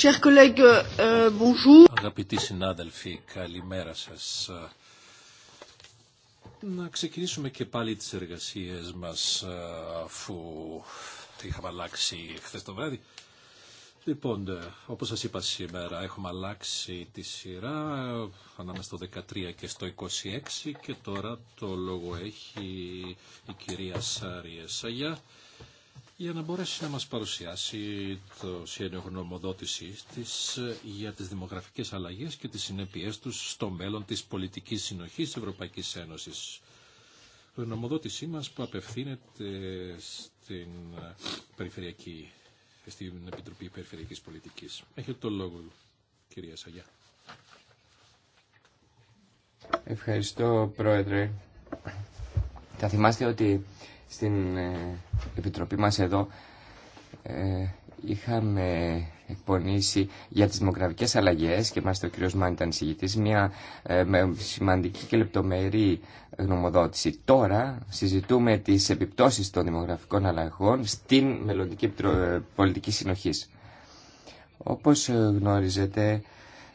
Chers collègues, euh, bonjour. Αγαπητοί συνάδελφοι, καλημέρα σας. Να ξεκινήσουμε και πάλι τις εργασίες μας ε, αφού τη είχαμε αλλάξει χθε το βράδυ. Λοιπόν, ε, όπως σας είπα σήμερα, έχουμε αλλάξει τη σειρά ε, ανάμεσα στο 13 και στο 26 και τώρα το λόγο έχει η κυρία Σάρια Σαγιά για να μπορέσει να μας παρουσιάσει το σχέδιο γνωμοδότησης της ε, για τις δημογραφικές αλλαγές και τις συνέπειές τους στο μέλλον της πολιτικής συνοχής της Ευρωπαϊκής Ένωσης. Η γνωμοδότησή μας που απευθύνεται στην, ε, περιφερειακή, στην Επιτροπή Περιφερειακής Πολιτικής. Έχετε το λόγο, κυρία Σαγιά. Ευχαριστώ, Πρόεδρε. Θα θυμάστε ότι στην ε, Επιτροπή μας εδώ ε, είχαμε εκπονήσει για τις δημογραφικές αλλαγές και μάλιστα το κ. Μάν ήταν συγητής, μια ε, σημαντική και λεπτομερή γνωμοδότηση. Τώρα συζητούμε τις επιπτώσεις των δημογραφικών αλλαγών στην μελλοντική πολιτική συνοχής. Όπως γνώριζετε,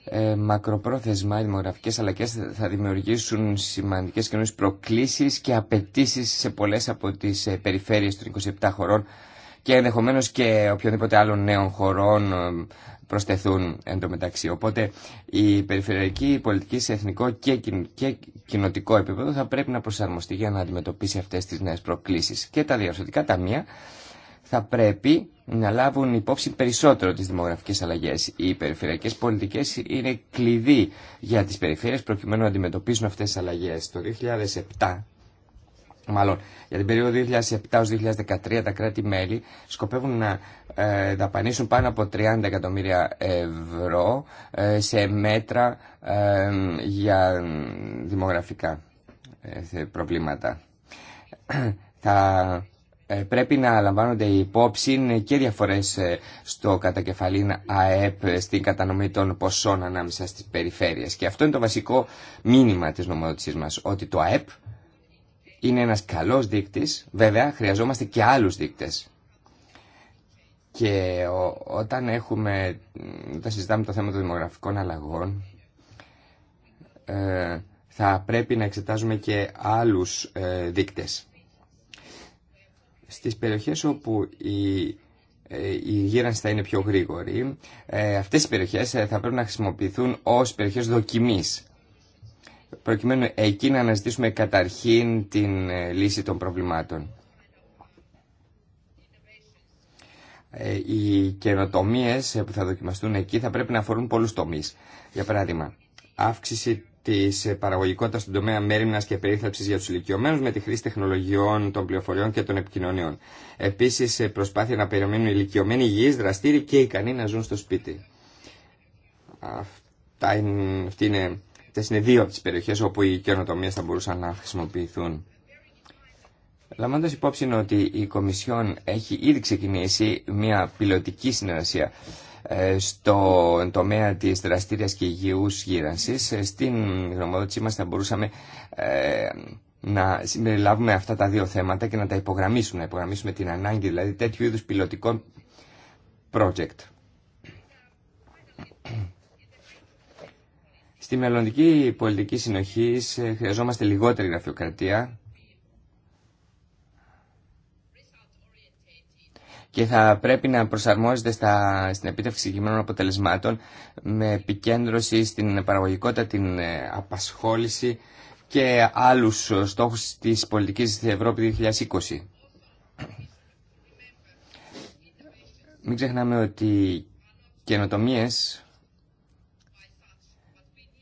ε, μακροπρόθεσμα οι δημογραφικές αλλαγές θα δημιουργήσουν σημαντικές καινούριες προκλήσεις και απαιτήσει σε πολλές από τις ε, περιφέρειες των 27 χωρών και ενδεχομένως και οποιονδήποτε άλλων νέων χωρών ε, προσθεθούν μεταξύ. Οπότε η περιφερειακή πολιτική σε εθνικό και, κοιν, κοινοτικό επίπεδο θα πρέπει να προσαρμοστεί για να αντιμετωπίσει αυτές τις νέες προκλήσεις. Και τα τα ταμεία θα πρέπει να λάβουν υπόψη περισσότερο τις δημογραφικές αλλαγές. Οι περιφερειακές πολιτικές είναι κλειδί για τις περιφέρειες προκειμένου να αντιμετωπίσουν αυτές τις αλλαγές. Το 2007, μάλλον για την περίοδο 2007-2013, τα κράτη-μέλη σκοπεύουν να ε, δαπανίσουν πάνω από 30 εκατομμύρια ευρώ ε, σε μέτρα ε, για δημογραφικά ε, προβλήματα. Θα ε, πρέπει να λαμβάνονται υπόψη και διαφορές ε, στο κατακεφαλήν ΑΕΠ ε, στην κατανομή των ποσών ανάμεσα στις περιφέρειες. Και αυτό είναι το βασικό μήνυμα της νομοδότησής μας, ότι το ΑΕΠ είναι ένας καλός δείκτης, βέβαια χρειαζόμαστε και άλλους δείκτες. Και όταν, έχουμε, όταν συζητάμε το θέμα των δημογραφικών αλλαγών, θα πρέπει να εξετάζουμε και άλλους δείκτες στις περιοχές όπου η, ε, η γύρανση θα είναι πιο γρήγορη, ε, αυτές οι περιοχές ε, θα πρέπει να χρησιμοποιηθούν ως περιοχές δοκιμής. Προκειμένου εκεί να αναζητήσουμε καταρχήν την λύση των προβλημάτων. Οι καινοτομίε που θα δοκιμαστούν εκεί θα πρέπει να αφορούν πολλούς τομείς. Για παράδειγμα, αύξηση τη παραγωγικότητα στον τομέα μέρημνα και περίθαλψη για του ηλικιωμένου με τη χρήση τεχνολογιών των πληροφοριών και των επικοινωνιών. Επίση, ε, προσπάθεια να περιμένουν οι ηλικιωμένοι υγιεί, δραστήριοι και ικανοί να ζουν στο σπίτι. Αυτά είναι, είναι, αυτές είναι δύο από τι περιοχέ όπου οι καινοτομίε θα μπορούσαν να χρησιμοποιηθούν. Λαμβάνοντα υπόψη ότι η Κομισιόν έχει ήδη ξεκινήσει μια πιλωτική συνεργασία ε, στον τομέα της δραστήριας και υγιούς γύρανσης. Ε, στην γνωμοδότησή μα θα μπορούσαμε ε, να συμπεριλάβουμε αυτά τα δύο θέματα και να τα υπογραμμίσουμε, να υπογραμμίσουμε την ανάγκη δηλαδή τέτοιου είδους πιλωτικών project. Στη μελλοντική πολιτική συνοχή χρειαζόμαστε λιγότερη γραφειοκρατία και θα πρέπει να προσαρμόζεται στα, στην επίτευξη συγκεκριμένων αποτελεσμάτων με επικέντρωση στην παραγωγικότητα, την ε, απασχόληση και άλλους στόχους της πολιτικής της Ευρώπη 2020. Μην ξεχνάμε ότι καινοτομίες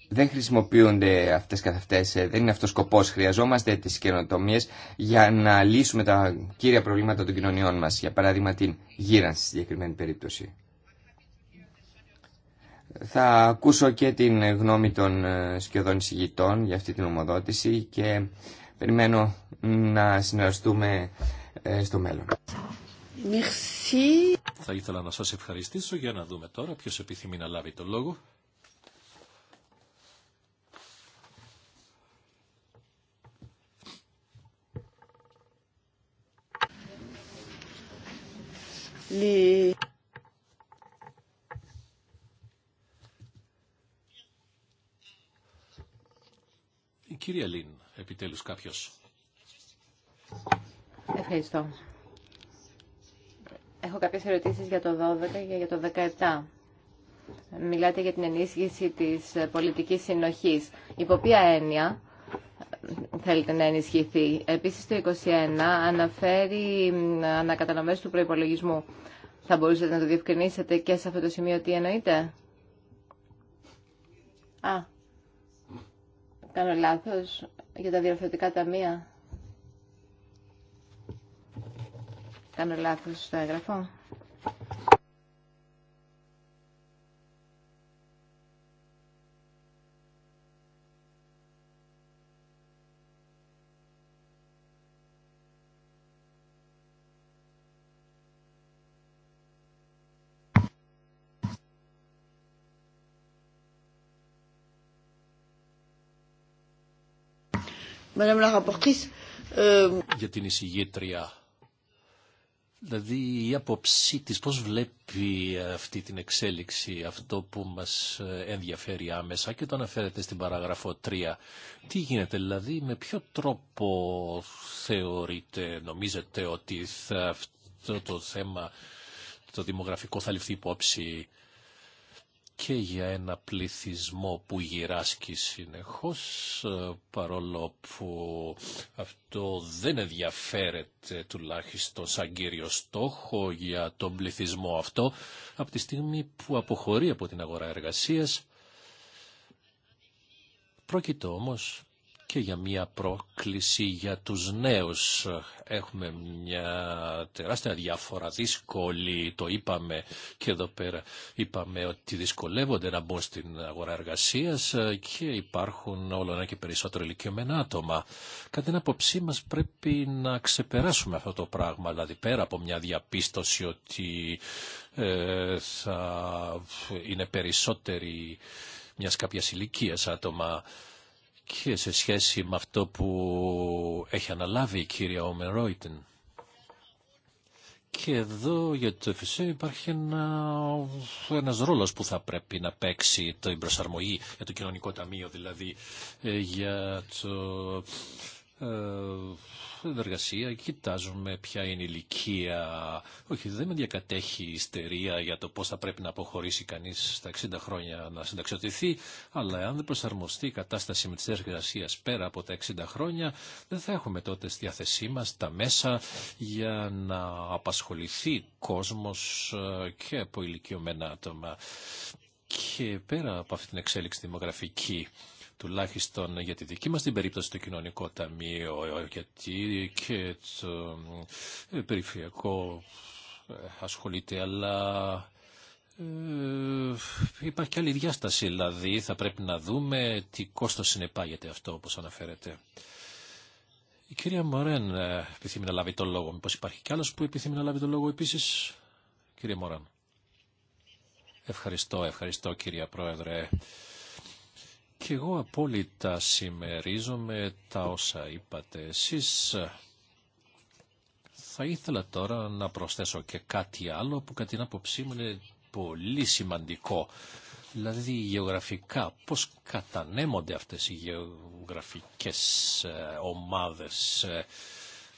δεν χρησιμοποιούνται αυτές καθ' αυτέ, ε, δεν είναι αυτός σκοπό Χρειαζόμαστε τις καινοτομίε για να λύσουμε τα κύρια προβλήματα των κοινωνιών μας, για παράδειγμα την γύρανση στη συγκεκριμένη περίπτωση. Θα ακούσω και την γνώμη των ε, σκιωδών εισηγητών για αυτή την ομοδότηση και περιμένω να συνεργαστούμε ε, στο μέλλον. Θα ήθελα να σας ευχαριστήσω για να δούμε τώρα ποιος επιθυμεί να λάβει το λόγο. li Η κυρία Λίν, επιτέλους κάποιος. Ευχαριστώ. Έχω κάποιες ερωτήσεις για το 12 και για το 17. Μιλάτε για την ενίσχυση της πολιτικής συνοχής. Υπό ποια έννοια θέλετε να ενισχυθεί. Επίσης το 21 αναφέρει ανακατανομές του προϋπολογισμού. Θα μπορούσατε να το διευκρινίσετε και σε αυτό το σημείο τι εννοείτε. Α, κάνω λάθος για τα διορθωτικά ταμεία. Κάνω λάθος στο έγγραφο. Euh, Για την εισηγήτρια. Δηλαδή η άποψή της πώς βλέπει αυτή την εξέλιξη, αυτό που μας ενδιαφέρει άμεσα και το αναφέρεται στην παράγραφο 3. Τι γίνεται δηλαδή, με ποιο τρόπο θεωρείτε, νομίζετε ότι θα αυτό το θέμα το δημογραφικό θα ληφθεί υπόψη και για ένα πληθυσμό που γυράσκει συνεχώς ε, παρόλο που αυτό δεν ενδιαφέρεται τουλάχιστον σαν κύριο στόχο για τον πληθυσμό αυτό από τη στιγμή που αποχωρεί από την αγορά εργασίας. Πρόκειται όμως και για μια πρόκληση για τους νέους. Έχουμε μια τεράστια διάφορα δύσκολη, το είπαμε και εδώ πέρα είπαμε ότι δυσκολεύονται να μπουν στην αγορά εργασίας και υπάρχουν όλο ένα και περισσότερο ηλικιωμένα άτομα. Κατά την άποψή μας πρέπει να ξεπεράσουμε αυτό το πράγμα, δηλαδή πέρα από μια διαπίστωση ότι ε, θα είναι περισσότεροι μιας κάποιας ηλικίας άτομα και σε σχέση με αυτό που έχει αναλάβει η κυρία Ομερόιτεν. Και εδώ για το ΕΦΣΕ υπάρχει ένα, ένας ρόλος που θα πρέπει να παίξει την προσαρμογή για το κοινωνικό ταμείο, δηλαδή ε, για το ε, εργασία, κοιτάζουμε ποια είναι η ηλικία. Όχι, δεν με διακατέχει η ιστερία για το πώς θα πρέπει να αποχωρήσει κανείς στα 60 χρόνια να συνταξιωτηθεί αλλά αν δεν προσαρμοστεί η κατάσταση με τις εργασίες πέρα από τα 60 χρόνια, δεν θα έχουμε τότε στη διάθεσή μας τα μέσα για να απασχοληθεί κόσμος ε, και από ηλικιωμένα άτομα. Και πέρα από αυτή την εξέλιξη δημογραφική, τουλάχιστον για τη δική μας την περίπτωση το κοινωνικό ταμείο, γιατί και το ε, περιφερειακό ε, ασχολείται, αλλά ε, υπάρχει και άλλη διάσταση, δηλαδή θα πρέπει να δούμε τι κόστος συνεπάγεται αυτό όπως αναφέρεται. Η κυρία Μωρέν επιθυμεί να λάβει το λόγο. Μήπως υπάρχει κι άλλος που επιθυμεί να λάβει το λόγο επίσης. Κύριε Μωρέν. Ευχαριστώ, ευχαριστώ κυρία Πρόεδρε. Και εγώ απόλυτα συμμερίζομαι τα όσα είπατε εσείς. Θα ήθελα τώρα να προσθέσω και κάτι άλλο που κατά την άποψή μου είναι πολύ σημαντικό. Δηλαδή γεωγραφικά, πώς κατανέμονται αυτές οι γεωγραφικές ε, ομάδες.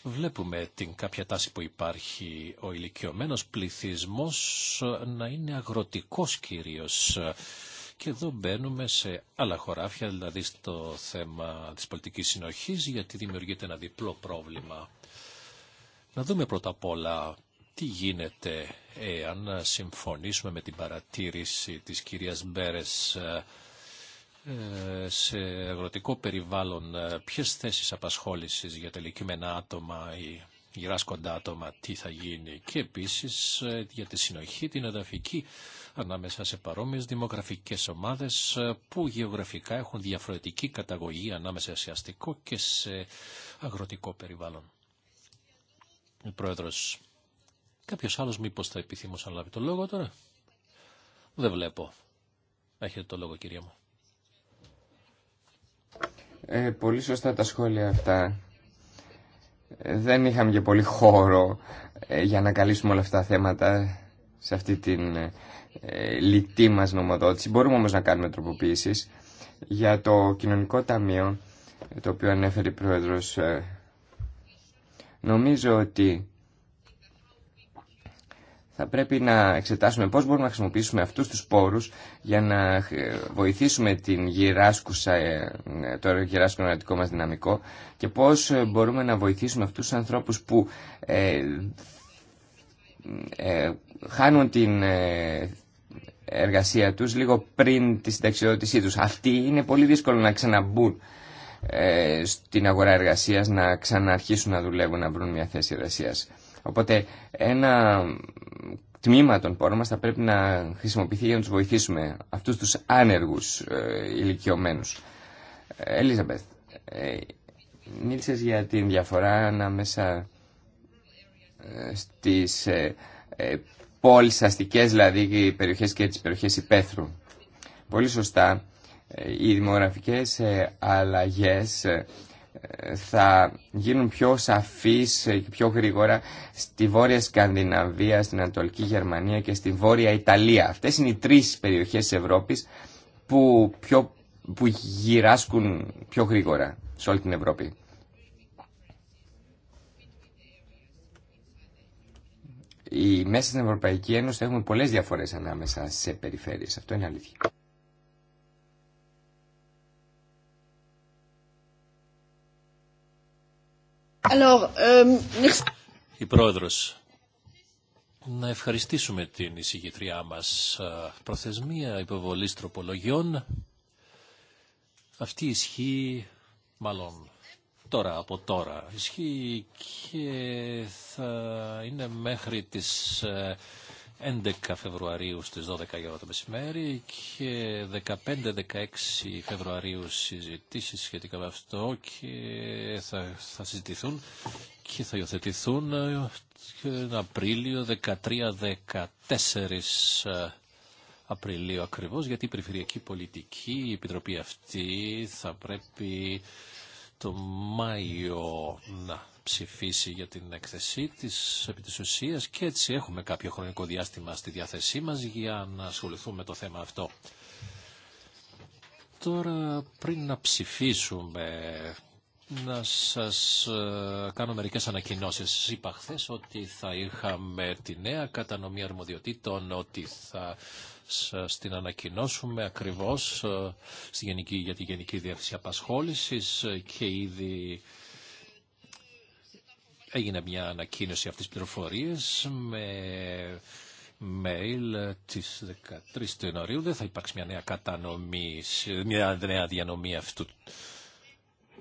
Βλέπουμε την κάποια τάση που υπάρχει ο ηλικιωμένος πληθυσμός να είναι αγροτικός κυρίως και εδώ μπαίνουμε σε άλλα χωράφια, δηλαδή στο θέμα της πολιτικής συνοχής, γιατί δημιουργείται ένα διπλό πρόβλημα. Να δούμε πρώτα απ' όλα τι γίνεται εάν συμφωνήσουμε με την παρατήρηση της κυρίας Μπέρες ε, σε αγροτικό περιβάλλον ε, ποιες θέσεις απασχόλησης για τα άτομα ή γυράσκοντα άτομα τι θα γίνει και επίσης ε, για τη συνοχή την εδαφική ανάμεσα σε παρόμοιες δημογραφικές ομάδες ε, που γεωγραφικά έχουν διαφορετική καταγωγή ανάμεσα σε αστικό και σε αγροτικό περιβάλλον. Ο Πρόεδρος, κάποιος άλλος μήπως θα επιθυμούσε να λάβει το λόγο τώρα. Δεν βλέπω. Έχετε το λόγο κυρία μου. Ε, πολύ σωστά τα σχόλια αυτά. Ε, δεν είχαμε και πολύ χώρο για να καλύψουμε όλα αυτά τα θέματα σε αυτή την ε, λιτή μα νομοδότηση. Μπορούμε όμως να κάνουμε τροποποίησεις για το κοινωνικό ταμείο το οποίο ανέφερε η Πρόεδρος. Ε, νομίζω ότι θα πρέπει να εξετάσουμε πώς μπορούμε να χρησιμοποιήσουμε αυτούς τους πόρους για να ε, βοηθήσουμε την γυράσκουσα, το γυράσκο μας δυναμικό και πώς μπορούμε να βοηθήσουμε αυτούς τους ανθρώπους που χάνουν την εργασία τους λίγο πριν τη συνταξιοδότησή τους. Αυτοί είναι πολύ δύσκολο να ξαναμπούν ε, στην αγορά εργασίας, να ξαναρχίσουν να δουλεύουν, να βρουν μια θέση εργασίας. Οπότε ένα τμήμα των πόρων μας θα πρέπει να χρησιμοποιηθεί για να τους βοηθήσουμε αυτούς τους άνεργους ε, ηλικιωμένους. Ελίζαμπεθ, ε, για την διαφορά ανάμεσα ε, στις πόλεις αστικές δηλαδή περιοχές και τις περιοχές υπαίθρου. Πολύ σωστά ε, οι δημογραφικές ε, αλλαγές ε, θα γίνουν πιο σαφείς και πιο γρήγορα στη Βόρεια Σκανδιναβία, στην Ανατολική Γερμανία και στη Βόρεια Ιταλία. Αυτές είναι οι τρεις περιοχές της Ευρώπης που, πιο, που γυράσκουν πιο γρήγορα σε όλη την Ευρώπη. Οι μέσα στην Ευρωπαϊκή Ένωση έχουμε πολλές διαφορές ανάμεσα σε περιφέρειες. Αυτό είναι αλήθεια. Euh, Η Πρόεδρος, να ευχαριστήσουμε την εισηγητριά μας. Προθεσμία υποβολής τροπολογιών. Αυτή ισχύει, μάλλον τώρα από τώρα. Ισχύει και θα είναι μέχρι τις 11 ε, Φεβρουαρίου στις 12 η ώρα το μεσημέρι και 15-16 Φεβρουαρίου συζητήσεις σχετικά με αυτό και θα, θα συζητηθούν και θα υιοθετηθούν ε, τον Απρίλιο 13-14 ε, Απριλίου ακριβώς γιατί η Περιφερειακή Πολιτική, η Επιτροπή αυτή θα πρέπει το Μάιο να ψηφίσει για την έκθεσή της επί και έτσι έχουμε κάποιο χρονικό διάστημα στη διάθεσή μας για να ασχοληθούμε με το θέμα αυτό. Τώρα πριν να ψηφίσουμε να σας ε, κάνω μερικές ανακοινώσεις. Είπα χθε ότι θα είχαμε τη νέα κατανομή αρμοδιοτήτων, ότι θα σας ε, την ανακοινώσουμε ακριβώς ε, στη Γενική, για τη Γενική Διεύθυνση Απασχόλησης ε, και ήδη έγινε μια ανακοίνωση αυτής της πληροφορίας με mail της 13 του Ιανουαρίου. Δεν θα υπάρξει μια νέα κατανομή, μια νέα διανομή αυτού.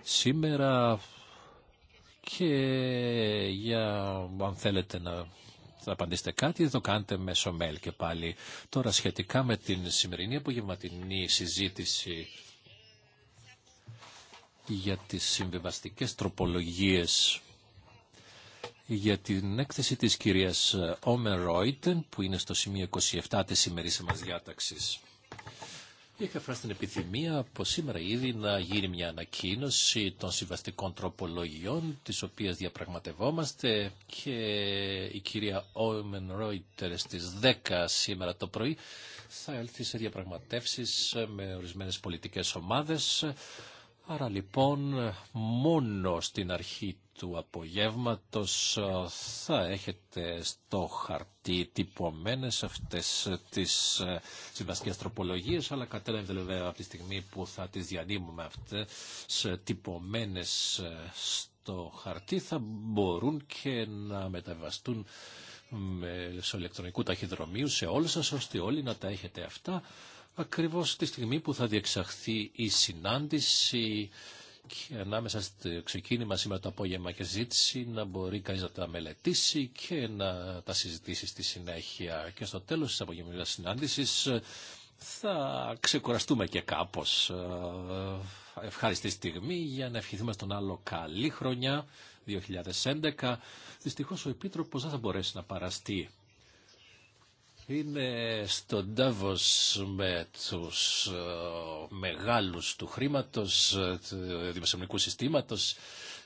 Σήμερα και για αν θέλετε να θα απαντήσετε κάτι, δεν το κάνετε μέσω mail και πάλι. Τώρα σχετικά με την σημερινή απογευματινή συζήτηση για τις συμβιβαστικές τροπολογίες για την έκθεση της κυρίας Όμερ Ρόιτεν που είναι στο σημείο 27 της σημερινής μας διάταξης. Είχα φράσει την επιθυμία από σήμερα ήδη να γίνει μια ανακοίνωση των συμβαστικών τροπολογιών, τις οποίες διαπραγματευόμαστε και η κυρία Όιμεν Ρόιτερ στις 10 σήμερα το πρωί θα έλθει σε διαπραγματεύσεις με ορισμένες πολιτικές ομάδες. Άρα λοιπόν μόνο στην αρχή του απογεύματος ε, θα έχετε στο χαρτί τυπωμένες αυτές τις ε, συμβασικές τροπολογίες, αλλά κατέλαβε βέβαια από τη στιγμή που θα τις διανύμουμε αυτές ε, τυπωμένες στο χαρτί θα μπορούν και να μεταβαστούν σε ηλεκτρονικού ταχυδρομείου σε όλους σας, ώστε όλοι να τα έχετε αυτά ακριβώς τη στιγμή που θα διεξαχθεί η συνάντηση και ανάμεσα στο ξεκίνημα σήμερα το απόγευμα και ζήτηση να μπορεί κανείς να τα μελετήσει και να τα συζητήσει στη συνέχεια. Και στο τέλος της απογευματικής συνάντησης ε, θα ξεκουραστούμε και κάπως ε, ευχάριστη στιγμή για να ευχηθούμε στον άλλο καλή χρονιά 2011. Δυστυχώς ο Επίτροπος δεν θα μπορέσει να παραστεί είναι στο Ντάβος με τους ε, μεγάλους του χρήματος, ε, του δημοσιονομικού συστήματος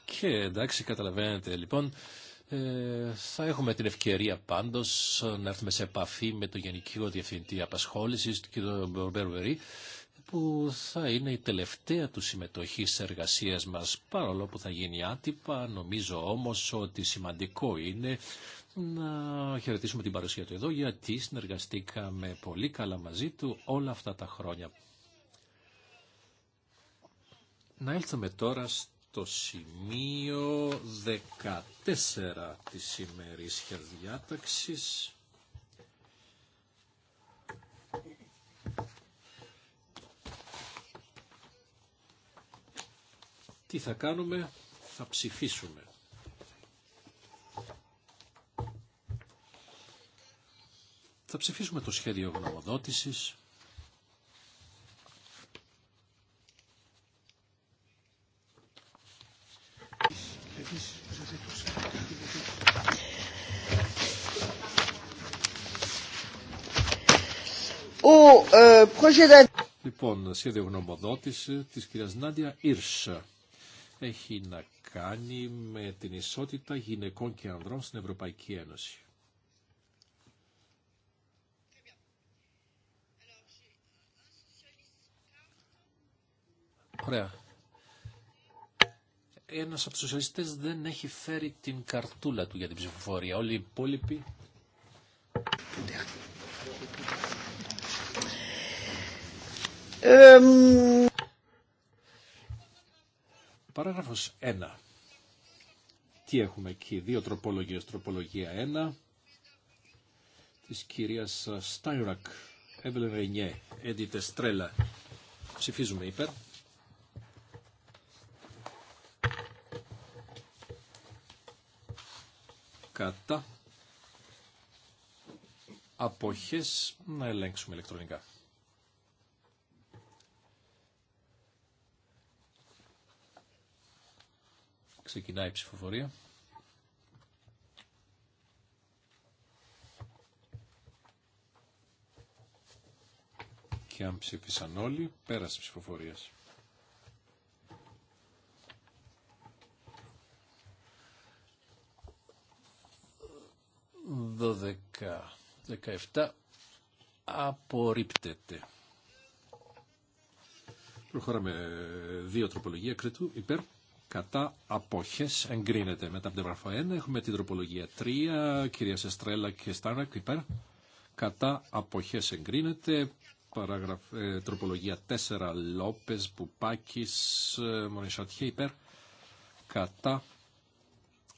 και εντάξει καταλαβαίνετε λοιπόν ε, θα έχουμε την ευκαιρία πάντως να έρθουμε σε επαφή με το Γενικό Διευθυντή Απασχόλησης του κ. Μπερβερή που θα είναι η τελευταία του συμμετοχή σε εργασίες μας παρόλο που θα γίνει άτυπα νομίζω όμως ότι σημαντικό είναι να χαιρετήσουμε την παρουσία του εδώ γιατί συνεργαστήκαμε πολύ καλά μαζί του όλα αυτά τα χρόνια. Να έλθουμε τώρα στο σημείο 14 της ημερήσιας διάταξης. Τι θα κάνουμε, θα ψηφίσουμε. Θα ψηφίσουμε το σχέδιο γνωμοδότησης. Ε, λοιπόν, σχέδιο γνωμοδότηση της κυρίας Νάντια Ήρσα έχει να κάνει με την ισότητα γυναικών και ανδρών στην Ευρωπαϊκή Ένωση. Ωραία. Ένας από του σοσιαλιστέ δεν έχει φέρει την καρτούλα του για την ψηφοφορία. Όλοι οι υπόλοιποι... Παράγραφος 1. Τι έχουμε εκεί, δύο τροπολογίες. Τροπολογία 1 της κυρίας Στάιρακ, Εύελεν Ρενιέ, Έντιτε Ψηφίζουμε υπέρ. κατά αποχές να ελέγξουμε ηλεκτρονικά. Ξεκινάει η ψηφοφορία. Και αν ψήφισαν όλοι, πέρασε ψηφοφορίας. 17 απορρίπτεται. Προχωράμε δύο τροπολογία κρήτου υπέρ κατά αποχές εγκρίνεται. Μετά από την 1 έχουμε την τροπολογία 3, κυρία Σεστρέλα και Στάνακ υπέρ κατά αποχές εγκρίνεται. Ε, τροπολογία 4, Λόπες, μπουπάκη, ε, υπέρ κατά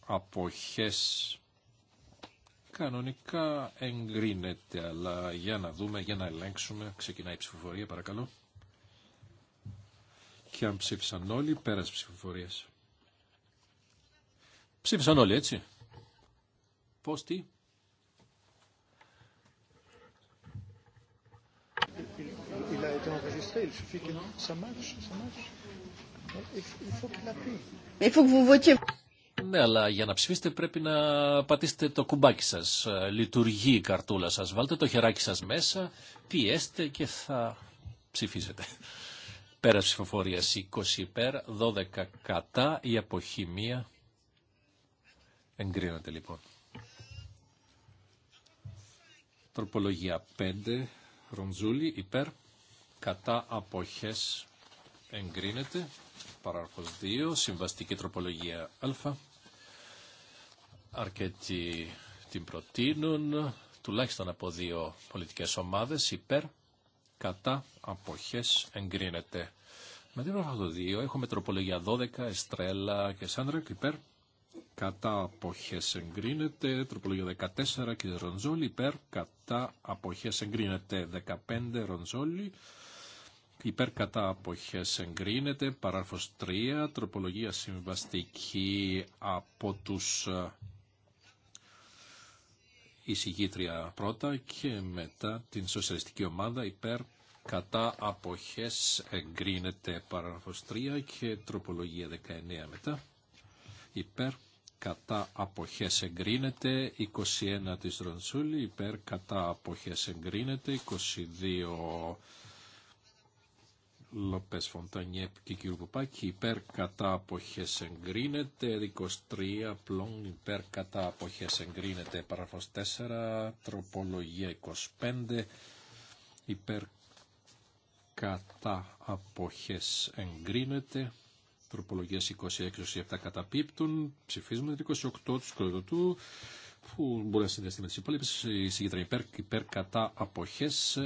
αποχές Κανονικά εγκρίνεται, αλλά για να δούμε, για να ελέγξουμε. Ξεκινάει η ψηφοφορία, παρακαλώ. Και αν ψήφισαν όλοι, πέρασε ψηφοφορία. Ψήφισαν όλοι, έτσι. Πώ τι. Ναι, αλλά για να ψηφίσετε πρέπει να πατήσετε το κουμπάκι σας. Λειτουργεί η καρτούλα σας. Βάλτε το χεράκι σας μέσα, πιέστε και θα ψηφίσετε. Πέρα ψηφοφορία 20 υπέρ, 12 κατά, η αποχημία εγκρίνεται λοιπόν. Τροπολογία 5, Ροντζούλη υπέρ, κατά αποχές εγκρίνεται. Παράγραφος 2, συμβαστική τροπολογία α. Αρκετοί την προτείνουν, τουλάχιστον από δύο πολιτικές ομάδες, υπέρ, κατά, αποχές, εγκρίνεται. Με την το 2 έχουμε τροπολογία 12, Εστρέλα και Σάνδρακ, υπέρ, κατά, αποχές, εγκρίνεται. Τροπολογία 14, και Ρονζόλη, υπέρ, κατά, αποχές, εγκρίνεται. 15, Ρονζόλη, Υπέρκατά κατά αποχές εγκρίνεται, παράγραφος 3, τροπολογία συμβαστική από τους εισηγήτρια πρώτα και μετά την σοσιαλιστική ομάδα υπέρ κατά αποχές εγκρίνεται παράγραφος 3 και τροπολογία 19 μετά υπέρ κατά αποχές εγκρίνεται 21 της Ρονσούλη υπέρ κατά αποχές εγκρίνεται 22 Λοπές Φοντανιέπ και κ. Πουπάκη υπέρ κατά αποχές εγκρίνεται 23 απλών υπέρ κατά αποχές εγκρίνεται Παραφό 4 τροπολογία 25 υπέρ κατά αποχές Τροπολογίε τροπολογίες 26-27 καταπίπτουν ψηφίζουμε 28 του σκοτωτού που μπορεί να συνδυαστεί με τις υπόλοιπες η συγκεκριμένη υπέρ, υπέρ κατά αποχές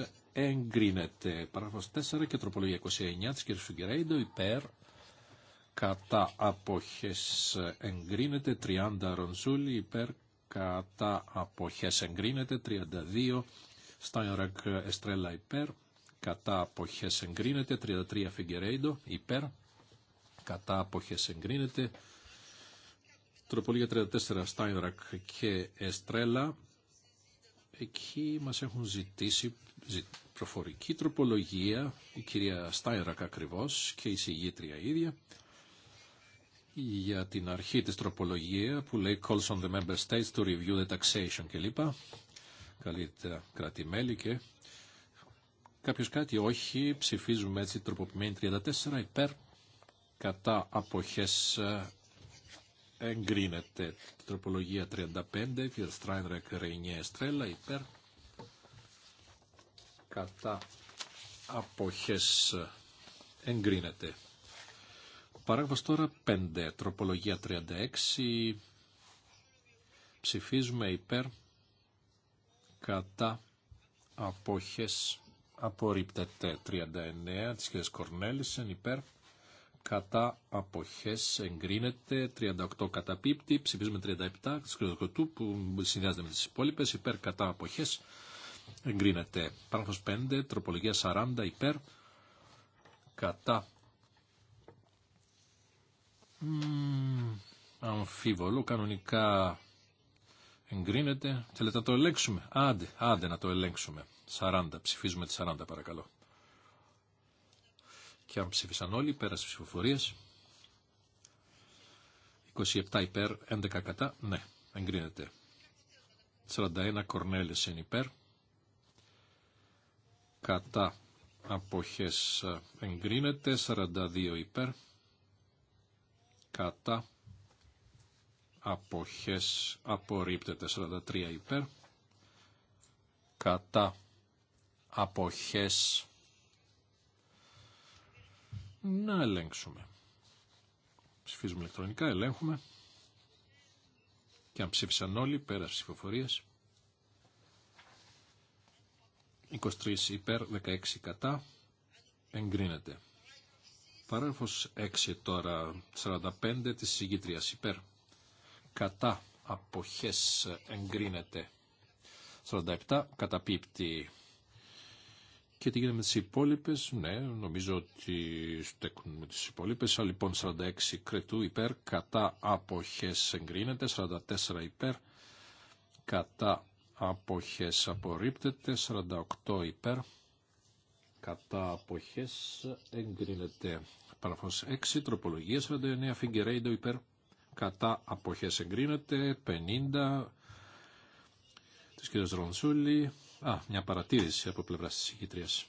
εγκρίνεται. Παράγραφος 4 και τροπολογία 29 της κ. Φιγκερέιντο υπέρ κατά αποχές εγκρίνεται. 30 Ρονζούλη υπέρ κατά αποχές εγκρίνεται. 32 Στάινρακ Εστρέλα υπέρ κατά αποχές εγκρίνεται. 33 Φιγκερέιντο υπέρ κατά αποχές εγκρίνεται. Τροπολογία 34 Στάινρακ και Εστρέλα Εκεί μας έχουν ζητήσει προφορική τροπολογία, η κυρία Στάιρακ ακριβώς και η συγγήτρια ίδια, για την αρχή της τροπολογία που λέει calls on the member states to review the taxation κλπ. Καλύτερα κρατημέλη και κάποιος κάτι όχι, ψηφίζουμε έτσι τροποποιημένη 34 υπέρ κατά αποχές εγκρίνεται. Τροπολογία 35, Βιερστράινρεκ Ρεϊνιέ Εστρέλα, υπέρ, κατά αποχές εγκρίνεται. Παράγραφος τώρα 5, τροπολογία 36, ψηφίζουμε υπέρ, κατά αποχές απορρίπτεται. 39, της κ. Κορνέλησεν, υπέρ, κατά αποχές εγκρίνεται, 38 κατά πίπτη. ψηφίζουμε 37, του που συνδυάζεται με τις υπόλοιπε, υπέρ κατά αποχές εγκρίνεται. Παράγραφος 5, τροπολογία 40, υπέρ κατά αμφίβολο, κανονικά εγκρίνεται. Θέλετε να το ελέγξουμε. Άντε, άντε να το ελέγξουμε. 40, ψηφίζουμε τη 40 παρακαλώ. Και αν ψήφισαν όλοι, πέρασε ψηφοφορίες 27 υπέρ, 11 κατά. Ναι, εγκρίνεται. 41 κορνέλες εν υπέρ. Κατά αποχές ε, εγκρίνεται. 42 υπέρ. Κατά αποχές απορρίπτεται. 43 υπέρ. Κατά αποχές να ελέγξουμε. Ψηφίζουμε ηλεκτρονικά, ελέγχουμε. Και αν ψήφισαν όλοι, πέρα στις ψηφοφορίες. 23 υπέρ, 16 κατά. Εγκρίνεται. Παράγραφος 6 τώρα, 45 της συγκήτριας υπέρ. Κατά αποχές εγκρίνεται. 47 καταπίπτει. Και τι γίνεται με τις υπόλοιπες, ναι, νομίζω ότι στέκουν με τις υπόλοιπες. Λοιπόν, 46 κρετού υπέρ, κατά αποχές εγκρίνεται, 44 υπέρ, κατά αποχές απορρίπτεται, 48 υπέρ, κατά αποχές εγκρίνεται. Παραφώς 6, τροπολογία 49, φιγκερέιντο υπέρ, κατά αποχές εγκρίνεται, 50 της κυρίας Ρονσούλη, Α, μια παρατήρηση από πλευρά τη συγκητρίας.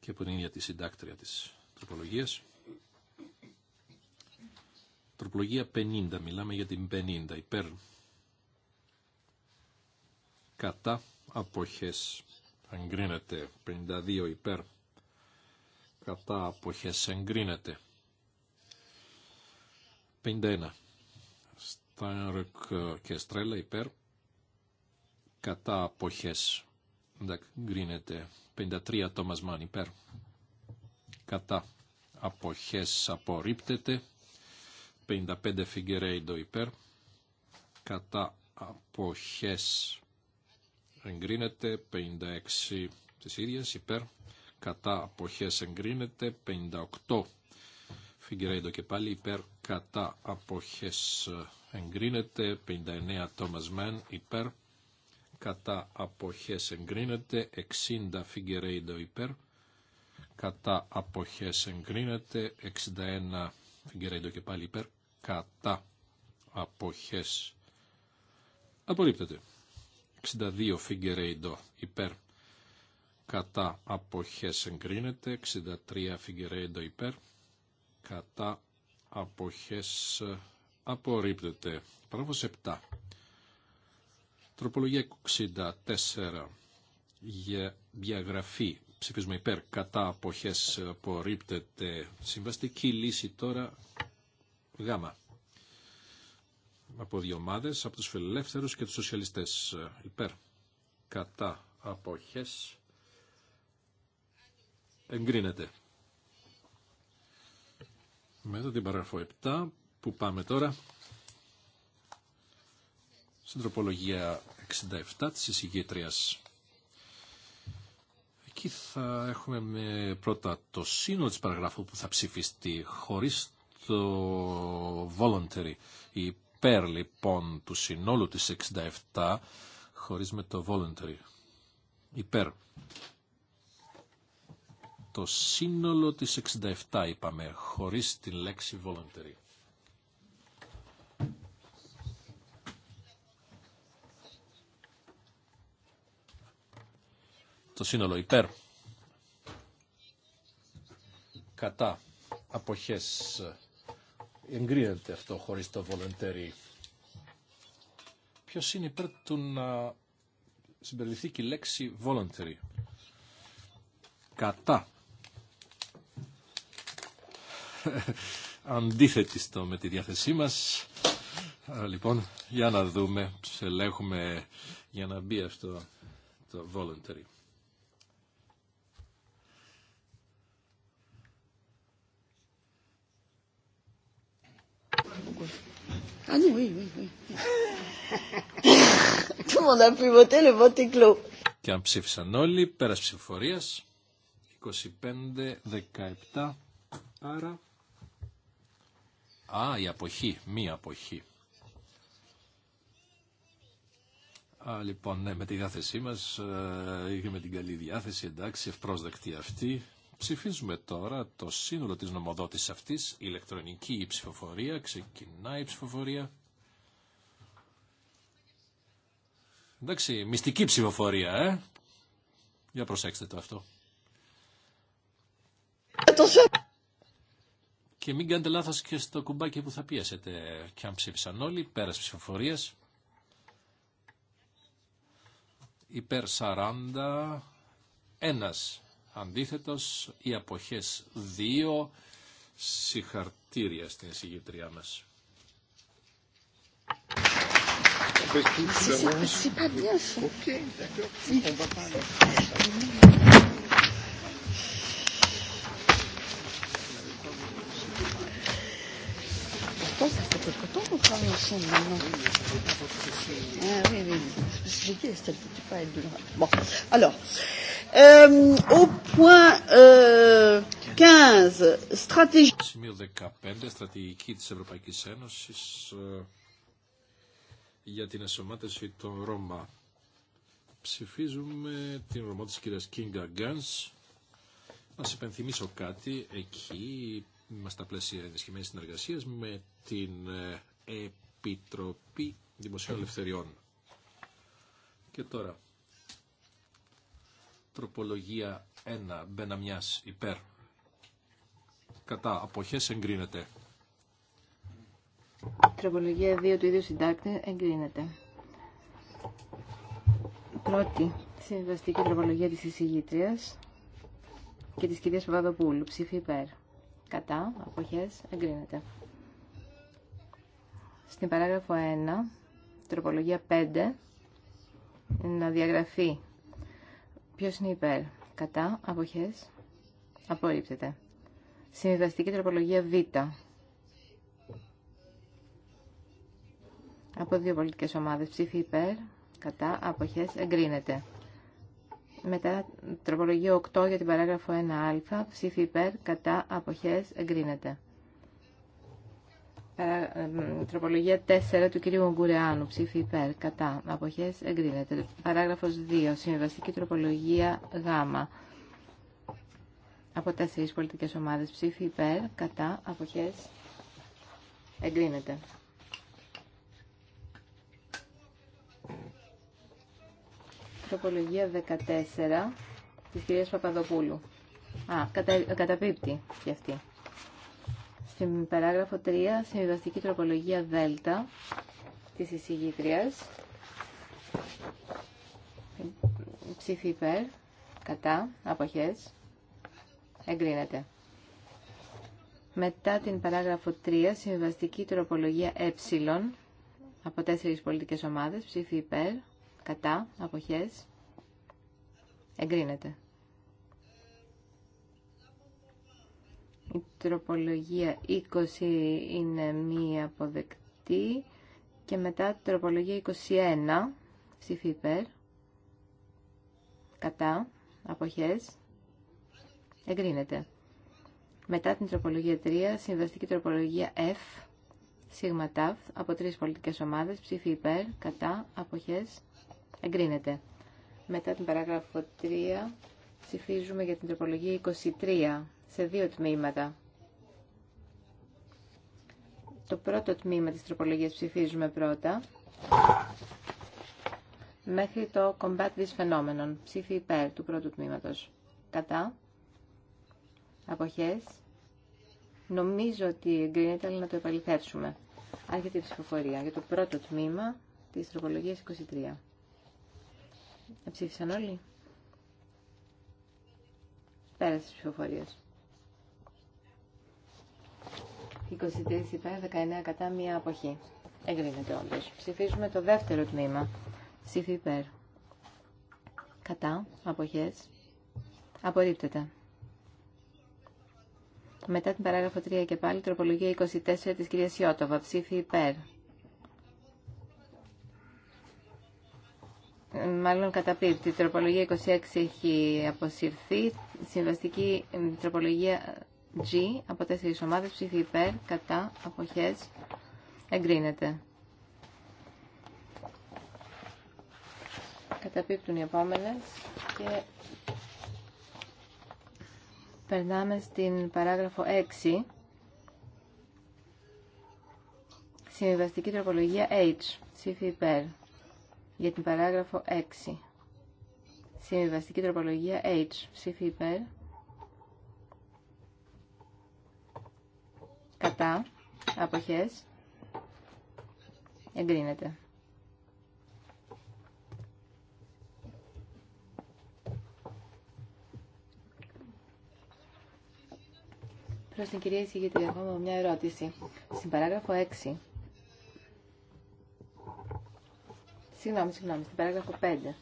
Και από την ίδια τη συντάκτρια της τροπολογίας. Τροπολογία 50, μιλάμε για την 50, υπέρ κατά αποχές. Εγκρίνεται 52 υπέρ. Κατά αποχές εγκρίνεται. 51. Στάνερκ και Στρέλα υπέρ κατά αποχές γκρίνεται 53 Thomas Mann υπέρ κατά αποχές απορρίπτεται 55 φιγκερέιντο υπέρ κατά αποχές εγκρίνεται 56 της ίδιας υπέρ κατά αποχές εγκρίνεται 58 Φιγκρέντο και πάλι υπέρ κατά αποχές εγκρίνεται 59 Thomas Mann υπέρ κατά αποχές εγκρίνεται 60 φιγκερέιντο υπέρ κατά αποχές εγκρίνεται 61 φιγκερέιντο και πάλι υπέρ κατά αποχές απορρίπτεται 62 φιγκερέιντο υπέρ κατά αποχές εγκρίνεται 63 φιγκερέιντο υπέρ κατά αποχές απορρίπτεται. Παράγραφος 7. Τροπολογία 64 για διαγραφή ψηφίσμα υπέρ κατά αποχές απορρίπτεται συμβαστική λύση τώρα γάμα από δύο ομάδες, από τους φιλελεύθερους και τους σοσιαλιστές υπέρ κατά αποχές εγκρίνεται. Μετά την παραγραφό 7 που πάμε τώρα στην τροπολογία 67 της εισηγήτριας. Εκεί θα έχουμε πρώτα το σύνολο της παραγράφου που θα ψηφιστεί χωρίς το voluntary. Υπέρ λοιπόν του συνόλου της 67 χωρίς με το voluntary. Υπέρ. Το σύνολο της 67 είπαμε, χωρίς την λέξη voluntary. το σύνολο υπέρ κατά αποχές εγκρίνεται αυτό χωρίς το voluntary. Ποιος είναι υπέρ του να συμπεριληφθεί και η λέξη voluntary. Κατά. Αντίθετη στο με τη διάθεσή μας. λοιπόν, για να δούμε, τους ελέγχουμε για να μπει αυτό το voluntary. Ah oui, oui, oui. Tout le monde a pu voter, le vote clos. Και αν ψήφισαν όλοι, πέρας ψηφοφορίας, 25-17, άρα... Α, η αποχή, μία αποχή. Α, λοιπόν, ναι, με τη διάθεσή μας είχαμε με την καλή διάθεση, εντάξει, ευπρόσδεκτη αυτή, Ψηφίζουμε τώρα το σύνολο της νομοδότησης αυτής, ηλεκτρονική ψηφοφορία, ξεκινάει η ψηφοφορία. Εντάξει, μυστική ψηφοφορία, ε. Για προσέξτε το αυτό. Και μην κάνετε λάθος και στο κουμπάκι που θα πιέσετε. Και αν ψήφισαν όλοι, πέρας ψηφοφορίας. Υπέρ 40, ένας Αντίθετος, οι αποχές δύο συγχαρτήρια στην εισηγητρία μας. Ε, Au point 15, ε, stratégie. 15, στρατηγική της Ευρωπαϊκής Ένωση ε, για την ασωμάτωση των Ρώμα. Ψηφίζουμε την Ρωμά της κυρίας Κίνγκα Γκάνς. Να σας υπενθυμίσω κάτι. Εκεί είμαστε στα πλαίσια ενισχυμένης συνεργασίας με την ε, Επιτροπή Δημοσίων Ελευθεριών. Και τώρα Τροπολογία 1. Μπεναμιάς υπέρ. Κατά. Αποχές εγκρίνεται. Τροπολογία 2 του ίδιου συντάκτη εγκρίνεται. Πρώτη συμβαστική τροπολογία της εισηγήτριας και της κυρίας Παπαδοπούλου. Ψήφι υπέρ. Κατά. Αποχές εγκρίνεται. Στην παράγραφο 1, τροπολογία 5, να διαγραφεί Ποιο είναι υπέρ. Κατά. Αποχές. Απορρίπτεται. Συμβιβαστική τροπολογία Β. Από δύο πολιτικές ομάδες. Ψήφι υπέρ. Κατά. Αποχές. Εγκρίνεται. Μετά τροπολογία 8 για την παράγραφο 1α. Ψήφι υπέρ. Κατά. Αποχές. Εγκρίνεται. Ε, τροπολογία 4 του κυρίου Γκουρεάνου, ψήφι υπέρ, κατά, αποχές, εγκρίνεται. Παράγραφος 2, συμβαστική τροπολογία Γ. Από τέσσερι πολιτικέ ομάδε. ψήφι υπέρ, κατά, αποχές, εγκρίνεται. Τροπολογία 14 της κυρίας Παπαδοπούλου. Α, κατα, καταπίπτει και αυτή. Στην παράγραφο 3, συμβιβαστική τροπολογία Δέλτα της εισηγήτριας. Ψήφι υπέρ, κατά, αποχές, εγκρίνεται. Μετά την παράγραφο 3, συμβιβαστική τροπολογία ε, από τέσσερις πολιτικές ομάδες, ψήφι υπέρ, κατά, αποχές, εγκρίνεται. Η τροπολογία 20 είναι μη αποδεκτή και μετά τροπολογία 21 ψήφι υπέρ κατά αποχές εγκρίνεται. Μετά την τροπολογία 3, συμβαστική τροπολογία F, σίγμα ταφ, από τρεις πολιτικές ομάδες, ψήφι υπέρ, κατά, αποχές, εγκρίνεται. Μετά την παράγραφο 3, ψηφίζουμε για την τροπολογία 23, σε δύο τμήματα. Το πρώτο τμήμα της τροπολογίας ψηφίζουμε πρώτα μέχρι το combat phenomenon, ψήφι υπέρ του πρώτου τμήματος. Κατά, αποχές, νομίζω ότι εγκρίνεται, αλλά να το επαληθεύσουμε. Άρχεται η ψηφοφορία για το πρώτο τμήμα της τροπολογίας 23. Ψήφισαν όλοι. Πέρασε τις ψηφοφορία. 23 υπέρ, 19 κατά, μία αποχή. Εγκρίνεται όντω. Ψηφίζουμε το δεύτερο τμήμα. Ψήφι υπέρ. Κατά, αποχές. Απορρίπτεται. Μετά την παράγραφο 3 και πάλι, τροπολογία 24 της κυρίας Ιώτοβα. Ψήφι υπέρ. Μάλλον καταπίπτει. Τροπολογία 26 έχει αποσυρθεί. Συμβαστική ε, τροπολογία G από τέσσερις ομάδες ψήφι υπέρ, κατά, αποχές, εγκρίνεται. Καταπίπτουν οι επόμενες και περνάμε στην παράγραφο 6. Συμβιβαστική τροπολογία H, ψήφι υπέρ, για την παράγραφο 6. Συμβιβαστική τροπολογία H, ψήφι υπέρ, κατά, αποχές, εγκρίνεται. Προς την κυρία Ισηγητή, έχω μια ερώτηση. Στην παράγραφο 6. Συγγνώμη, συγγνώμη, στην παράγραφο 5.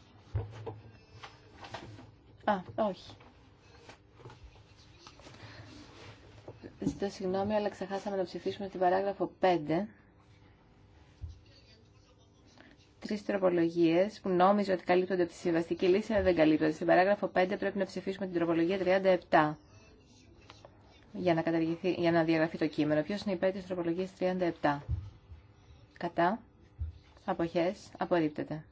Α, όχι. Ζητώ συγγνώμη, αλλά ξεχάσαμε να ψηφίσουμε την παράγραφο 5. Τρει τροπολογίες που νόμιζα ότι καλύπτονται από τη συμβαστική λύση, αλλά δεν καλύπτονται. Στην παράγραφο 5 πρέπει να ψηφίσουμε την τροπολογία 37 για να, για να διαγραφεί το κείμενο. Ποιο είναι υπέρ τη τροπολογίας 37. Κατά. Αποχές Απορρίπτεται.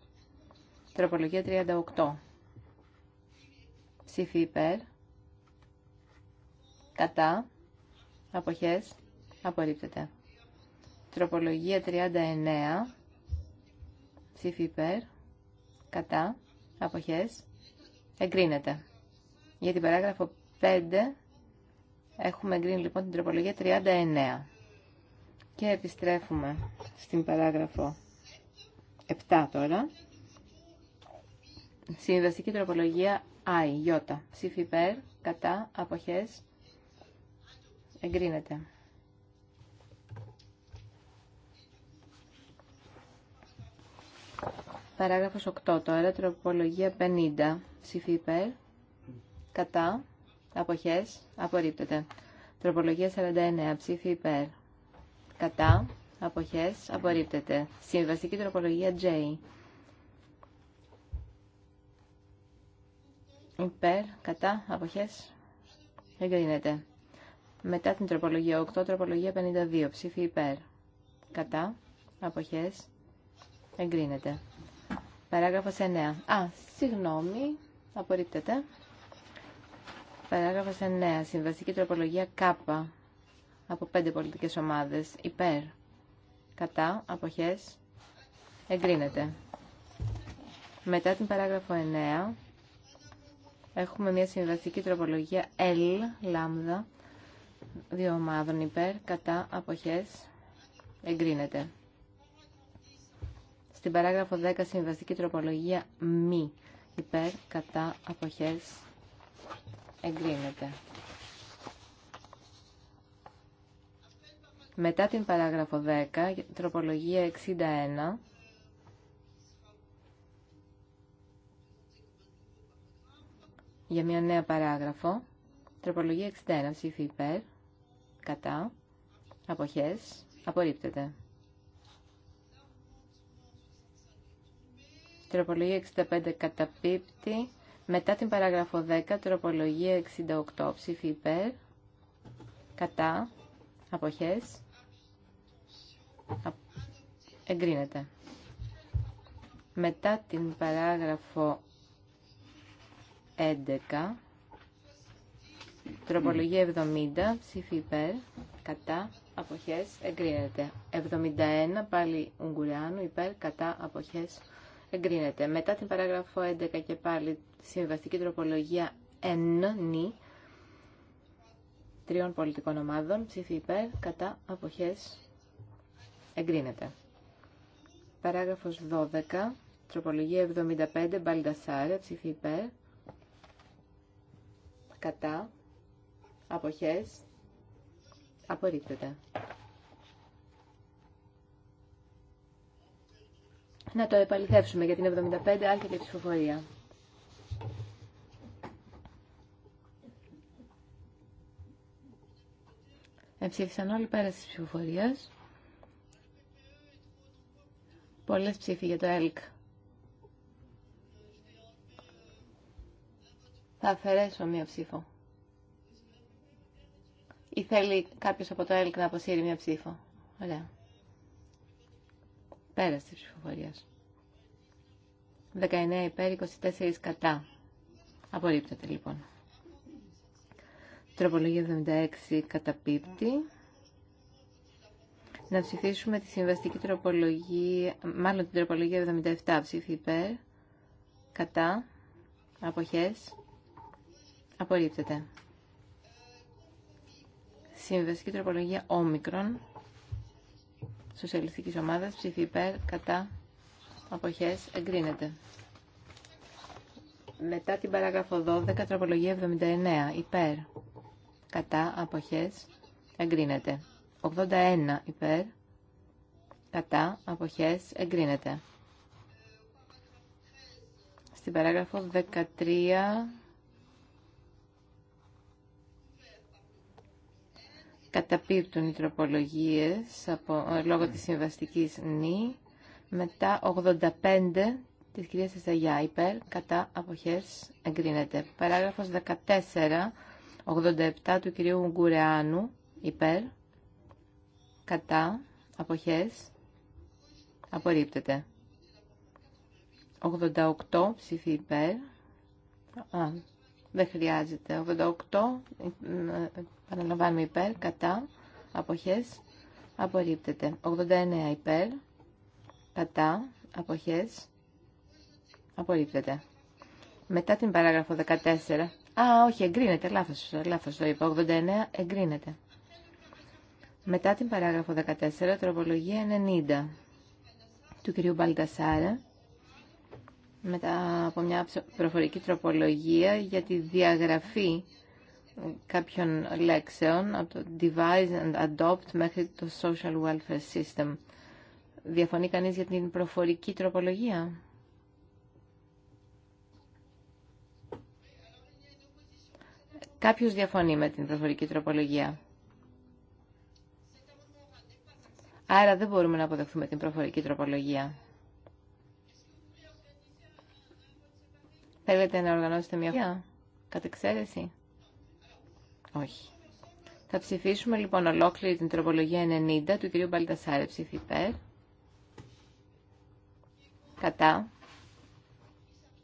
Τροπολογία 38. Ψήφι υπέρ. Κατά. Αποχές. Απορρίπτεται. Τροπολογία 39. Ψήφι υπέρ. Κατά. Αποχές. Εγκρίνεται. Για την παράγραφο 5 έχουμε εγκρίνει λοιπόν την τροπολογία 39. Και επιστρέφουμε στην παράγραφο 7 τώρα. Συμβαστική τροπολογία I, Ι, ψήφι υπέρ, κατά, αποχές, Εγκρίνεται. Παράγραφος 8 τώρα, τροπολογία 50. Ψηφί υπέρ. Κατά. Αποχές. Απορρίπτεται. Τροπολογία 49. Ψήφι υπέρ. Κατά. Αποχές. Απορρίπτεται. Συμβαστική τροπολογία J. Υπέρ. Κατά. Αποχές. Εγκρίνεται. Μετά την τροπολογία 8, τροπολογία 52. Ψήφι υπέρ. Κατά. Αποχές. Εγκρίνεται. Παράγραφος 9. Α, συγγνώμη. Απορρίπτεται. Παράγραφος 9. Συμβαστική τροπολογία Κ. Από πέντε πολιτικές ομάδες. Υπέρ. Κατά. Αποχές. Εγκρίνεται. Μετά την παράγραφο 9 έχουμε μια συμβαστική τροπολογία L, λάμδα, δύο ομάδων υπέρ, κατά, αποχές, εγκρίνεται. Στην παράγραφο 10 συμβαστική τροπολογία μη υπέρ, κατά, αποχές, εγκρίνεται. Μετά την παράγραφο 10, τροπολογία 61, για μια νέα παράγραφο, τροπολογία 61, ψήφι υπέρ, κατά, αποχές, απορρίπτεται. Τροπολογία 65 καταπίπτει. Μετά την παράγραφο 10, τροπολογία 68 ψήφι υπέρ, κατά, αποχές, εγκρίνεται. Μετά την παράγραφο 11, Τροπολογία 70, ψήφι υπέρ, κατά, αποχές, εγκρίνεται. 71, πάλι Ουγγουράνου, υπέρ, κατά, αποχές, εγκρίνεται. Μετά την παράγραφο 11 και πάλι συμβαστική τροπολογία εν, νη, τριών πολιτικών ομάδων, ψήφι υπέρ, κατά, αποχές, εγκρίνεται. Παράγραφος 12, τροπολογία 75, Μπαλντασάρε, ψήφι υπέρ, κατά, Αποχές. Απορρίπτεται. Να το επαληθεύσουμε για την 75 άρχεται η ψηφοφορία. Εψήφισαν όλοι πέρα τη ψηφοφορία. Πολλές ψήφοι για το ΕΛΚ. Θα αφαιρέσω μία ψήφο. Ή θέλει κάποιος από το ΕΛΚ να αποσύρει μια ψήφο. Ωραία. Πέρασε η ψηφοφορία. 19 υπέρ, 24 κατά. Απορρίπτεται λοιπόν. Τροπολογία 76 καταπίπτει. Να ψηφίσουμε τη συμβαστική τροπολογία, μάλλον την τροπολογία 77 ψήφι υπέρ, κατά, αποχές, απορρίπτεται και τροπολογία όμικρον σοσιαλιστικής ομάδας ψηφί υπέρ κατά αποχές εγκρίνεται. Μετά την παράγραφο 12 τροπολογία 79 υπέρ κατά αποχές εγκρίνεται. 81 υπέρ κατά αποχές εγκρίνεται. Στην παράγραφο 13 καταπίπτουν οι τροπολογίες από, ε, λόγω της συμβαστικής νη. Μετά 85 της κυρίας Ασταγιά υπέρ, κατά αποχές εγκρίνεται. Παράγραφος 14, 87 του κυρίου Γκουρεάνου υπέρ, κατά αποχές απορρίπτεται. 88 ψηφί υπέρ. δεν χρειάζεται. 88 Παραλαμβάνουμε υπέρ, κατά, αποχές, απορρίπτεται. 89 υπέρ, κατά, αποχές, απορρίπτεται. Μετά την παράγραφο 14, α, όχι, εγκρίνεται, λάθος, λάθος το είπα, 89 εγκρίνεται. Μετά την παράγραφο 14, τροπολογία 90 του κυρίου Μπαλτασάρα, μετά από μια προφορική τροπολογία για τη διαγραφή κάποιων λέξεων από το devise and adopt μέχρι το social welfare system. Διαφωνεί κανείς για την προφορική τροπολογία. Κάποιος διαφωνεί με την προφορική τροπολογία. Άρα δεν μπορούμε να αποδεχθούμε την προφορική τροπολογία. Θέλετε να οργανώσετε μια φορά κατ' εξαίρεση. Όχι. Θα ψηφίσουμε λοιπόν ολόκληρη την τροπολογία 90 του κυρίου Μπαλτασάρε. Ψήφι υπέρ. Κατά.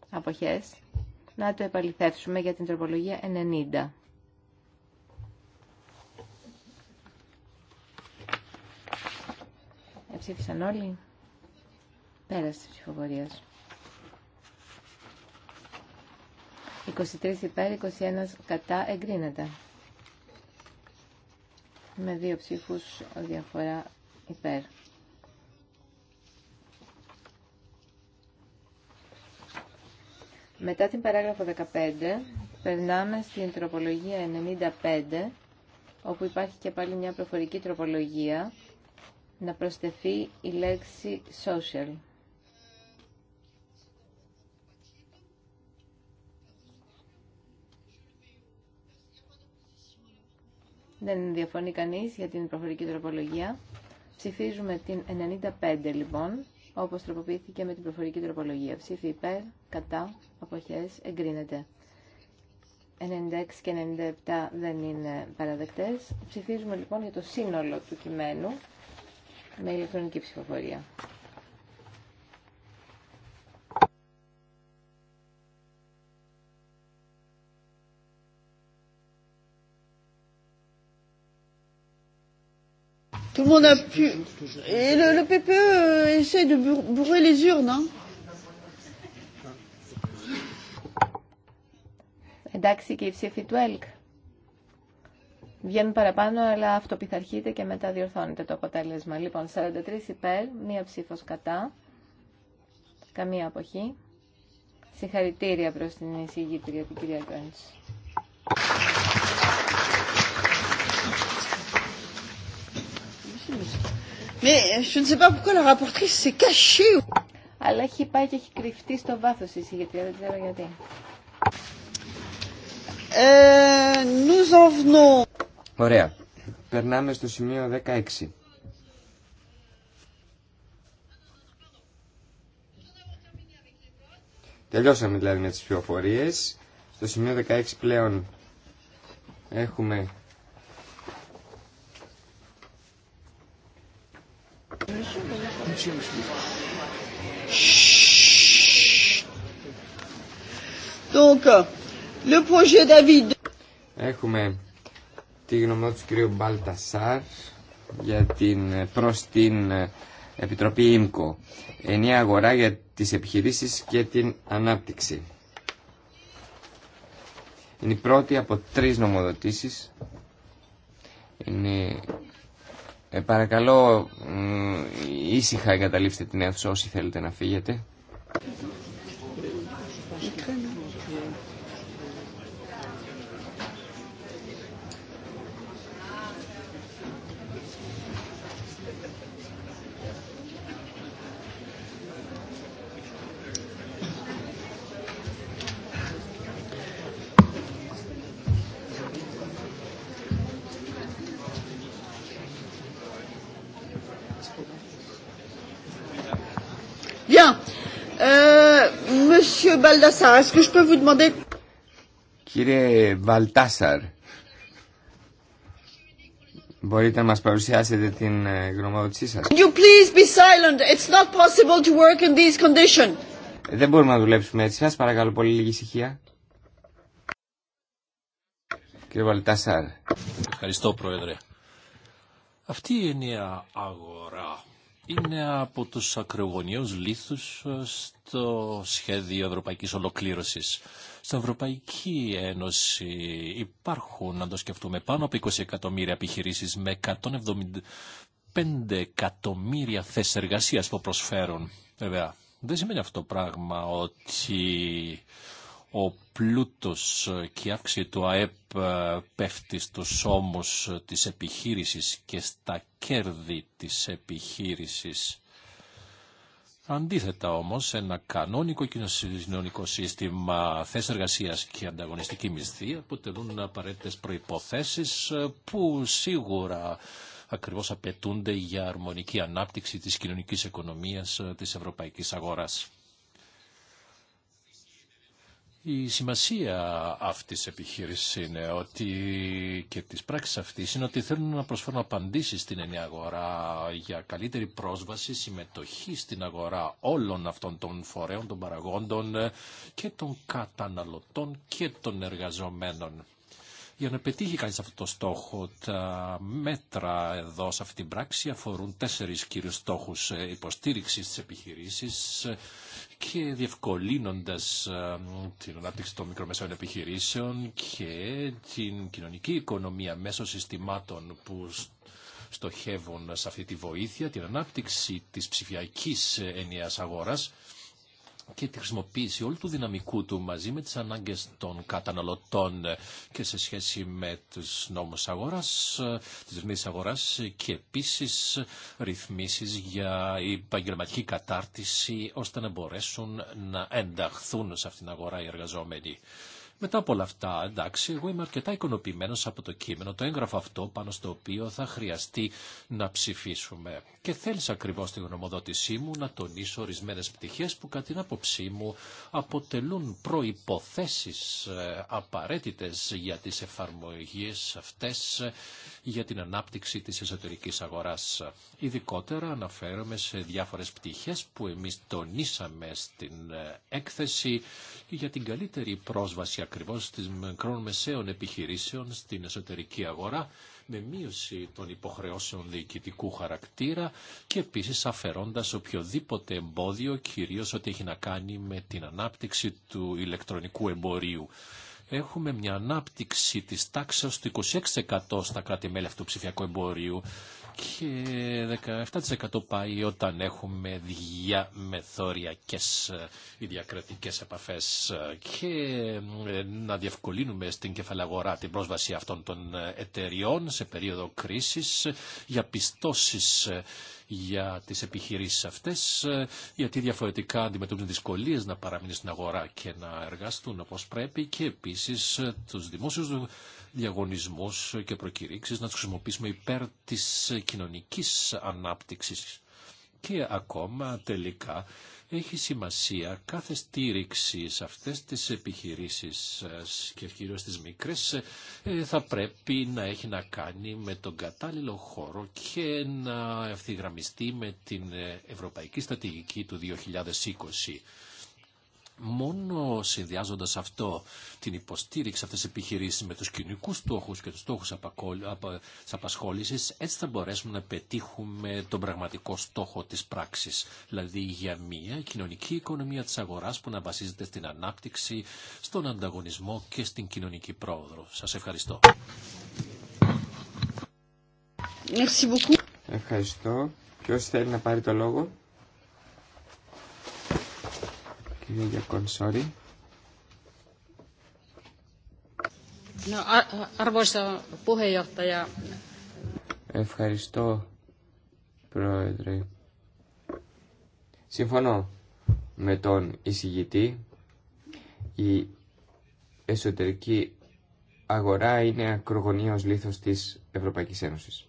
Αποχές. Να το επαληθεύσουμε για την τροπολογία 90. Εψήφισαν όλοι. Πέρασε τη ψηφοφορία. 23 υπέρ, 21 κατά εγκρίνεται με δύο ψήφους διαφορά υπέρ. Μετά την παράγραφο 15 περνάμε στην τροπολογία 95 όπου υπάρχει και πάλι μια προφορική τροπολογία να προσθεθεί η λέξη social. Δεν διαφωνεί κανείς για την προφορική τροπολογία. Ψηφίζουμε την 95 λοιπόν, όπως τροποποιήθηκε με την προφορική τροπολογία. Ψήφι υπέρ, κατά, αποχές, εγκρίνεται. 96 και 97 δεν είναι παραδεκτές. Ψηφίζουμε λοιπόν για το σύνολο του κειμένου με ηλεκτρονική ψηφοφορία. on a pu. Et le, le PPE euh, essaie de Εντάξει και η ψήφη του ΕΛΚ. Βγαίνουν παραπάνω, αλλά αυτοπιθαρχείτε και μετά διορθώνετε το αποτέλεσμα. Λοιπόν, 43 υπέρ, μία ψήφος κατά, καμία αποχή. Συγχαρητήρια προς την εισηγήτρια, την κυρία Κόντς. Αλλά έχει πάει και έχει κρυφτεί στο βάθο η συγκεκριμένη δεν ξέρω γιατί. Euh, Ωραία. Περνάμε στο σημείο 16. Τελειώσαμε δηλαδή με τις πληροφορίε. Στο σημείο 16 πλέον έχουμε Έχουμε τη γνωμότητα του κ. Μπαλτασάρ για την, προς την ε, Επιτροπή ΙΜΚΟ. Ενιά αγορά για τις επιχειρήσεις και την ανάπτυξη. Είναι η πρώτη από τρεις νομοδοτήσεις. Είναι ε, παρακαλώ, ήσυχα εγκαταλείψτε την αίθουσα όσοι θέλετε να φύγετε. Baldassar, est-ce que je peux vous demander... Κύριε Βαλτάσαρ, μπορείτε να μας παρουσιάσετε την ε, γνωμοδότησή σας. Can you please be silent? It's not possible to work in these conditions. Ε, δεν μπορούμε να δουλέψουμε έτσι. Σας παρακαλώ πολύ λίγη ησυχία. Κύριε Βαλτάσαρ. Ευχαριστώ Πρόεδρε. Αυτή είναι η αγορά είναι από τους ακρογωνιαίους λίθους ε, στο σχέδιο ευρωπαϊκής ολοκλήρωσης. Στην Ευρωπαϊκή Ένωση υπάρχουν, να το σκεφτούμε, πάνω από 20 εκατομμύρια επιχειρήσεις με 175 εκατομμύρια θέσεις εργασίας που προσφέρουν. Βέβαια, δεν σημαίνει αυτό το πράγμα ότι ο πλούτος ε, και η αύξηση του ΑΕΠ ε, πέφτει στους ώμους ε, της επιχείρησης και στα κέρδη της επιχείρησης. Αντίθετα όμως, ένα κανόνικο κοινωνικό σύστημα θέση εργασίας και ανταγωνιστική μισθή αποτελούν απαραίτητες προϋποθέσεις που σίγουρα ακριβώς απαιτούνται για αρμονική ανάπτυξη της κοινωνικής οικονομίας της ευρωπαϊκής αγοράς. Η σημασία αυτής της επιχείρησης είναι ότι και της πράξης αυτής είναι ότι θέλουν να προσφέρουν απαντήσεις στην ενιαία αγορά για καλύτερη πρόσβαση, συμμετοχή στην αγορά όλων αυτών των φορέων, των παραγόντων και των καταναλωτών και των εργαζομένων. Για να πετύχει κανείς αυτό το στόχο, τα μέτρα εδώ σε αυτή την πράξη αφορούν τέσσερις κύριους στόχους ε, υποστήριξης της επιχειρήσης ε, και διευκολύνοντας ε, την ανάπτυξη των μικρομεσαίων επιχειρήσεων και την κοινωνική οικονομία μέσω συστημάτων που στοχεύουν σε αυτή τη βοήθεια, την ανάπτυξη της ψηφιακής ενιαίας αγοράς και τη χρησιμοποίηση όλου του δυναμικού του μαζί με τις ανάγκες των καταναλωτών και σε σχέση με τους νόμους αγοράς, τις ρυθμίσεις αγοράς και επίσης ρυθμίσεις για επαγγελματική κατάρτιση ώστε να μπορέσουν να ενταχθούν σε αυτήν την αγορά οι εργαζόμενοι. Μετά από όλα αυτά, εντάξει, εγώ είμαι αρκετά ικανοποιημένο από το κείμενο, το έγγραφο αυτό πάνω στο οποίο θα χρειαστεί να ψηφίσουμε. Και θέλεις ακριβώ τη γνωμοδότησή μου να τονίσω ορισμένε πτυχέ που κατά την άποψή μου αποτελούν προποθέσει ε, απαραίτητε για τι εφαρμογέ αυτέ για την ανάπτυξη τη εσωτερική αγορά. Ειδικότερα αναφέρομαι σε διάφορε πτυχέ που εμεί τονίσαμε στην ε, έκθεση για την καλύτερη πρόσβαση ακριβώς της μικρών μεσαίων επιχειρήσεων στην εσωτερική αγορά με μείωση των υποχρεώσεων διοικητικού χαρακτήρα και επίσης αφαιρώντας οποιοδήποτε εμπόδιο κυρίως ό,τι έχει να κάνει με την ανάπτυξη του ηλεκτρονικού εμπορίου έχουμε μια ανάπτυξη της τάξης του 26% στα κράτη-μέλη ψηφιακού εμπορίου και 17% πάει όταν έχουμε διαμεθοριακές ή ε, διακρατικές επαφές ε, και ε, να διευκολύνουμε στην κεφαλαγορά την πρόσβαση αυτών των εταιριών σε περίοδο κρίσης για πιστώσεις για τις επιχειρήσεις αυτές, ε, γιατί διαφορετικά αντιμετωπίζουν δυσκολίες να παραμείνουν στην αγορά και να εργαστούν όπως πρέπει και επίσης ε, τους δημόσιους διαγωνισμούς και προκηρύξεις να του χρησιμοποιήσουμε υπέρ τη κοινωνική ανάπτυξη. Και ακόμα τελικά έχει σημασία κάθε στήριξη σε αυτές τις επιχειρήσεις ε, και κυρίως τις μικρές ε, θα πρέπει να έχει να κάνει με τον κατάλληλο χώρο και να ευθυγραμμιστεί με την ε, Ευρωπαϊκή Στρατηγική του 2020. Μόνο συνδυάζοντα αυτό την υποστήριξη αυτέ τι επιχειρήσει με του κοινικού στόχου και του στόχου τη απασχόληση, έτσι θα μπορέσουμε να πετύχουμε τον πραγματικό στόχο τη πράξη. Δηλαδή για μια κοινωνική οικονομία τη αγορά που να βασίζεται στην ανάπτυξη, στον ανταγωνισμό και στην κοινωνική πρόοδο. Σα ευχαριστώ. Ευχαριστώ. Ποιο θέλει να πάρει το λόγο. Κυρία Ευχαριστώ, Πρόεδρε. Σύμφωνο με τον εισηγητή. Η εσωτερική αγορά είναι ακρογωνίως λίθος της Ευρωπαϊκής Ένωσης.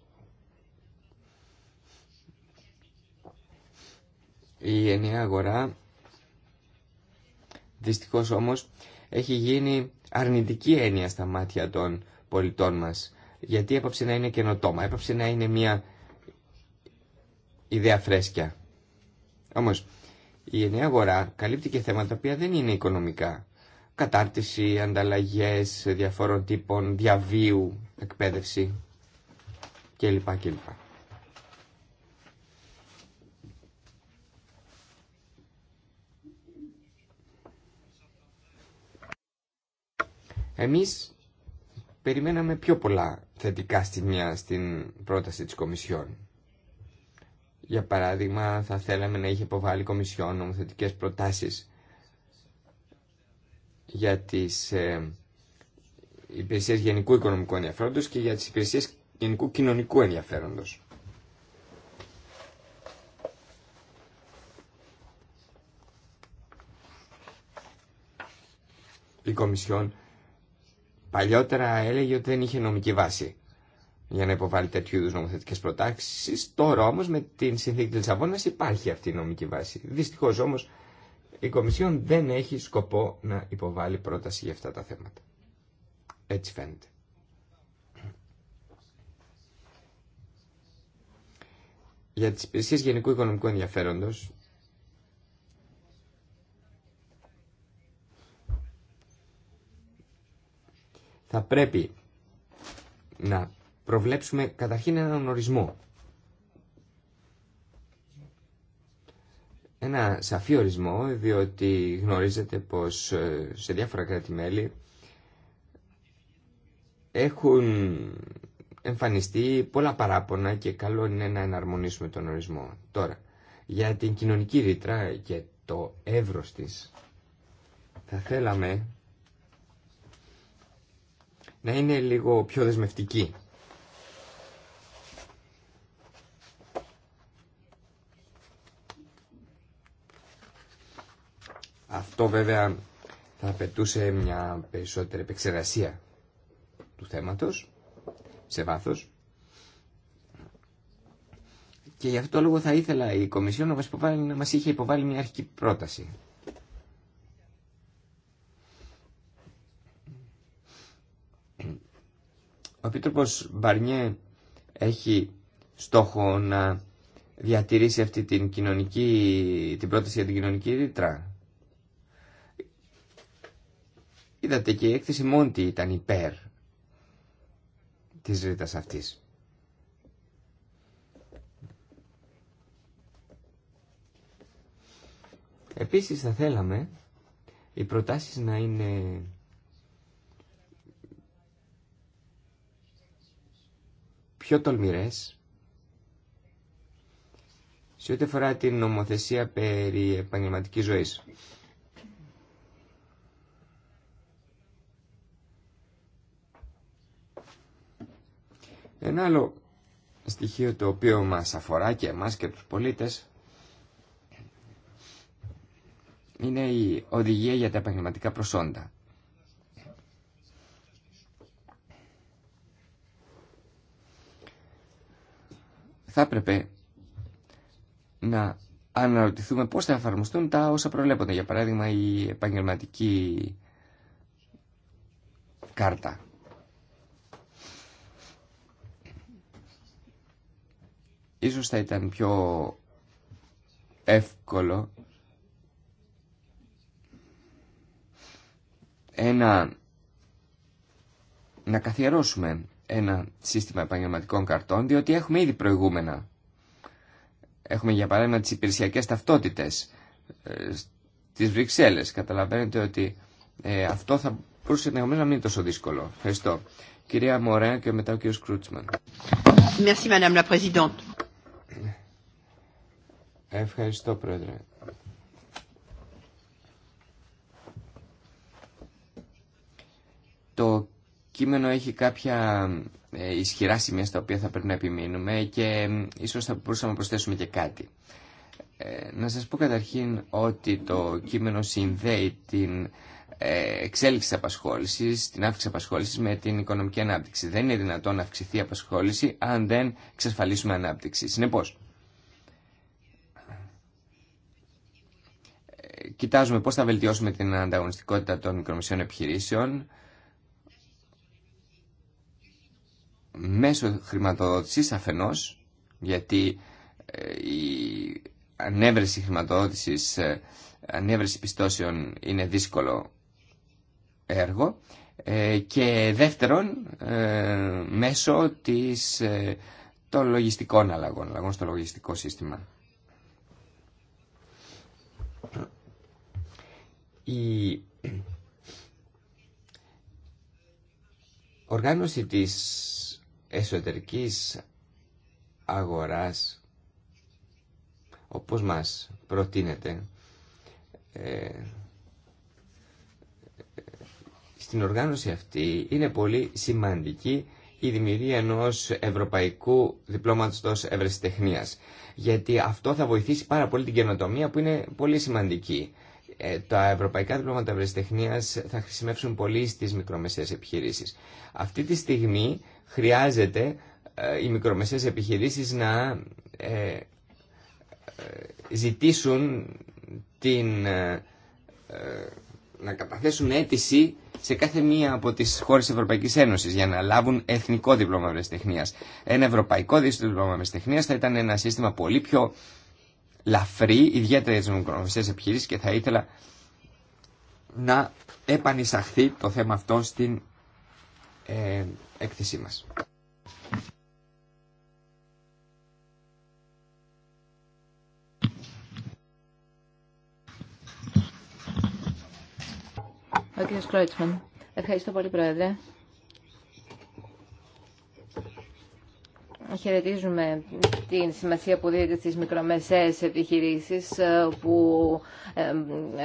Η ενιαία αγορά Δυστυχώς όμως έχει γίνει αρνητική έννοια στα μάτια των πολιτών μας. Γιατί έπαψε να είναι καινοτόμα, έπαψε να είναι μια ιδέα φρέσκια. Όμως η ενιαία αγορά καλύπτει και θέματα που δεν είναι οικονομικά. Κατάρτιση, ανταλλαγές διαφόρων τύπων, διαβίου, εκπαίδευση κλπ. κλπ. Εμείς περιμέναμε πιο πολλά θετικά στιγμιά στην πρόταση της Κομισιόν. Για παράδειγμα, θα θέλαμε να είχε υποβάλει Κομισιόν νομοθετικές προτάσεις για τις ε, υπηρεσίες γενικού οικονομικού ενδιαφέροντος και για τις υπηρεσίες γενικού κοινωνικού ενδιαφέροντος. Η Κομισιόν Παλιότερα έλεγε ότι δεν είχε νομική βάση για να υποβάλει τέτοιου είδου νομοθετικέ προτάξει. Τώρα όμω με την συνθήκη τη Λισαβόνα υπάρχει αυτή η νομική βάση. Δυστυχώ όμω η Κομισιόν δεν έχει σκοπό να υποβάλει πρόταση για αυτά τα θέματα. Έτσι φαίνεται. Για τις υπηρεσίε γενικού οικονομικού ενδιαφέροντος θα πρέπει να προβλέψουμε καταρχήν έναν ορισμό. Ένα σαφή ορισμό, διότι γνωρίζετε πως ε, σε διάφορα κράτη-μέλη έχουν εμφανιστεί πολλά παράπονα και καλό είναι να εναρμονίσουμε τον ορισμό. Τώρα, για την κοινωνική ρήτρα και το εύρος της, θα θέλαμε να είναι λίγο πιο δεσμευτική. Αυτό βέβαια θα απαιτούσε μια περισσότερη επεξεργασία του θέματος σε βάθος. Και γι' αυτό το λόγο θα ήθελα η Κομισιόν να μας, να μας είχε υποβάλει μια αρχική πρόταση. Ο Επίτροπος Μπαρνιέ έχει στόχο να διατηρήσει αυτή την, κοινωνική, την πρόταση για την κοινωνική ρήτρα. Είδατε και η έκθεση Μόντι ήταν υπέρ της ρήτας αυτής. Επίσης θα θέλαμε οι προτάσεις να είναι πιο τολμηρές σε ό,τι αφορά την νομοθεσία περί επαγγελματικής ζωής. Ένα άλλο στοιχείο το οποίο μας αφορά και εμάς και τους πολίτες είναι η οδηγία για τα επαγγελματικά προσόντα. θα έπρεπε να αναρωτηθούμε πώς θα εφαρμοστούν τα όσα προβλέπονται. Για παράδειγμα, η επαγγελματική κάρτα. Ίσως θα ήταν πιο εύκολο ένα να καθιερώσουμε ένα σύστημα επαγγελματικών καρτών, διότι έχουμε ήδη προηγούμενα. Έχουμε για παράδειγμα τις υπηρεσιακές ταυτότητες ε, στις Βρυξέλλες. Καταλαβαίνετε ότι ε, αυτό θα μπορούσε να μην είναι τόσο δύσκολο. Ευχαριστώ. Κυρία Μωρέα και μετά ο κύριος Κρούτσμαν. Ευχαριστώ, Πρόεδρε. Το κείμενο έχει κάποια ε, ισχυρά σημεία στα οποία θα πρέπει να επιμείνουμε και ίσως θα μπορούσαμε να προσθέσουμε και κάτι. Ε, να σας πω καταρχήν ότι το κείμενο συνδέει την ε, εξέλιξη της απασχόλησης, την αύξηση απασχόλησης με την οικονομική ανάπτυξη. Δεν είναι δυνατόν να αυξηθεί η απασχόληση αν δεν εξασφαλίσουμε ανάπτυξη. Συνεπώς, κοιτάζουμε πώς θα βελτιώσουμε την ανταγωνιστικότητα των μικρομεσαίων επιχειρήσεων, μέσω χρηματοδότησης αφενός, γιατί ε, η ανέβρεση χρηματοδότησης, ε, ανέβρεση πιστώσεων είναι δύσκολο έργο ε, και δεύτερον μέσω της, των λογιστικών αλλαγών, αλλαγών στο λογιστικό σύστημα. Η οργάνωση της εσωτερικής αγοράς όπως μας προτείνεται ε, στην οργάνωση αυτή είναι πολύ σημαντική η δημιουργία ενός ευρωπαϊκού διπλώματος ευρεσιτεχνίας γιατί αυτό θα βοηθήσει πάρα πολύ την καινοτομία που είναι πολύ σημαντική ε, τα ευρωπαϊκά διπλώματα ευρεσιτεχνία θα χρησιμεύσουν πολύ στις μικρομεσαίες επιχειρήσεις. Αυτή τη στιγμή χρειάζεται ε, οι μικρομεσαίες επιχειρήσεις να ε, ζητήσουν την, να καταθέσουν αίτηση σε κάθε μία από τις χώρες Ευρωπαϊκής Ένωσης για να λάβουν εθνικό δίπλωμα ευρεσιτεχνίας. Ένα ευρωπαϊκό δίπλωμα ευρεσιτεχνίας θα ήταν ένα σύστημα πολύ πιο λαφρύ, ιδιαίτερα για τις επιχειρήσεις και θα ήθελα να επανεισαχθεί το θέμα αυτό στην ε, έκθεσή μας. Ευχαριστώ πολύ, Πρόεδρε. χαιρετίζουμε την σημασία που δίνεται στις μικρομεσαίες επιχειρήσεις ε, που ε,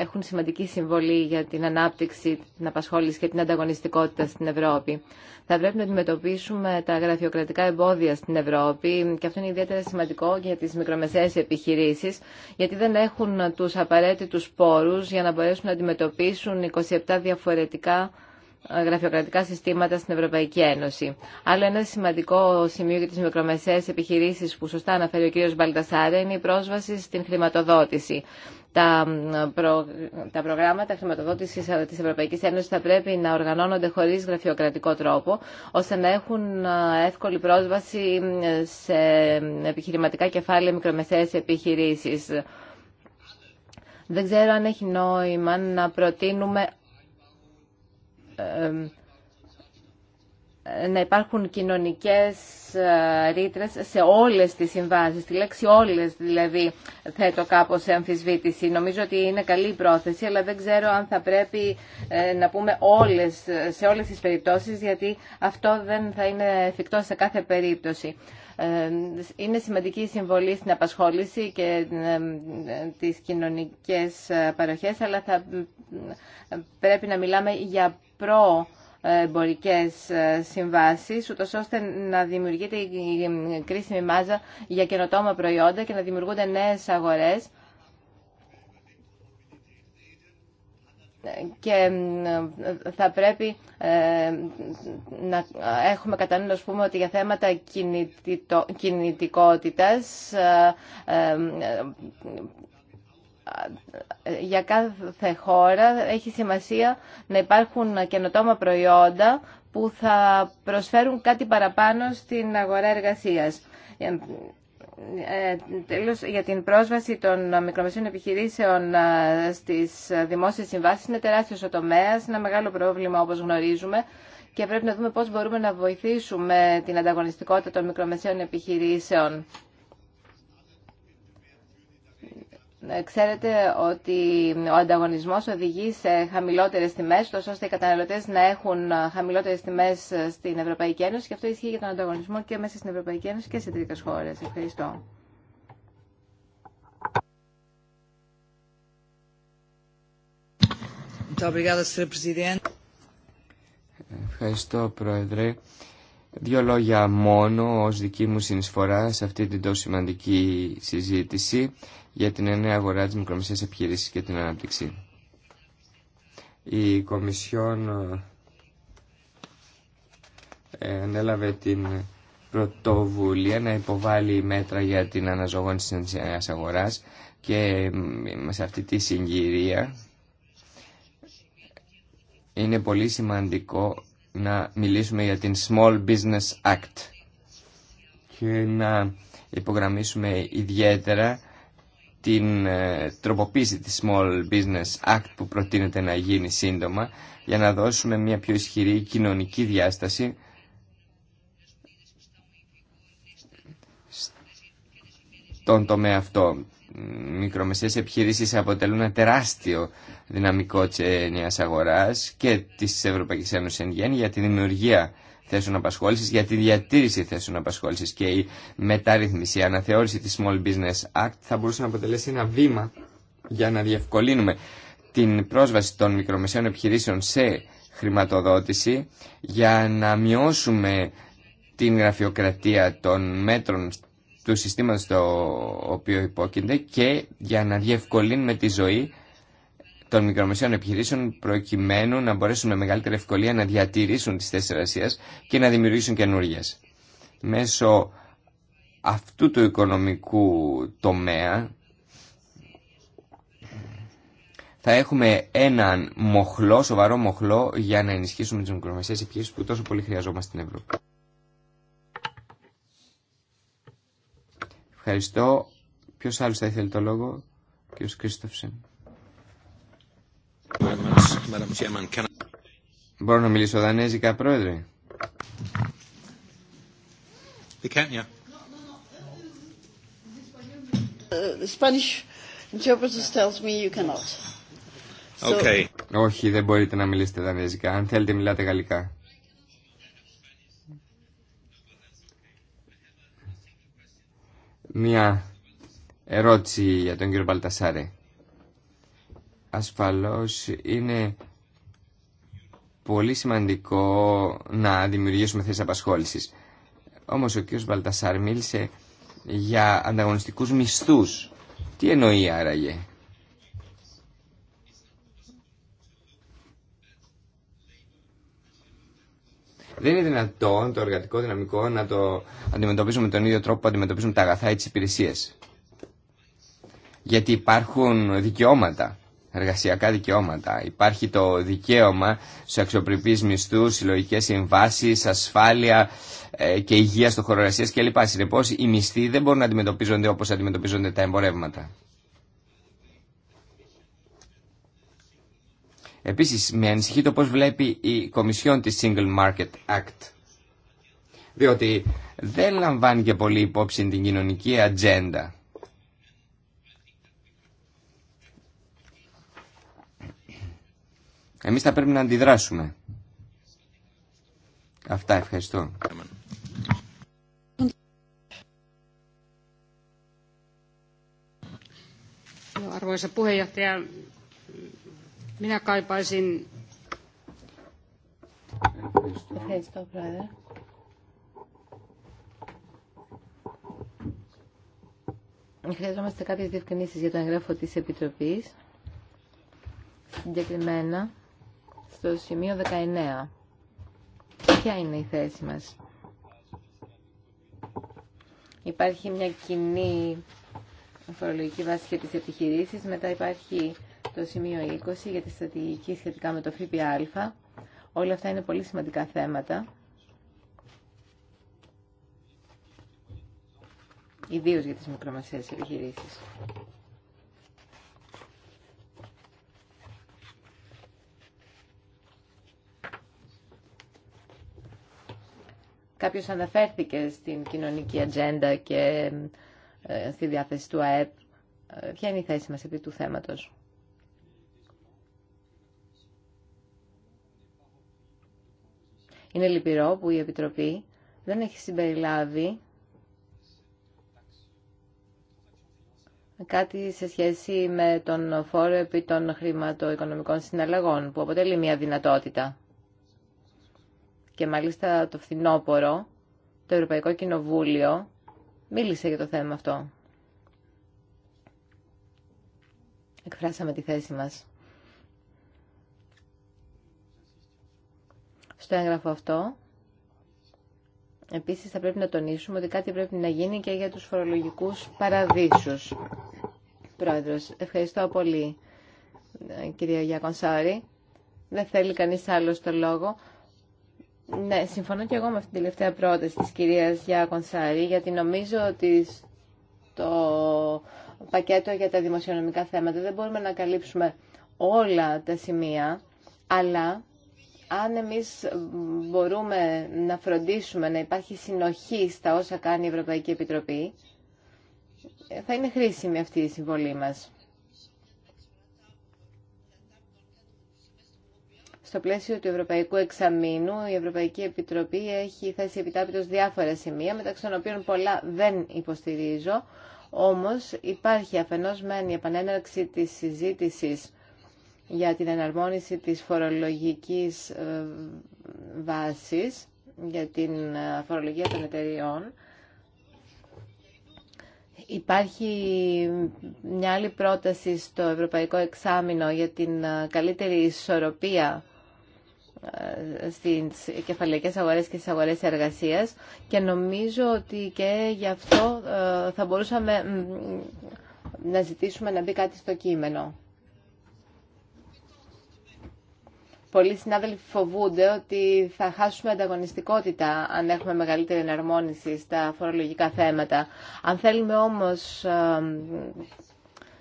έχουν σημαντική συμβολή για την ανάπτυξη, την απασχόληση και την ανταγωνιστικότητα στην Ευρώπη. Θα πρέπει να αντιμετωπίσουμε τα γραφειοκρατικά εμπόδια στην Ευρώπη και αυτό είναι ιδιαίτερα σημαντικό για τις μικρομεσαίες επιχειρήσεις γιατί δεν έχουν τους απαραίτητους πόρους για να μπορέσουν να αντιμετωπίσουν 27 διαφορετικά γραφειοκρατικά συστήματα στην Ευρωπαϊκή Ένωση. Άλλο ένα σημαντικό σημείο για τι μικρομεσαίε επιχειρήσει που σωστά αναφέρει ο κ. Μπαλτασάρε είναι η πρόσβαση στην χρηματοδότηση. Τα, τα προγράμματα χρηματοδότηση ε, τη Ευρωπαϊκή Ένωση θα πρέπει να οργανώνονται χωρί γραφειοκρατικό τρόπο, ώστε να έχουν ε, εύκολη πρόσβαση σε επιχειρηματικά κεφάλαια μικρομεσαίε επιχειρήσει. Δεν ξέρω αν έχει νόημα να προτείνουμε να υπάρχουν κοινωνικές ε, ρήτρες σε όλες τις συμβάσεις. Τη λέξη όλες δηλαδή θέτω κάπως σε αμφισβήτηση. Νομίζω ότι είναι καλή η πρόθεση, αλλά δεν ξέρω αν θα πρέπει ε, να πούμε όλες, σε όλες τις περιπτώσεις, γιατί αυτό δεν θα είναι εφικτό σε κάθε περίπτωση. Είναι σημαντική η συμβολή στην απασχόληση και τις κοινωνικές ε, παροχές, αλλά θα πρέπει να μιλάμε για προ εμπορικές ε, συμβάσεις, ούτως ώστε να δημιουργείται η κρίσιμη μάζα για καινοτόμα προϊόντα και να δημιουργούνται νέες αγορές και θα πρέπει ε, να έχουμε κατά νου, πούμε, ότι για θέματα κινητικότητας ε, για κάθε χώρα έχει σημασία να υπάρχουν καινοτόμα προϊόντα που θα προσφέρουν κάτι παραπάνω στην αγορά εργασίας. Ε, τέλος, για την πρόσβαση των μικρομεσαίων επιχειρήσεων ε, στις δημόσιες συμβάσεις είναι τεράστιος ο τομέας, ένα μεγάλο πρόβλημα όπως γνωρίζουμε και πρέπει να δούμε πώς μπορούμε να βοηθήσουμε την ανταγωνιστικότητα των μικρομεσαίων επιχειρήσεων Ε, ξέρετε ότι ο ανταγωνισμός οδηγεί σε χαμηλότερες τιμές, τόσο ώστε οι καταναλωτές να έχουν χαμηλότερες τιμές στην Ευρωπαϊκή Ένωση και αυτό ισχύει για τον ανταγωνισμό και μέσα στην Ευρωπαϊκή Ένωση και σε τρίτες χώρες. Ευχαριστώ. Ευχαριστώ, Πρόεδρε. Δύο λόγια μόνο ως δική μου συνεισφορά σε αυτή την τόσο σημαντική συζήτηση για την νέα αγορά της μικρομεσαίας επιχειρήσης και την ανάπτυξη. Η Κομισιόν ε, ανέλαβε την πρωτοβουλία να υποβάλει μέτρα για την αναζωογόνηση της νέας αγοράς και σε αυτή τη συγκυρία είναι πολύ σημαντικό να μιλήσουμε για την Small Business Act και να υπογραμμίσουμε ιδιαίτερα την ε, τροποποίηση της Small Business Act που προτείνεται να γίνει σύντομα για να δώσουμε μια πιο ισχυρή κοινωνική διάσταση στον τομέα αυτό. Μικρομεσαίες επιχειρήσεις αποτελούν ένα τεράστιο δυναμικό της αγοράς και της Ευρωπαϊκής Ένωσης εν για τη δημιουργία θέσεων απασχόλησης, για τη διατήρηση θέσεων απασχόλησης και η μεταρρύθμιση, η αναθεώρηση τη Small Business Act θα μπορούσε να αποτελέσει ένα βήμα για να διευκολύνουμε την πρόσβαση των μικρομεσαίων επιχειρήσεων σε χρηματοδότηση για να μειώσουμε την γραφειοκρατία των μέτρων του συστήματος στο οποίο υπόκεινται και για να διευκολύνουμε τη ζωή των μικρομεσαίων επιχειρήσεων προκειμένου να μπορέσουν με μεγαλύτερη ευκολία να διατηρήσουν τις θέσεις εργασία και να δημιουργήσουν καινούριε. Μέσω αυτού του οικονομικού τομέα θα έχουμε έναν μοχλό, σοβαρό μοχλό για να ενισχύσουμε τις μικρομεσαίες επιχειρήσεις που τόσο πολύ χρειαζόμαστε στην Ευρώπη. Ευχαριστώ. Ποιος άλλος θα ήθελε το λόγο, κύριος Κρίστοφσεν. Μπορώ να μιλήσω δανέζικα, πρόεδρε. Okay. Όχι, δεν μπορείτε να μιλήσετε δανέζικα. Αν θέλετε, μιλάτε γαλλικά. Μία ερώτηση για τον κύριο Παλτασάρε ασφαλώς είναι πολύ σημαντικό να δημιουργήσουμε θέσεις απασχόλησης. Όμως ο κ. Βαλτασάρ μίλησε για ανταγωνιστικούς μισθούς. Τι εννοεί άραγε. Δεν είναι δυνατόν το εργατικό δυναμικό να το αντιμετωπίζουμε με τον ίδιο τρόπο που αντιμετωπίζουμε τα αγαθά ή τις υπηρεσίες. Γιατί υπάρχουν δικαιώματα εργασιακά δικαιώματα. Υπάρχει το δικαίωμα σε αξιοπρεπείς μισθούς, συλλογικέ συμβάσεις, ασφάλεια ε, και υγεία στο χώρο εργασίας κλπ. Συνεπώ, οι μισθοί δεν μπορούν να αντιμετωπίζονται όπως αντιμετωπίζονται τα εμπορεύματα. Επίσης με ανησυχεί το πώς βλέπει η Κομισιόν τη Single Market Act. Διότι δεν λαμβάνει και πολύ υπόψη την κοινωνική ατζέντα Εμείς θα πρέπει να αντιδράσουμε. Αυτά, ευχαριστώ. Arvoisa puheenjohtaja, minä kaipaisin... Ευχαριστώ, Χρειαζόμαστε κάποιες διευκρινήσεις για το εγγράφο της Επιτροπής. Συγκεκριμένα, το σημείο 19. Ποια είναι η θέση μας. Υπάρχει μια κοινή φορολογική βάση για τις επιχειρήσεις. Μετά υπάρχει το σημείο 20 για τη στρατηγική σχετικά με το ΦΠΑ. Όλα αυτά είναι πολύ σημαντικά θέματα. Ιδίως για τις μικρομεσαίες επιχειρήσεις. Κάποιος αναφέρθηκε στην κοινωνική ατζέντα και ε, στη διάθεση του ΑΕΠ. Ε, ποια είναι η θέση μας επί του θέματος. Είναι λυπηρό που η Επιτροπή δεν έχει συμπεριλάβει κάτι σε σχέση με τον φόρο επί των χρηματοοικονομικών συναλλαγών, που αποτελεί μια δυνατότητα και μάλιστα το φθινόπωρο το Ευρωπαϊκό Κοινοβούλιο μίλησε για το θέμα αυτό. Εκφράσαμε τη θέση μας. Στο έγγραφο αυτό, επίσης θα πρέπει να τονίσουμε ότι κάτι πρέπει να γίνει και για τους φορολογικούς παραδείσους. Πρόεδρος, ευχαριστώ πολύ ε, κυρία Γιακονσάρη. Δεν θέλει κανείς άλλο το λόγο. Ναι, συμφωνώ και εγώ με αυτήν την τελευταία πρόταση της κυρίας Γιάκων Σάρη, γιατί νομίζω ότι στο πακέτο για τα δημοσιονομικά θέματα δεν μπορούμε να καλύψουμε όλα τα σημεία, αλλά αν εμείς μπορούμε να φροντίσουμε να υπάρχει συνοχή στα όσα κάνει η Ευρωπαϊκή Επιτροπή, θα είναι χρήσιμη αυτή η συμβολή μας. στο πλαίσιο του Ευρωπαϊκού Εξαμήνου η Ευρωπαϊκή Επιτροπή έχει θέσει επιτάπητο διάφορα σημεία, μεταξύ των οποίων πολλά δεν υποστηρίζω. Όμως υπάρχει αφενός μεν η επανέναρξη της συζήτηση για την εναρμόνιση της φορολογικής ε, βάσης, για την ε, φορολογία των εταιριών, Υπάρχει μια άλλη πρόταση στο Ευρωπαϊκό Εξάμεινο για την ε, καλύτερη ισορροπία ε, στις κεφαλαϊκές αγορές και στις αγορές εργασίας και νομίζω ότι και γι' αυτό ε, θα μπορούσαμε να ζητήσουμε να μπει κάτι στο κείμενο. Πολλοί συνάδελφοι φοβούνται ότι θα χάσουμε ανταγωνιστικότητα αν έχουμε μεγαλύτερη εναρμόνιση στα φορολογικά θέματα. Αν θέλουμε όμως ε,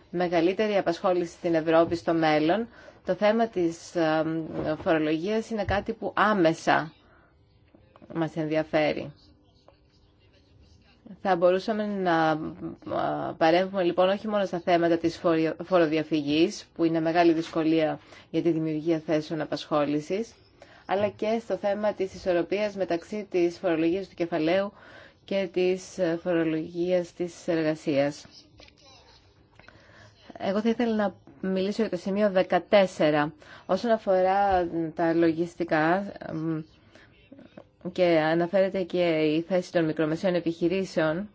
μεγαλύτερη απασχόληση στην Ευρώπη στο μέλλον, το θέμα της ε, φορολογίας είναι κάτι που άμεσα μας ενδιαφέρει. Θα μπορούσαμε να ε, παρέμβουμε λοιπόν όχι μόνο στα θέματα της φοροδιαφυγής, που είναι μεγάλη δυσκολία για τη δημιουργία θέσεων απασχόλησης, αλλά και στο θέμα της ισορροπίας μεταξύ της φορολογίας του κεφαλαίου και της ε, φορολογίας της εργασίας. Εγώ θα ήθελα να μιλήσω για το σημείο 14. Όσον αφορά τα λογιστικά και αναφέρεται και η θέση των μικρομεσαίων επιχειρήσεων,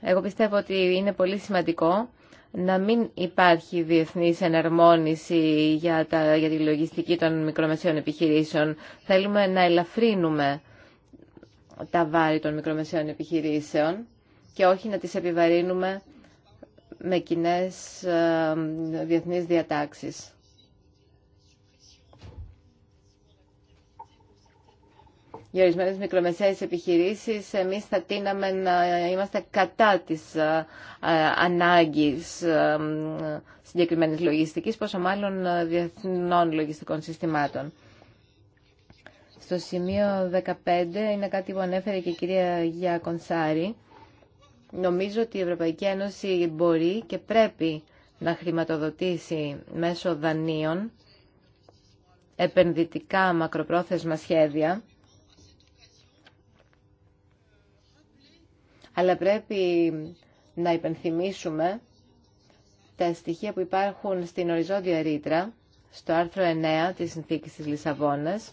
εγώ πιστεύω ότι είναι πολύ σημαντικό να μην υπάρχει διεθνής εναρμόνιση για, τα, για τη λογιστική των μικρομεσαίων επιχειρήσεων. Θέλουμε να ελαφρύνουμε τα βάρη των μικρομεσαίων επιχειρήσεων και όχι να τις επιβαρύνουμε με κοινέ ε, διεθνείς διατάξεις. Για ορισμένε μικρομεσαίες επιχειρήσεις εμείς θα τίναμε να είμαστε κατά της ε, ε, ανάγκης συγκεκριμένης λογιστικής, πόσο μάλλον διεθνών λογιστικών συστημάτων. Στο σημείο 15 είναι κάτι που ανέφερε και η κυρία Γιακονσάρη. Νομίζω ότι η Ευρωπαϊκή Ένωση μπορεί και πρέπει να χρηματοδοτήσει μέσω δανείων επενδυτικά μακροπρόθεσμα σχέδια, αλλά πρέπει να υπενθυμίσουμε τα στοιχεία που υπάρχουν στην οριζόντια ρήτρα, στο άρθρο 9 της Συνθήκης της Λισαβόνας,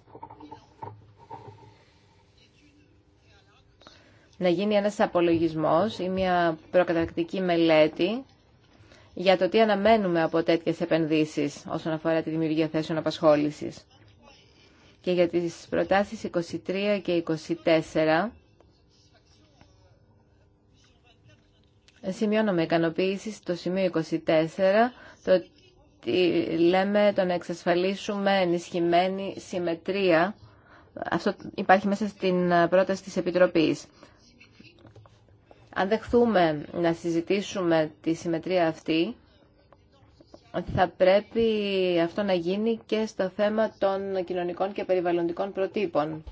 να γίνει ένας απολογισμός ή μια προκατακτική μελέτη για το τι αναμένουμε από τέτοιες επενδύσεις όσον αφορά τη δημιουργία θέσεων απασχόλησης. Και για τις προτάσεις 23 και 24 σημειώνω με ικανοποίηση στο σημείο 24 το ότι λέμε το να εξασφαλίσουμε ενισχυμένη συμμετρία αυτό υπάρχει μέσα στην πρόταση της Επιτροπής. Αν δεχθούμε να συζητήσουμε τη συμμετρία αυτή, θα πρέπει αυτό να γίνει και στο θέμα των κοινωνικών και περιβαλλοντικών προτύπων.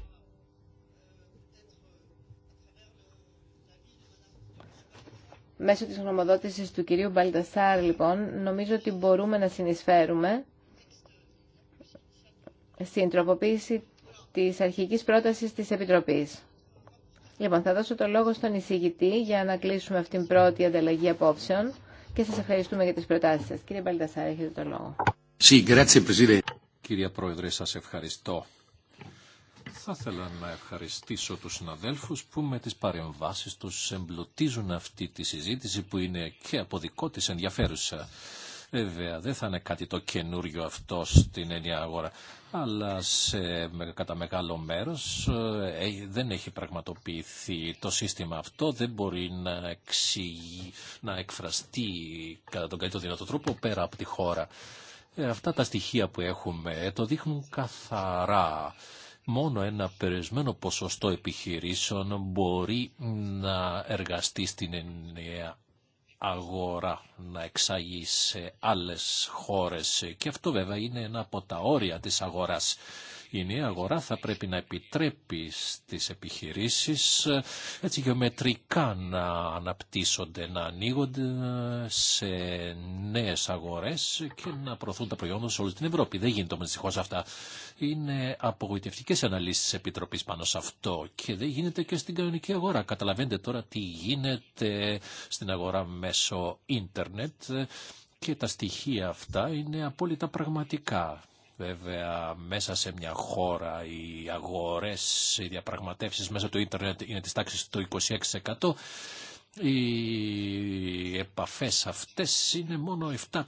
Μέσω της γνωμοδότησης του κυρίου Μπαλτασάρ, λοιπόν, νομίζω ότι μπορούμε να συνεισφέρουμε στην τροποποίηση της αρχικής πρότασης της Επιτροπής. Λοιπόν, θα δώσω το λόγο στον εισηγητή για να κλείσουμε αυτήν την πρώτη ανταλλαγή απόψεων και σας ευχαριστούμε για τις προτάσεις σας. Κύριε Παλτασάρα, έχετε το λόγο. Κύριε Πρόεδρε, σας ευχαριστώ. Θα ήθελα να ευχαριστήσω τους συναδέλφους που με τις παρεμβάσεις τους εμπλουτίζουν αυτή τη συζήτηση που είναι και από δικό της ενδιαφέρουσα. Βέβαια, δεν θα είναι κάτι το καινούριο αυτό στην ενιαία αγορά αλλά σε, κατά μεγάλο μέρος ε, ε, δεν έχει πραγματοποιηθεί το σύστημα αυτό, δεν μπορεί να, εξηγεί, να εκφραστεί κατά τον καλύτερο δυνατό τρόπο πέρα από τη χώρα. Ε, αυτά τα στοιχεία που έχουμε το δείχνουν καθαρά. Μόνο ένα περιορισμένο ποσοστό επιχειρήσεων μπορεί να εργαστεί στην ενιαία αγορά να εξαγεί σε άλλες χώρες και αυτό βέβαια είναι ένα από τα όρια της αγοράς. Η νέα αγορά θα πρέπει να επιτρέπει στις επιχειρήσεις ε, έτσι γεωμετρικά να αναπτύσσονται, να ανοίγονται ε, σε νέες αγορές και να προωθούν τα προϊόντα σε όλη την Ευρώπη. Δεν γίνεται όμως δυστυχώς αυτά. Είναι απογοητευτικές αναλύσεις της Επιτροπής πάνω σε αυτό και δεν γίνεται και στην κανονική αγορά. Καταλαβαίνετε τώρα τι γίνεται στην αγορά μέσω ίντερνετ ε, και τα στοιχεία αυτά είναι απόλυτα πραγματικά. Βέβαια, μέσα σε μια χώρα οι αγορές, οι διαπραγματεύσεις μέσα του ίντερνετ είναι της τάξης του 26%. Οι επαφές αυτές είναι μόνο 7%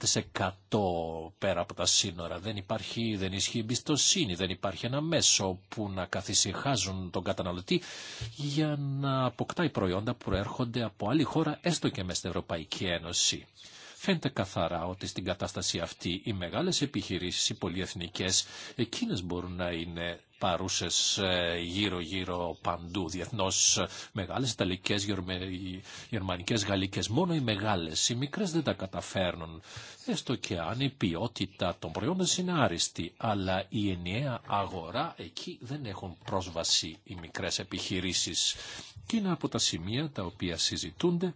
πέρα από τα σύνορα. Δεν υπάρχει, δεν ισχύει εμπιστοσύνη, δεν υπάρχει ένα μέσο που να καθησυχάζουν τον καταναλωτή για να αποκτάει προϊόντα που έρχονται από άλλη χώρα έστω και μέσα στην Ευρωπαϊκή Ένωση. Φαίνεται καθαρά ότι στην κατάσταση αυτή οι μεγάλες επιχειρήσεις, οι πολυεθνικές, εκείνες μπορούν να είναι παρούσες γύρω-γύρω ε, παντού, διεθνώς ε, μεγάλες ιταλικές, γερμανικές, γαλλικές. Μόνο οι μεγάλες, οι μικρές δεν τα καταφέρνουν. Έστω και αν η ποιότητα των προϊόντων είναι άριστη, αλλά η ενιαία αγορά εκεί δεν έχουν πρόσβαση οι μικρές επιχειρήσεις. Και είναι από τα σημεία τα οποία συζητούνται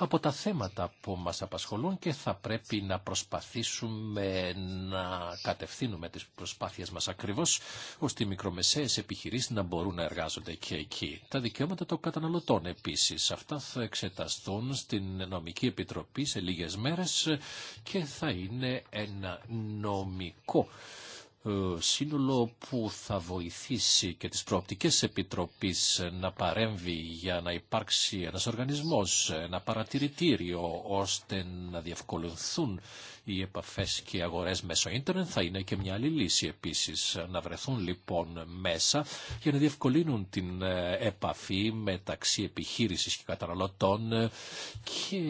από τα θέματα που μας απασχολούν και θα πρέπει να προσπαθήσουμε να κατευθύνουμε τις προσπάθειες μας ακριβώς ώστε οι μικρομεσαίες επιχειρήσεις να μπορούν να εργάζονται και εκεί. Τα δικαιώματα των καταναλωτών επίσης. Αυτά θα εξεταστούν στην Νομική Επιτροπή σε λίγες μέρες και θα είναι ένα νομικό ε, σύνολο που θα βοηθήσει και τις προοπτικές επιτροπής ε, να παρέμβει για να υπάρξει ένας οργανισμός, ε, ένα παρατηρητήριο ώστε να διευκολυνθούν οι επαφές και οι αγορές μέσω ίντερνετ θα είναι και μια άλλη λύση επίσης. Να βρεθούν λοιπόν μέσα για να διευκολύνουν την επαφή μεταξύ επιχείρησης και καταναλωτών και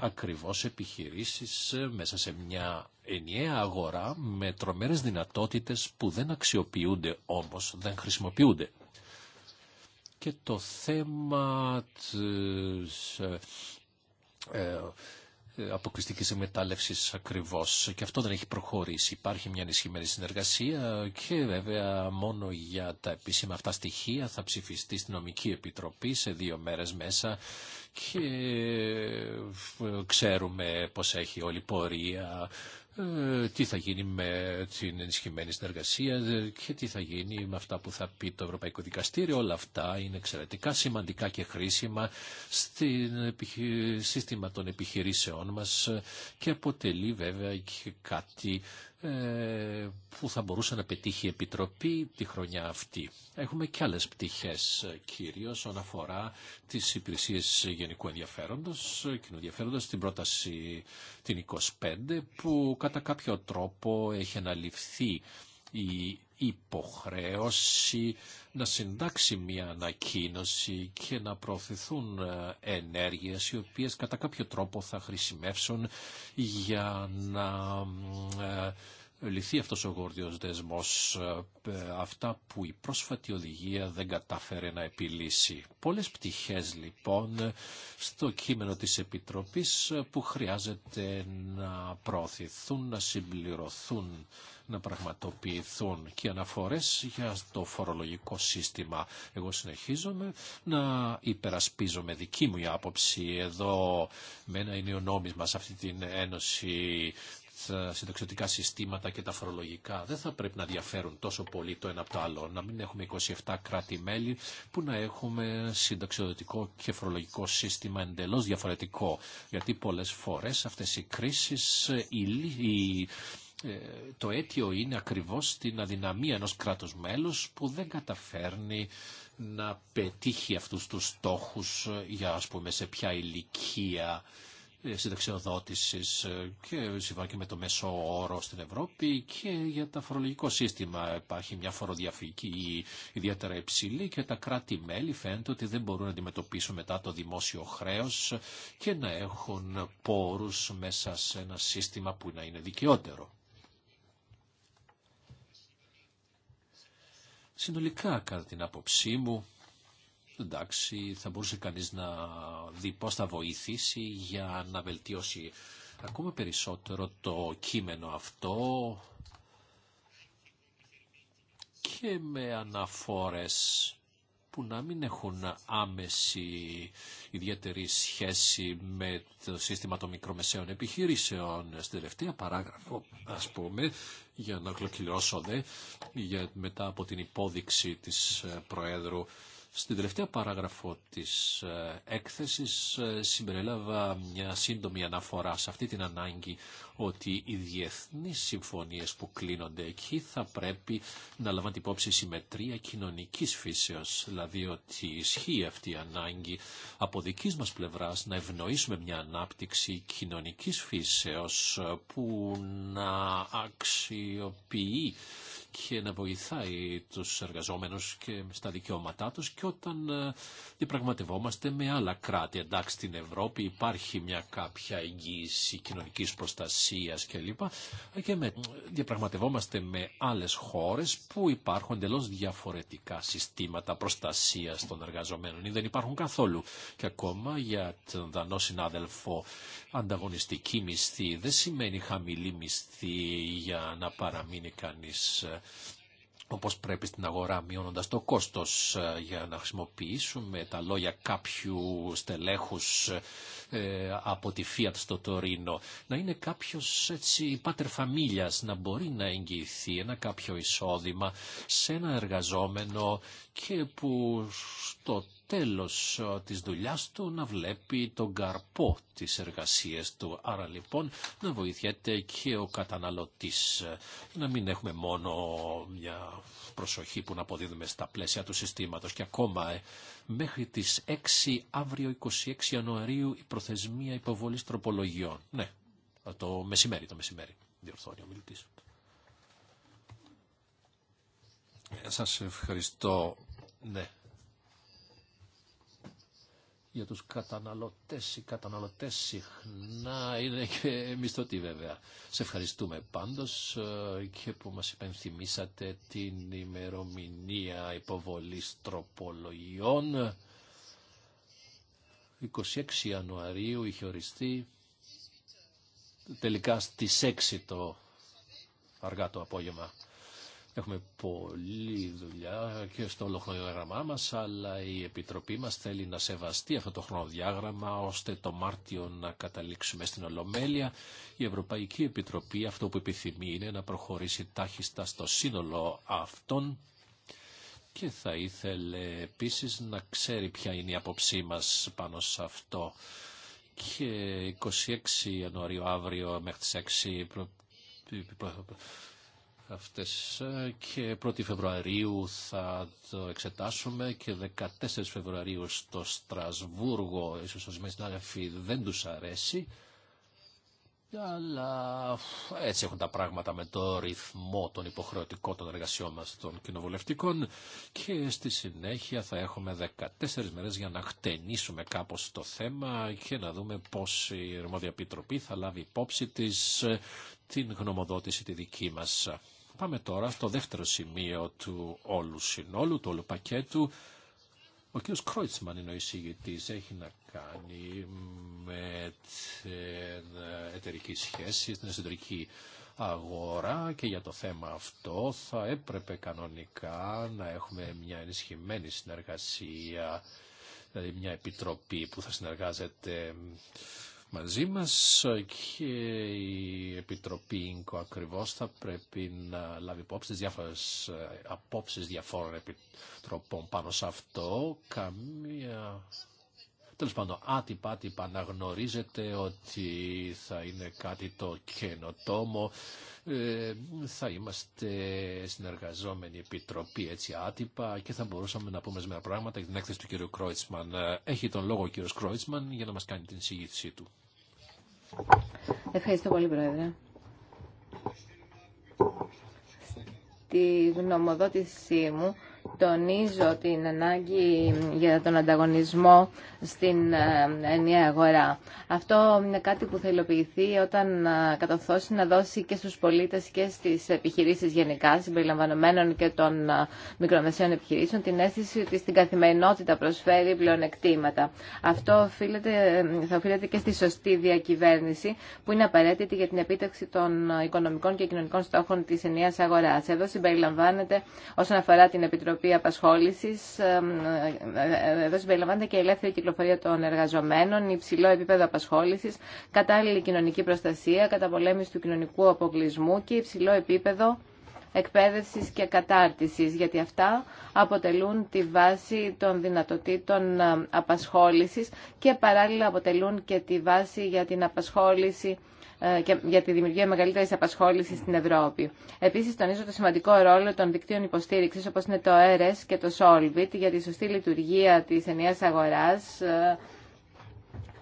ακριβώς επιχειρήσεις μέσα σε μια ενιαία αγορά με τρομέρες δυνατότητες που δεν αξιοποιούνται όμως, δεν χρησιμοποιούνται. Και το θέμα της ε, ε, ε αποκλειστικής ακριβώς και αυτό δεν έχει προχωρήσει. Υπάρχει μια ενισχυμένη συνεργασία και βέβαια μόνο για τα επίσημα αυτά στοιχεία θα ψηφιστεί στην νομική επιτροπή σε δύο μέρες μέσα και ε, ξέρουμε πως έχει όλη πορεία ε, τι θα γίνει με την ενισχυμένη συνεργασία και τι θα γίνει με αυτά που θα πει το Ευρωπαϊκό Δικαστήριο. Όλα αυτά είναι εξαιρετικά σημαντικά και χρήσιμα στο σύστημα των επιχειρήσεών μας και αποτελεί βέβαια και κάτι ε, που θα μπορούσε να πετύχει η Επιτροπή τη χρονιά αυτή. Έχουμε και άλλες πτυχές, ε, κυρίως όσον αφορά τις υπηρεσίες γενικού ενδιαφέροντος, ε, κοινού ενδιαφέροντος, την πρόταση την 25, που κατά κάποιο τρόπο έχει αναλυφθεί η υποχρέωση να συντάξει μια ανακοίνωση και να προωθηθούν ε, ενέργειες οι οποίες κατά κάποιο τρόπο θα χρησιμεύσουν για να ε, λυθεί αυτός ο γόρδιος δεσμός, ε, ε, αυτά που η πρόσφατη οδηγία δεν κατάφερε να επιλύσει. Πολλές πτυχές λοιπόν στο κείμενο της Επιτροπής ε, που χρειάζεται να προωθηθούν, να συμπληρωθούν, να πραγματοποιηθούν και αναφορές για το φορολογικό σύστημα. Εγώ συνεχίζομαι να υπερασπίζομαι δική μου η άποψη εδώ με ένα ενιονόμισμα σε αυτή την ένωση ε, στα συστήματα και τα φορολογικά δεν θα πρέπει να διαφέρουν τόσο πολύ το ένα από το άλλο. Να μην έχουμε 27 κράτη-μέλη που να έχουμε συνταξιοδοτικό και φορολογικό σύστημα εντελώς διαφορετικό. Γιατί πολλές φορές αυτές οι κρίσεις, ε, η, ε, το αίτιο είναι ακριβώς την αδυναμία ενός κράτους μέλους που δεν καταφέρνει να πετύχει αυτούς τους στόχους για ας πούμε σε ποια ηλικία ε, συνταξιοδότηση ε, και συμβαίνει και με το μέσο όρο στην Ευρώπη και για το φορολογικό σύστημα. Υπάρχει μια φοροδιαφυγική ιδιαίτερα υψηλή και τα κράτη-μέλη φαίνεται ότι δεν μπορούν να αντιμετωπίσουν μετά το δημόσιο χρέος και να έχουν πόρους μέσα σε ένα σύστημα που να είναι δικαιότερο. Συνολικά, κατά την άποψή μου, εντάξει θα μπορούσε κανείς να δει πώς θα βοηθήσει για να βελτιώσει ακόμα περισσότερο το κείμενο αυτό και με αναφόρες που να μην έχουν άμεση ιδιαίτερη σχέση με το σύστημα των μικρομεσαίων επιχειρήσεων. Στην τελευταία παράγραφο, ας πούμε, για να ολοκληρώσω για, μετά από την υπόδειξη της ε, Προέδρου στην τελευταία παράγραφο της ε, έκθεσης ε, συμπεριλάβα μια σύντομη αναφορά σε αυτή την ανάγκη ότι οι διεθνείς συμφωνίες που κλείνονται εκεί θα πρέπει να λαμβάνουν υπόψη συμμετρία κοινωνικής φύσεως, δηλαδή ότι ισχύει αυτή η ανάγκη από δικής μας πλευράς να ευνοήσουμε μια ανάπτυξη κοινωνικής φύσεως ε, που να αξιοποιεί και να βοηθάει τους εργαζόμενους και στα δικαιώματά τους και όταν ε, διαπραγματευόμαστε με άλλα κράτη. Εντάξει, στην Ευρώπη υπάρχει μια κάποια εγγύηση κοινωνικής προστασίας κλπ. Και, και με, διαπραγματευόμαστε με άλλες χώρες που υπάρχουν εντελώ διαφορετικά συστήματα προστασίας των εργαζομένων ή δεν υπάρχουν καθόλου. Και ακόμα για τον δανό συνάδελφο ανταγωνιστική μισθή δεν σημαίνει χαμηλή μισθή για να παραμείνει κανείς ε, όπως πρέπει στην αγορά, μειώνοντας το κόστος ε, για να χρησιμοποιήσουμε τα λόγια κάποιου στελέχους ε, από τη Fiat στο Τωρίνο. Να είναι κάποιος έτσι πάτερ φαμίλιας, να μπορεί να εγγυηθεί ένα κάποιο εισόδημα σε ένα εργαζόμενο και που στο τέλος ε, της δουλειάς του να βλέπει τον καρπό της εργασίας του. Άρα λοιπόν να βοηθιέται και ο καταναλωτής. Ε, να μην έχουμε μόνο μια προσοχή που να αποδίδουμε στα πλαίσια του συστήματος. Και ακόμα ε, μέχρι τις 6 αύριο 26 Ιανουαρίου η προθεσμία υποβολής τροπολογιών. Ναι, το μεσημέρι, το μεσημέρι διορθώνει ο Σας ευχαριστώ. Ναι. Για τους καταναλωτές, οι καταναλωτές συχνά είναι και μισθωτοί βέβαια. Σε ευχαριστούμε πάντως ε, και που μας υπενθυμίσατε την ημερομηνία υποβολής τροπολογιών. 26 Ιανουαρίου είχε οριστεί τελικά στις 6 το αργά το απόγευμα. Έχουμε πολλή δουλειά και στο όλο χρονοδιάγραμμά μας, αλλά η Επιτροπή μας θέλει να σεβαστεί αυτό το χρονοδιάγραμμα, ώστε το Μάρτιο να καταλήξουμε στην Ολομέλεια. Η Ευρωπαϊκή Επιτροπή αυτό που επιθυμεί είναι να προχωρήσει τάχιστα στο σύνολο αυτών και θα ήθελε επίσης να ξέρει ποια είναι η απόψή μας πάνω σε αυτό. Και 26 Ιανουαρίου αύριο μέχρι τις 6 αυτές ε, και 1η Φεβρουαρίου θα το εξετάσουμε και 14 Φεβρουαρίου στο Στρασβούργο, ίσως ως συνάδελφοι δεν τους αρέσει, αλλά έτσι έχουν τα πράγματα με το ρυθμό των υποχρεωτικών των εργασιών μας των κοινοβουλευτικών και στη συνέχεια θα έχουμε 14 μέρες για να χτενίσουμε κάπως το θέμα και να δούμε πώς η Ερμόδια Επιτροπή θα λάβει υπόψη της ε, την γνωμοδότηση τη δική μας. Πάμε τώρα στο δεύτερο σημείο του όλου συνόλου, του όλου πακέτου. Ο κ. Κρόιτσμαν είναι ο εισηγητής, έχει να κάνει με την εταιρική σχέση, την εσωτερική αγορά και για το θέμα αυτό θα έπρεπε κανονικά να έχουμε μια ενισχυμένη συνεργασία, δηλαδή μια επιτροπή που θα συνεργάζεται μαζί μας και η Επιτροπή ΙΝΚΟ ακριβώς θα πρέπει να λάβει υπόψη διάφορες ε, απόψεις διαφόρων επιτροπών πάνω σε αυτό. Καμία Τέλος πάντων, άτυπα, άτυπα να γνωρίζετε ότι θα είναι κάτι το καινοτόμο, ε, θα είμαστε συνεργαζόμενοι επιτροπή έτσι άτυπα και θα μπορούσαμε να πούμε σήμερα πράγματα για την έκθεση του κύριου Κρόιτσμαν. Ε, έχει τον λόγο ο κύριος Κρόιτσμαν για να μας κάνει την εισηγήθησή του. Ευχαριστώ πολύ, Πρόεδρε. Στη γνωμοδότησή μου τονίζω την ανάγκη για τον ανταγωνισμό στην ε, ενιαία αγορά. Αυτό είναι κάτι που θα υλοποιηθεί όταν ε, κατορθώσει να δώσει και στους πολίτες και στις επιχειρήσεις γενικά, συμπεριλαμβανομένων και των ε, μικρομεσαίων επιχειρήσεων, την αίσθηση ότι στην καθημερινότητα προσφέρει πλεονεκτήματα. Αυτό οφείλεται, θα οφείλεται και στη σωστή διακυβέρνηση που είναι απαραίτητη για την επίταξη των οικονομικών και κοινωνικών στόχων της ενιαίας αγοράς. Εδώ συμπεριλαμβάνεται όσον αφορά την Επιτροπή Απασχόλησης. Ε, ε, εδώ συμπεριλαμβάνεται και η ελεύθερη κυκλοφορία των εργαζομένων, υψηλό επίπεδο απασχόληση, κατάλληλη κοινωνική προστασία, καταπολέμηση του κοινωνικού αποκλεισμού και υψηλό επίπεδο εκπαίδευσης και κατάρτισης, γιατί αυτά αποτελούν τη βάση των δυνατοτήτων ε, απασχόλησης και παράλληλα αποτελούν και τη βάση για την απασχόληση ε, και για τη δημιουργία μεγαλύτερη απασχόληση στην Ευρώπη. Επίση, τονίζω το σημαντικό ρόλο των δικτύων υποστήριξη όπω είναι το ΕΡΕΣ και το Solvit για τη σωστή λειτουργία τη ενιαία αγορά ε,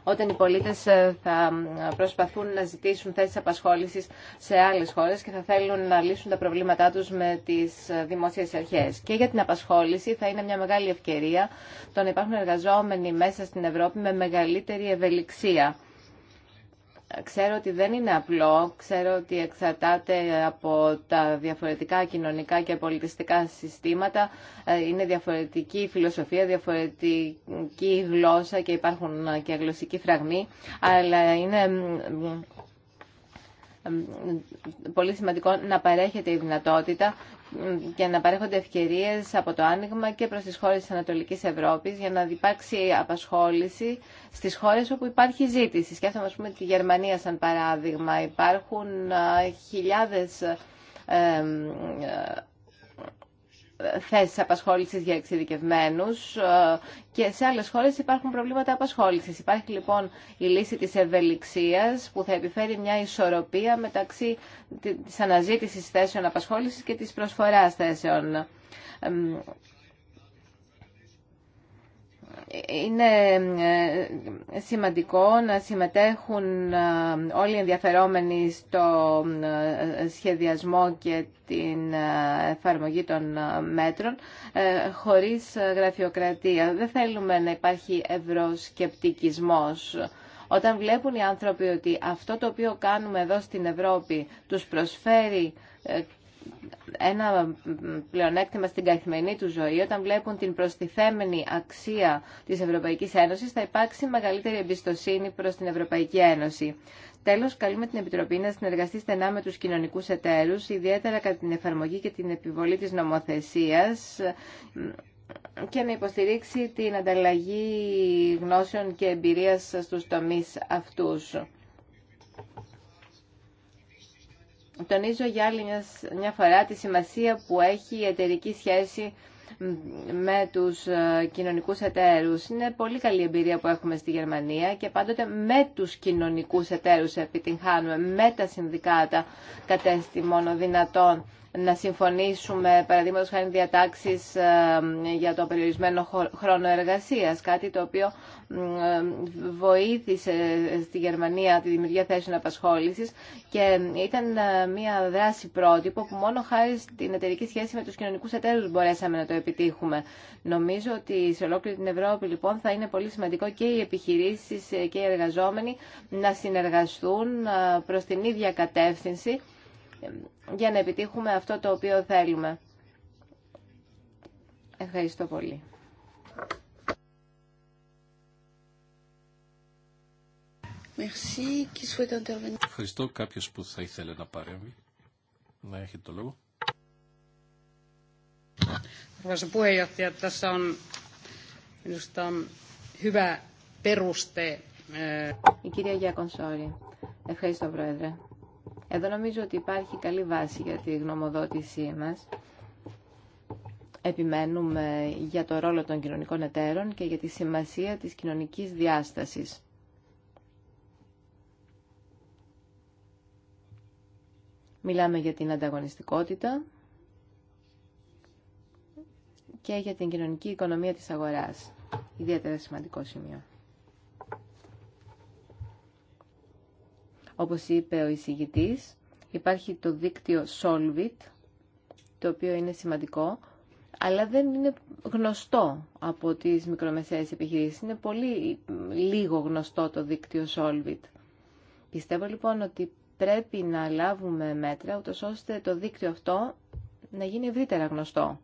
όταν οι πολίτε ε, θα προσπαθούν να ζητήσουν θέσεις απασχόληση σε άλλε χώρε και θα θέλουν να λύσουν τα προβλήματά του με τι δημόσιε αρχέ. Και για την απασχόληση θα είναι μια μεγάλη ευκαιρία το να υπάρχουν εργαζόμενοι μέσα στην Ευρώπη με μεγαλύτερη ευελιξία. Ξέρω ότι δεν είναι απλό, ξέρω ότι εξαρτάται από τα διαφορετικά κοινωνικά και πολιτιστικά συστήματα, ε, είναι διαφορετική φιλοσοφία, διαφορετική γλώσσα και υπάρχουν ε, και γλωσσικοί φραγμοί, αλλά είναι πολύ σημαντικό να παρέχεται η δυνατότητα για να παρέχονται ευκαιρίες από το άνοιγμα και προς τις χώρες τη Ανατολικής Ευρώπης για να υπάρξει απασχόληση στις χώρες όπου υπάρχει ζήτηση. Σκέφτομαι, α πούμε, τη Γερμανία σαν παράδειγμα. Υπάρχουν ε, χιλιάδες ε, ε, θέσεις απασχόλησης για εξειδικευμένους ε, και σε άλλες χώρες υπάρχουν προβλήματα απασχόλησης. Υπάρχει λοιπόν η λύση της ευελιξίας που θα επιφέρει μια ισορροπία μεταξύ της αναζήτησης θέσεων απασχόλησης και της προσφοράς θέσεων είναι ε, σημαντικό να συμμετέχουν ε, όλοι οι ενδιαφερόμενοι στο ε, σχεδιασμό και την εφαρμογή των μέτρων χωρίς γραφειοκρατία. Δεν θέλουμε να υπάρχει ευρωσκεπτικισμός. Όταν βλέπουν οι άνθρωποι ότι αυτό το οποίο κάνουμε εδώ στην Ευρώπη τους προσφέρει ένα πλεονέκτημα στην καθημερινή του ζωή, όταν βλέπουν την προστιθέμενη αξία της Ευρωπαϊκής Ένωσης, θα υπάρξει μεγαλύτερη εμπιστοσύνη προς την Ευρωπαϊκή Ένωση. Τέλος, καλούμε την Επιτροπή να συνεργαστεί στενά με τους κοινωνικούς εταίρους, ιδιαίτερα κατά την εφαρμογή και την επιβολή της νομοθεσίας και να υποστηρίξει την ανταλλαγή γνώσεων και εμπειρίας στους τομείς αυτούς τονίζω για άλλη μια φορά τη σημασία που έχει η εταιρική σχέση με τους ε, κοινωνικούς εταίρους. Είναι πολύ καλή εμπειρία που έχουμε στη Γερμανία και πάντοτε με τους κοινωνικούς εταίρους επιτυγχάνουμε, με τα συνδικάτα κατέστη μόνο δυνατόν να συμφωνήσουμε, παραδείγματο χάρη διατάξει ε, για το περιορισμένο χρόνο εργασία, κάτι το οποίο ε, βοήθησε στη Γερμανία τη δημιουργία θέσεων απασχόληση και ήταν ε, μια δράση πρότυπο που μόνο χάρη στην εταιρική σχέση με του κοινωνικού εταίρου μπορέσαμε να το επιτύχουμε. Νομίζω ότι σε ολόκληρη την Ευρώπη λοιπόν θα είναι πολύ σημαντικό και οι επιχειρήσει και οι εργαζόμενοι να συνεργαστούν προ την ίδια κατεύθυνση για να επιτύχουμε αυτό το οποίο θέλουμε. Ευχαριστώ πολύ. Ευχαριστώ. Κάποιος που θα ήθελε να παρέμβει, να έχετε το λόγο. Η κυρία Γιακονσόρη. Ευχαριστώ, Πρόεδρε. Εδώ νομίζω ότι υπάρχει καλή βάση για τη γνωμοδότησή μας. Επιμένουμε για το ρόλο των κοινωνικών εταίρων και για τη σημασία της κοινωνικής διάστασης. Μιλάμε για την ανταγωνιστικότητα και για την κοινωνική οικονομία της αγοράς. Ιδιαίτερα σημαντικό σημείο. Όπως είπε ο εισηγητής, υπάρχει το δίκτυο Solvit, το οποίο είναι σημαντικό, αλλά δεν είναι γνωστό από τις μικρομεσαίες επιχειρήσεις. Είναι πολύ λίγο γνωστό το δίκτυο Solvit. Πιστεύω λοιπόν ότι πρέπει να λάβουμε μέτρα, ούτως ώστε το δίκτυο αυτό να γίνει ευρύτερα γνωστό.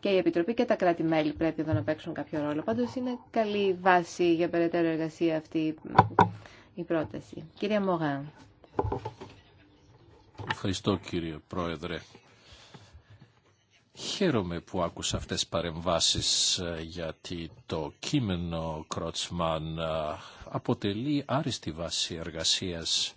Και η Επιτροπή και τα κράτη-μέλη πρέπει εδώ να παίξουν κάποιο ρόλο. Πάντως είναι καλή βάση για περαιτέρω εργασία αυτή η πρόταση. Ευχαριστώ κύριε Πρόεδρε. Χαίρομαι που άκουσα αυτές τις παρεμβάσεις ε, γιατί το κείμενο Κρότσμαν ε, αποτελεί άριστη βάση εργασίας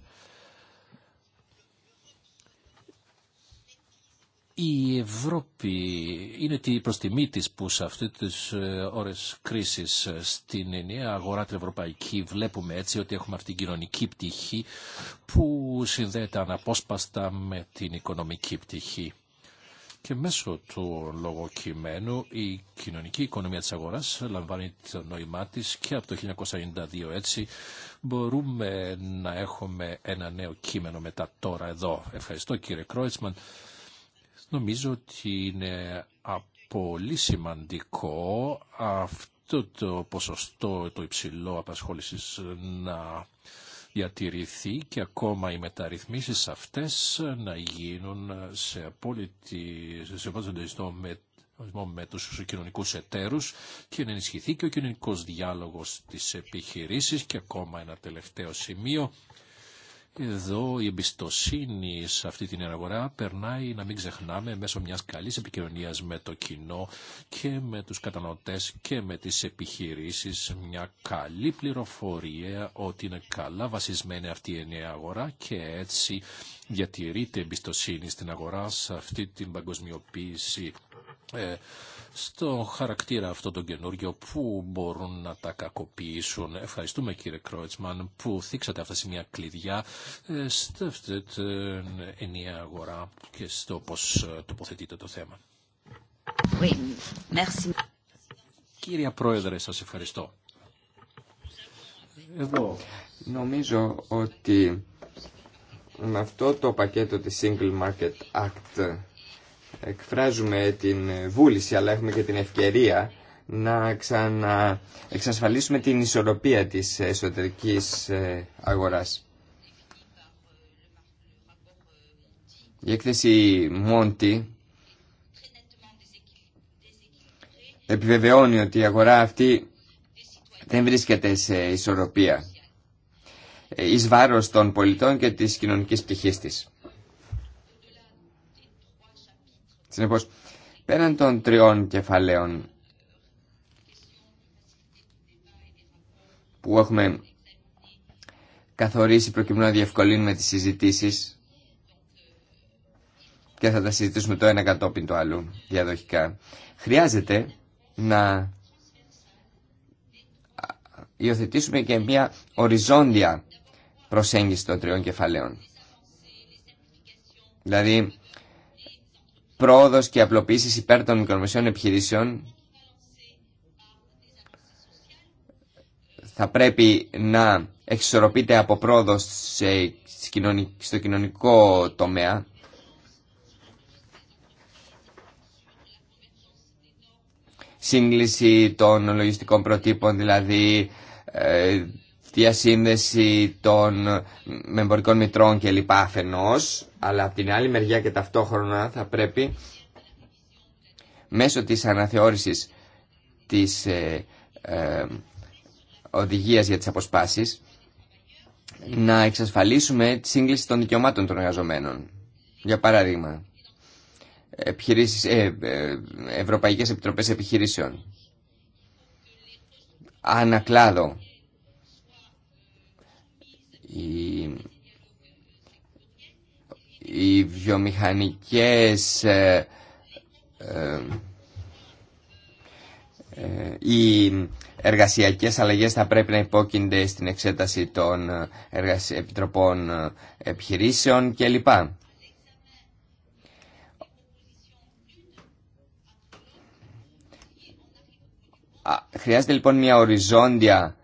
Η Ευρώπη είναι τη προς τιμή της που σε αυτές τις ε, ώρες κρίσης ε, στην ενιαία αγορά την ευρωπαϊκή βλέπουμε έτσι ότι έχουμε αυτή την κοινωνική πτυχή που συνδέεται αναπόσπαστα με την οικονομική πτυχή. Και μέσω του λογοκειμένου η κοινωνική οικονομία της αγοράς λαμβάνει το νόημά της και από το 1992 έτσι μπορούμε να έχουμε ένα νέο κείμενο μετά τώρα εδώ. Ευχαριστώ κύριε Κρόιτσμαν. Νομίζω ότι είναι πολύ σημαντικό αυτό το ποσοστό το υψηλό απασχόλησης να διατηρηθεί και ακόμα οι μεταρρυθμίσεις αυτές να γίνουν σε απόλυτη με με τους κοινωνικούς εταίρους και να ενισχυθεί και ο κοινωνικός διάλογος της επιχειρήσης και ακόμα ένα τελευταίο σημείο εδώ η εμπιστοσύνη σε αυτή την αγορά περνάει, να μην ξεχνάμε, μέσω μιας καλής επικοινωνίας με το κοινό και με τους κατανοτές και με τις επιχειρήσεις. Μια καλή πληροφορία ότι είναι καλά βασισμένη αυτή η νέα αγορά και έτσι διατηρείται εμπιστοσύνη στην αγορά σε αυτή την παγκοσμιοποίηση. Ε, στο χαρακτήρα αυτό το καινούργιο που μπορούν να τα κακοποιήσουν. Ευχαριστούμε κύριε Κρόιτσμαν που θίξατε αυτά σε μια κλειδιά ε, στην αυτή την ενιαία αγορά και στο πώς ε, τοποθετείτε το θέμα. Oui. Merci. Κύριε Πρόεδρε, σας ευχαριστώ. Εδώ. Νομίζω ότι με αυτό το πακέτο της Single Market Act εκφράζουμε την βούληση αλλά έχουμε και την ευκαιρία να ξανα εξασφαλίσουμε την ισορροπία της εσωτερικής ε, αγοράς. Η έκθεση Μόντι επιβεβαιώνει ότι η αγορά αυτή δεν βρίσκεται σε ισορροπία ε, εις βάρος των πολιτών και της κοινωνικής πτυχής της. Συνεπώς, πέραν των τριών κεφαλαίων που έχουμε καθορίσει προκειμένου να διευκολύνουμε τις συζητήσεις και θα τα συζητήσουμε το ένα κατόπιν το άλλο διαδοχικά. Χρειάζεται να υιοθετήσουμε και μια οριζόντια προσέγγιση των τριών κεφαλαίων. Δηλαδή, πρόοδος και απλοποίησης υπέρ των μικρομεσαίων επιχειρήσεων θα πρέπει να εξισορροπείται από πρόοδο στο κοινωνικό τομέα. Σύγκληση των λογιστικών προτύπων, δηλαδή ε, διασύνδεση των μεμπορικών μητρών και λοιπά αφενός, αλλά από την άλλη μεριά και ταυτόχρονα θα πρέπει μέσω της αναθεώρησης της ε, ε, οδηγίας για τις αποσπάσεις να εξασφαλίσουμε τη σύγκληση των δικαιωμάτων των εργαζομένων. Για παράδειγμα, επιχειρήσεις, ε, ε Ευρωπαϊκές Επιτροπές Επιχειρήσεων, ανακλάδο οι, οι βιομηχανικές... Ε, ε, ε, οι εργασιακές αλλαγές θα πρέπει να υπόκεινται στην εξέταση των ε, επιτροπών ε, επιχειρήσεων κλπ. Χρειάζεται λοιπόν μια οριζόντια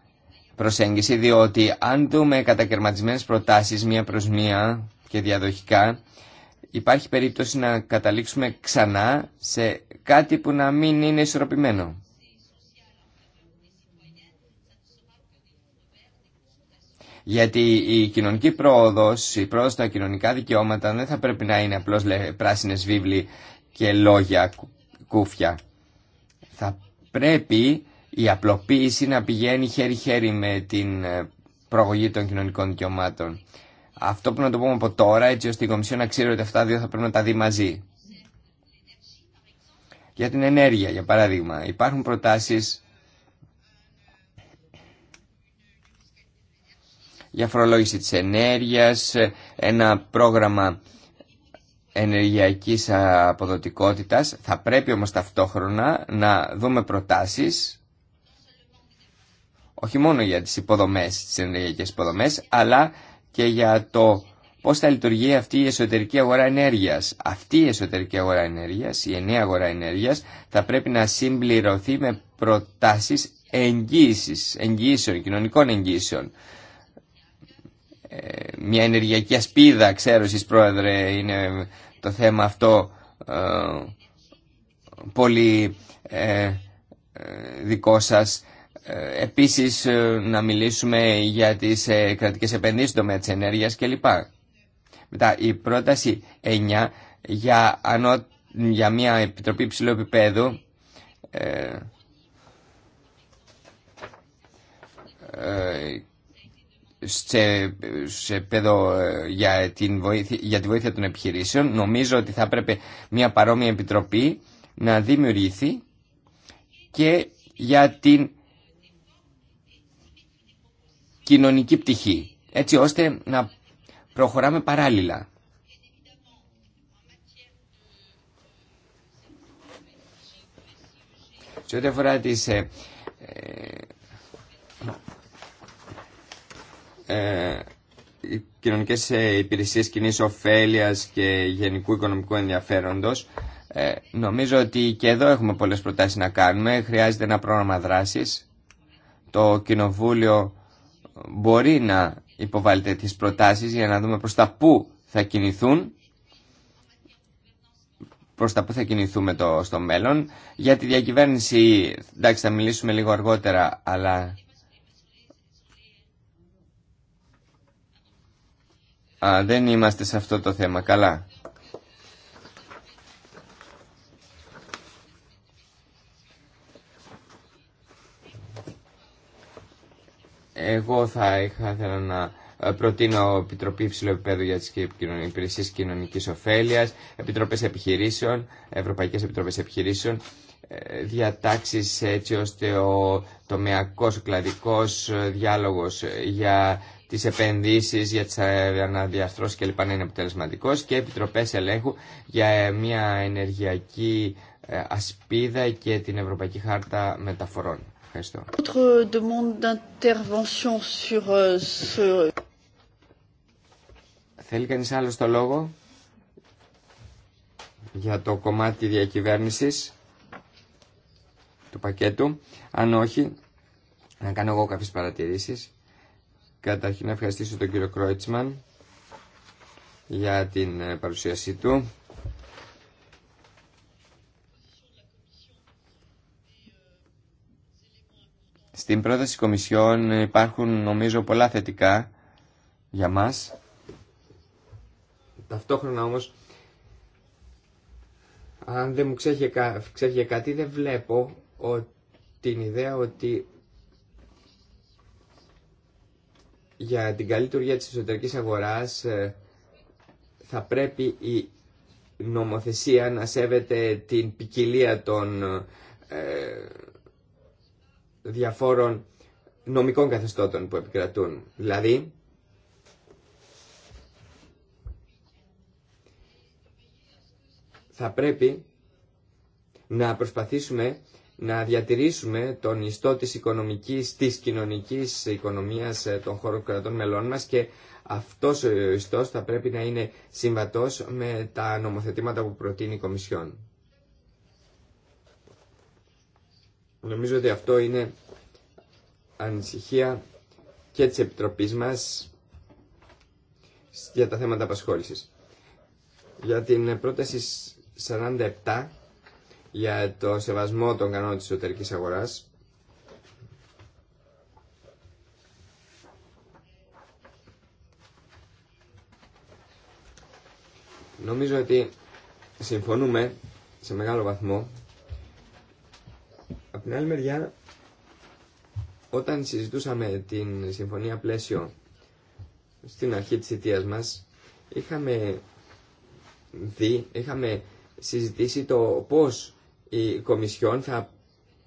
προσέγγιση, διότι αν δούμε κατακαιρματισμένες προτάσεις μία προς μία και διαδοχικά, υπάρχει περίπτωση να καταλήξουμε ξανά σε κάτι που να μην είναι ισορροπημένο. Γιατί η κοινωνική πρόοδος, η πρόοδος στα κοινωνικά δικαιώματα δεν θα πρέπει να είναι απλώς πράσινες βίβλοι και λόγια, κούφια. Θα πρέπει η απλοποίηση να πηγαίνει χέρι-χέρι με την ε, προγωγή των κοινωνικών δικαιωμάτων. Αυτό που να το πούμε από τώρα, έτσι ώστε η Κομισιό να ξέρει ότι αυτά δύο θα πρέπει να τα δει μαζί. Για την ενέργεια, για παράδειγμα, υπάρχουν προτάσεις για φορολόγηση της ενέργειας, ένα πρόγραμμα ενεργειακής αποδοτικότητας. Θα πρέπει όμως ταυτόχρονα να δούμε προτάσεις όχι μόνο για τις υποδομές, τις ενεργειακές υποδομές, αλλά και για το πώς θα λειτουργεί αυτή η εσωτερική αγορά ενέργειας. Αυτή η εσωτερική αγορά ενέργειας, η ενιαία αγορά ενέργειας, θα πρέπει να συμπληρωθεί με προτάσεις εγγύησης, εγγύησεων, κοινωνικών εγγύησεων. Ε, μια ενεργειακή ασπίδα, ξέρω εσείς πρόεδρε, είναι το θέμα αυτό ε, πολύ ε, ε, δικό σας ε, επίσης ε, να μιλήσουμε για τις ε, κρατικές επενδύσεις το τομέα ενέργειας κλπ. Μετά η πρόταση 9 για, για μια επιτροπή ψηλού επίπεδου σε, σε για, την για τη βοήθεια των επιχειρήσεων νομίζω ότι θα πρέπει μια παρόμοια επιτροπή να δημιουργηθεί και για την κοινωνική πτυχή, έτσι ώστε να προχωράμε παράλληλα. Σε ό,τι αφορά τις, ε, ε, ε κοινωνικές ε, υπηρεσίες κοινής ωφέλειας και γενικού οικονομικού ενδιαφέροντος, ε, νομίζω ότι και εδώ έχουμε πολλές προτάσεις να κάνουμε. Χρειάζεται ένα πρόγραμμα δράσης. Το Κοινοβούλιο μπορεί να υποβάλει τις προτάσεις για να δούμε προς τα πού θα κινηθούν προς τα πού θα κινηθούμε το, στο μέλλον. Για τη διακυβέρνηση, εντάξει θα μιλήσουμε λίγο αργότερα, αλλά... δεν είμαστε σε αυτό το θέμα, καλά. Εγώ θα ήθελα να ε, προτείνω Επιτροπή Υψηλού Επίπεδου για τις Υπηρεσίες Κοινωνικής ωφέλειας, Επιτροπές Επιχειρήσεων, Ευρωπαϊκές Επιτροπές Επιχειρήσεων, ε, διατάξεις έτσι ώστε ο τομεακός, ο κλαδικός ε, διάλογος για τις επενδύσεις, για τις και κλπ. να είναι αποτελεσματικός και επιτροπές ελέγχου για μια ενεργειακή ασπίδα και την Ευρωπαϊκή Χάρτα Μεταφορών. Ευχαριστώ. Euh, Θέλει κανείς άλλο το λόγο για το κομμάτι διακυβέρνησης του πακέτου. Αν όχι, να κάνω εγώ κάποιες παρατηρήσεις. Καταρχήν να ευχαριστήσω τον κύριο Κρόιτσμαν για την ε, παρουσίασή του. Στην πρόταση Κομισιόν υπάρχουν νομίζω πολλά θετικά για μας. Ταυτόχρονα όμως, αν δεν μου ξέχει κάτι, δεν βλέπω ότι, την ιδέα ότι για την καλή λειτουργία της εσωτερικής αγοράς ε, θα πρέπει η νομοθεσία να σέβεται την ποικιλία των ε, διαφόρων νομικών καθεστώτων που επικρατούν. Δηλαδή, θα πρέπει να προσπαθήσουμε να διατηρήσουμε τον ιστό της οικονομικής, της κοινωνικής οικονομίας ε, των χώρων κρατών μελών μας και αυτός ο ιστός θα πρέπει να είναι συμβατός με τα νομοθετήματα που προτείνει η Κομισιόν. Νομίζω ότι αυτό είναι ανησυχία και της Επιτροπής μας για τα θέματα απασχόλησης. Για την πρόταση 47 για το σεβασμό των κανόνων της εσωτερικής αγοράς Νομίζω ότι συμφωνούμε σε μεγάλο βαθμό από την άλλη μεριά, όταν συζητούσαμε την συμφωνία πλαίσιο στην αρχή της θητείας μας, είχαμε δει, είχαμε συζητήσει το πώς η Κομισιόν θα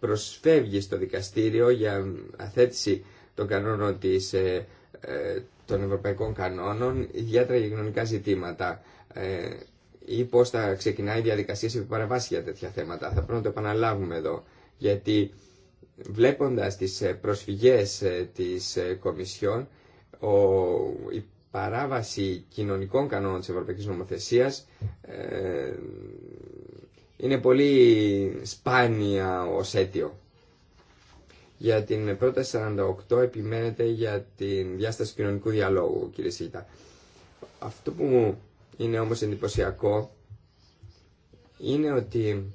προσφεύγει στο δικαστήριο για αθέτηση των κανόνων της, ε, ε των ευρωπαϊκών κανόνων, ιδιαίτερα για κοινωνικά ζητήματα ε, ή πώς θα ξεκινάει η διαδικασία σε παραβάση για τέτοια θέματα. Θα πρέπει να το επαναλάβουμε εδώ γιατί βλέποντας τις ε, προσφυγές ε, της ε, Κομισιόν, η παράβαση κοινωνικών κανόνων της Ευρωπαϊκής Νομοθεσίας είναι πολύ σπάνια ως αίτιο. Για την πρόταση 48 επιμένεται για την διάσταση κοινωνικού διαλόγου, κύριε Σίγητα. Αυτό που μου είναι όμως εντυπωσιακό είναι ότι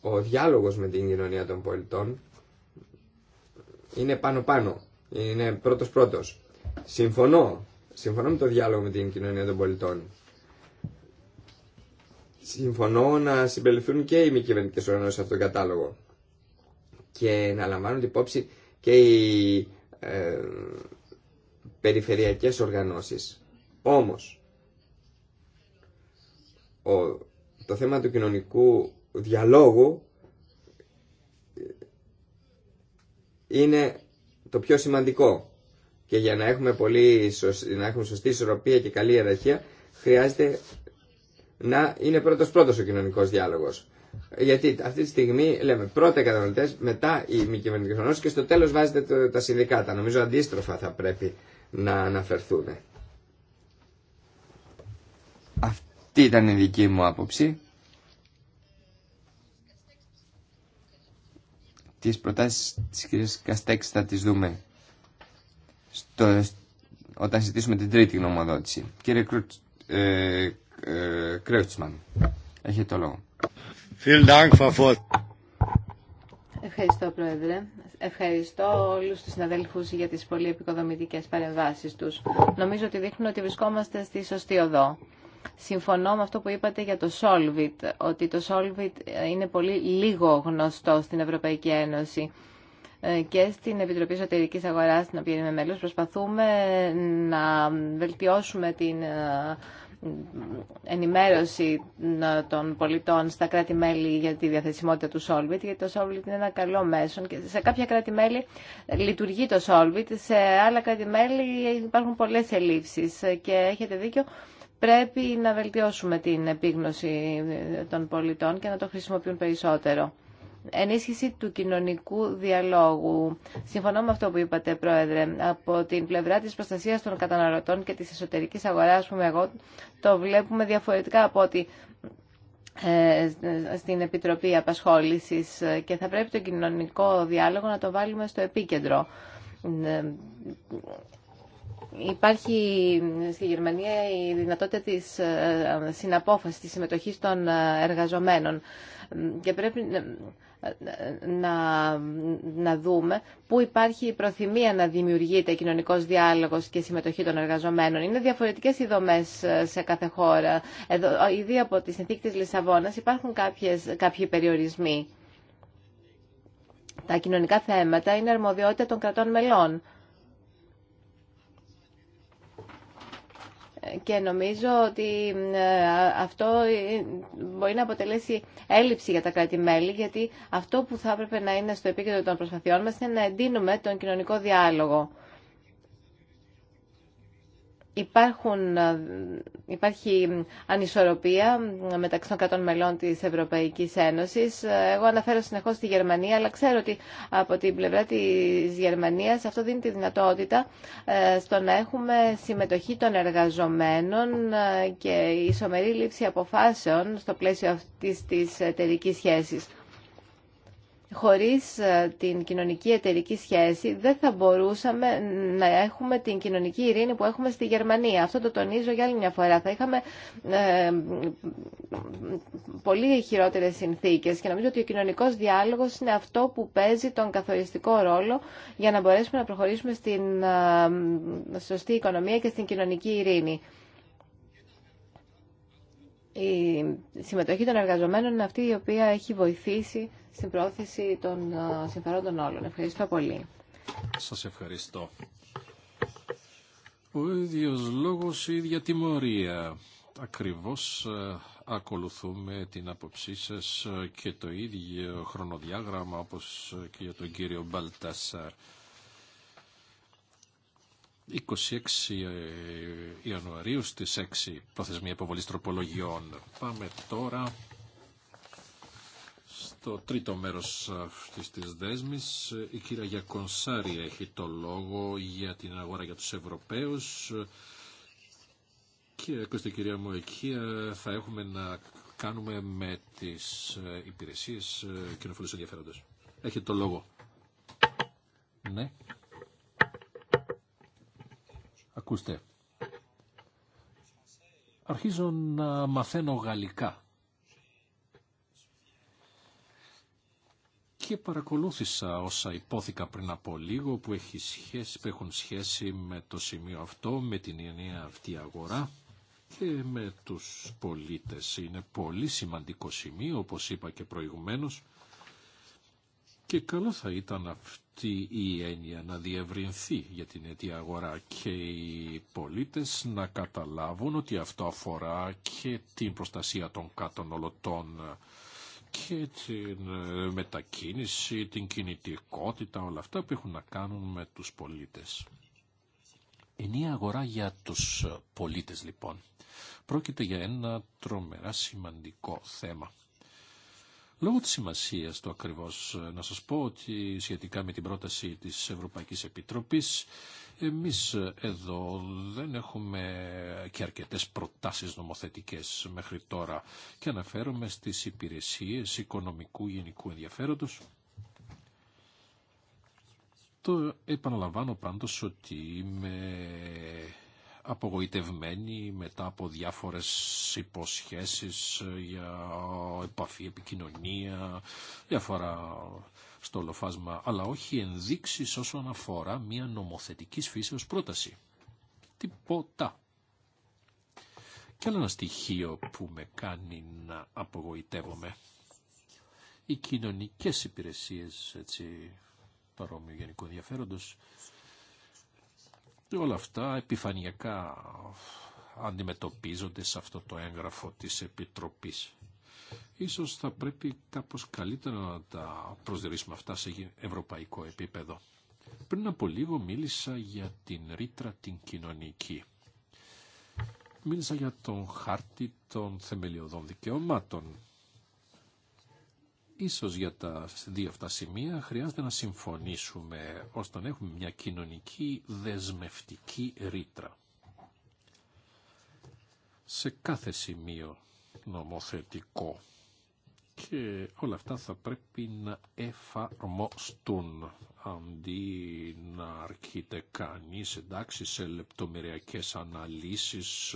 ο διάλογος με την κοινωνία των πολιτών είναι πάνω-πάνω, είναι πρώτος-πρώτος. Συμφωνώ, συμφωνώ με το διάλογο με την κοινωνία των πολιτών. Συμφωνώ να συμπεριληφθούν και οι μη κυβερνητικέ οργανώσει σε αυτόν τον κατάλογο και να λαμβάνουν την υπόψη και οι ε, περιφερειακές οργανώσεις. Όμως, το θέμα του κοινωνικού διαλόγου είναι το πιο σημαντικό. Και για να έχουμε, πολύ να έχουμε σωστή ισορροπία και καλή ιεραρχία χρειάζεται να είναι πρώτο πρώτος ο κοινωνικός διάλογο. Γιατί αυτή τη στιγμή λέμε πρώτα οι καταναλωτέ, μετά οι μη κυβερνητικέ οργανώσει και στο τέλο βάζετε το, τα συνδικάτα. Νομίζω αντίστροφα θα πρέπει να αναφερθούν. Αυτή ήταν η δική μου άποψη. τις προτάσεις της κυρίας Καστέξη θα τις δούμε όταν συζητήσουμε την τρίτη γνωμοδότηση. Κύριε Κρούτ, ε, ε, Κρέουτσμαν, έχετε το λόγο. Ευχαριστώ, Πρόεδρε. Ευχαριστώ όλους τους συναδέλφους για τις πολύ επικοδομητικές παρεμβάσεις τους. Νομίζω ότι δείχνουν ότι βρισκόμαστε στη σωστή οδό. Συμφωνώ με αυτό που είπατε για το Solvit, ότι το Solvit ε, είναι πολύ λίγο γνωστό στην Ευρωπαϊκή Ένωση ε, και στην Επιτροπή Εσωτερικής Αγοράς, στην οποία είμαι μέλος, προσπαθούμε να βελτιώσουμε την ε, ενημέρωση των πολιτών στα κράτη-μέλη για τη διαθεσιμότητα του Solvit, γιατί το Solvit είναι ένα καλό μέσο και σε κάποια κράτη-μέλη λειτουργεί το Solvit, σε άλλα κράτη-μέλη υπάρχουν πολλές ελλείψεις και έχετε δίκιο Πρέπει να βελτιώσουμε την επίγνωση των πολιτών και να το χρησιμοποιούν περισσότερο. Ενίσχυση του κοινωνικού διαλόγου. Συμφωνώ με αυτό που είπατε, Πρόεδρε. Από την πλευρά της προστασίας των καταναλωτών και της εσωτερικής αγοράς, που εγώ, το βλέπουμε διαφορετικά από ότι ε, στην Επιτροπή Απασχόλησης και θα πρέπει το κοινωνικό διάλογο να το βάλουμε στο επίκεντρο. Ε, Υπάρχει στη Γερμανία η δυνατότητα της ε, συναπόφασης, της συμμετοχής των ε, εργαζομένων και πρέπει ε, να, να δούμε πού υπάρχει η προθυμία να δημιουργείται κοινωνικός διάλογος και συμμετοχή των εργαζομένων. Είναι διαφορετικές οι δομές σε κάθε χώρα. Εδώ, ήδη από τη συνθήκη της Λισαβόνας υπάρχουν κάποιες, κάποιοι περιορισμοί. Τα κοινωνικά θέματα είναι αρμοδιότητα των κρατών μελών. και νομίζω ότι ε, αυτό ε, μπορεί να αποτελέσει έλλειψη για τα κράτη-μέλη, γιατί αυτό που θα έπρεπε να είναι στο επίκεντρο των προσπαθειών μας είναι να εντείνουμε τον κοινωνικό διάλογο υπάρχουν, ε, υπάρχει ανισορροπία μεταξύ των κρατών μελών της Ευρωπαϊκής Ένωσης. Εγώ αναφέρω συνεχώς τη Γερμανία, αλλά ξέρω ότι από την πλευρά της Γερμανίας αυτό δίνει τη δυνατότητα ε, στο να έχουμε συμμετοχή των εργαζομένων ε, και ισομερή λήψη αποφάσεων στο πλαίσιο αυτής της εταιρική σχέσης. Χωρίς ε, την κοινωνική εταιρική σχέση δεν θα μπορούσαμε να έχουμε την κοινωνική ειρήνη που έχουμε στη Γερμανία. Αυτό το τονίζω για άλλη μια φορά. Θα είχαμε ε, πολύ χειρότερες συνθήκες και νομίζω ότι ο κοινωνικός διάλογος είναι αυτό που παίζει τον καθοριστικό ρόλο για να μπορέσουμε να προχωρήσουμε στην ε, σωστή οικονομία και στην κοινωνική ειρήνη. Η συμμετοχή των εργαζομένων είναι αυτή η οποία έχει βοηθήσει στην πρόθεση των συμφερόντων όλων. Ευχαριστώ πολύ. Σας ευχαριστώ. Ο ίδιος λόγος, η ίδια τιμωρία. Ακριβώς ε, ακολουθούμε την άποψή σας και το ίδιο χρονοδιάγραμμα όπως και για τον κύριο Μπαλτάσαρ. 26 ε, Ιανουαρίου στις 6 προθεσμία υποβολή τροπολογιών. Πάμε τώρα το τρίτο μέρος αυτής της δέσμης. Η κυρία Γιακονσάρη έχει το λόγο για την αγορά για τους Ευρωπαίους και ακούστε κυρία μου εκεί ε, θα έχουμε να κάνουμε με τις ε, υπηρεσίες ε, κοινοφιλούς ενδιαφέροντες. Έχει το λόγο. Ναι. Ακούστε. Αρχίζω να μαθαίνω γαλλικά και παρακολούθησα όσα υπόθηκα πριν από λίγο που, έχει σχέση, που έχουν σχέση με το σημείο αυτό, με την ενιαία αυτή αγορά και με τους πολίτες. Είναι πολύ σημαντικό σημείο, όπως είπα και προηγουμένως, και καλό θα ήταν αυτή η έννοια να διευρυνθεί για την αιτία αγορά και οι πολίτες να καταλάβουν ότι αυτό αφορά και την προστασία των κάτων και την ε, μετακίνηση, την κινητικότητα, όλα αυτά που έχουν να κάνουν με τους πολίτες. νέα αγορά για τους ε, πολίτες λοιπόν. Πρόκειται για ένα τρομερά σημαντικό θέμα. Λόγω της σημασίας του ακριβώς ε, να σας πω ότι σχετικά με την πρόταση της Ευρωπαϊκής Επιτροπής εμείς ε, εδώ δεν έχουμε και αρκετές προτάσεις νομοθετικές μέχρι τώρα και αναφέρομαι στις υπηρεσίες οικονομικού γενικού ενδιαφέροντος. Το επαναλαμβάνω πάντως ότι είμαι απογοητευμένοι μετά από διάφορες υποσχέσεις για επαφή, επικοινωνία, διάφορα στο λοφάσμα, αλλά όχι ενδείξεις όσον αφορά μια νομοθετικής φύσεως πρόταση. Τίποτα. Και άλλο ένα στοιχείο που με κάνει να απογοητεύομαι. Οι κοινωνικές υπηρεσίες, έτσι, παρόμοιο γενικό ενδιαφέροντος, Όλα αυτά επιφανειακά αντιμετωπίζονται σε αυτό το έγγραφο της Επιτροπής. Ίσως θα πρέπει κάπως καλύτερα να τα προσδιορίσουμε αυτά σε ευρωπαϊκό επίπεδο. Πριν από λίγο μίλησα για την ρήτρα την κοινωνική. Μίλησα για τον χάρτη των θεμελιωδών δικαιωμάτων. Ίσως για τα δύο αυτά σημεία χρειάζεται να συμφωνήσουμε ώστε να έχουμε μια κοινωνική δεσμευτική ρήτρα. Σε κάθε σημείο νομοθετικό και όλα αυτά θα πρέπει να εφαρμοστούν αντί να αρκείται κανείς εντάξει σε λεπτομεριακές αναλύσεις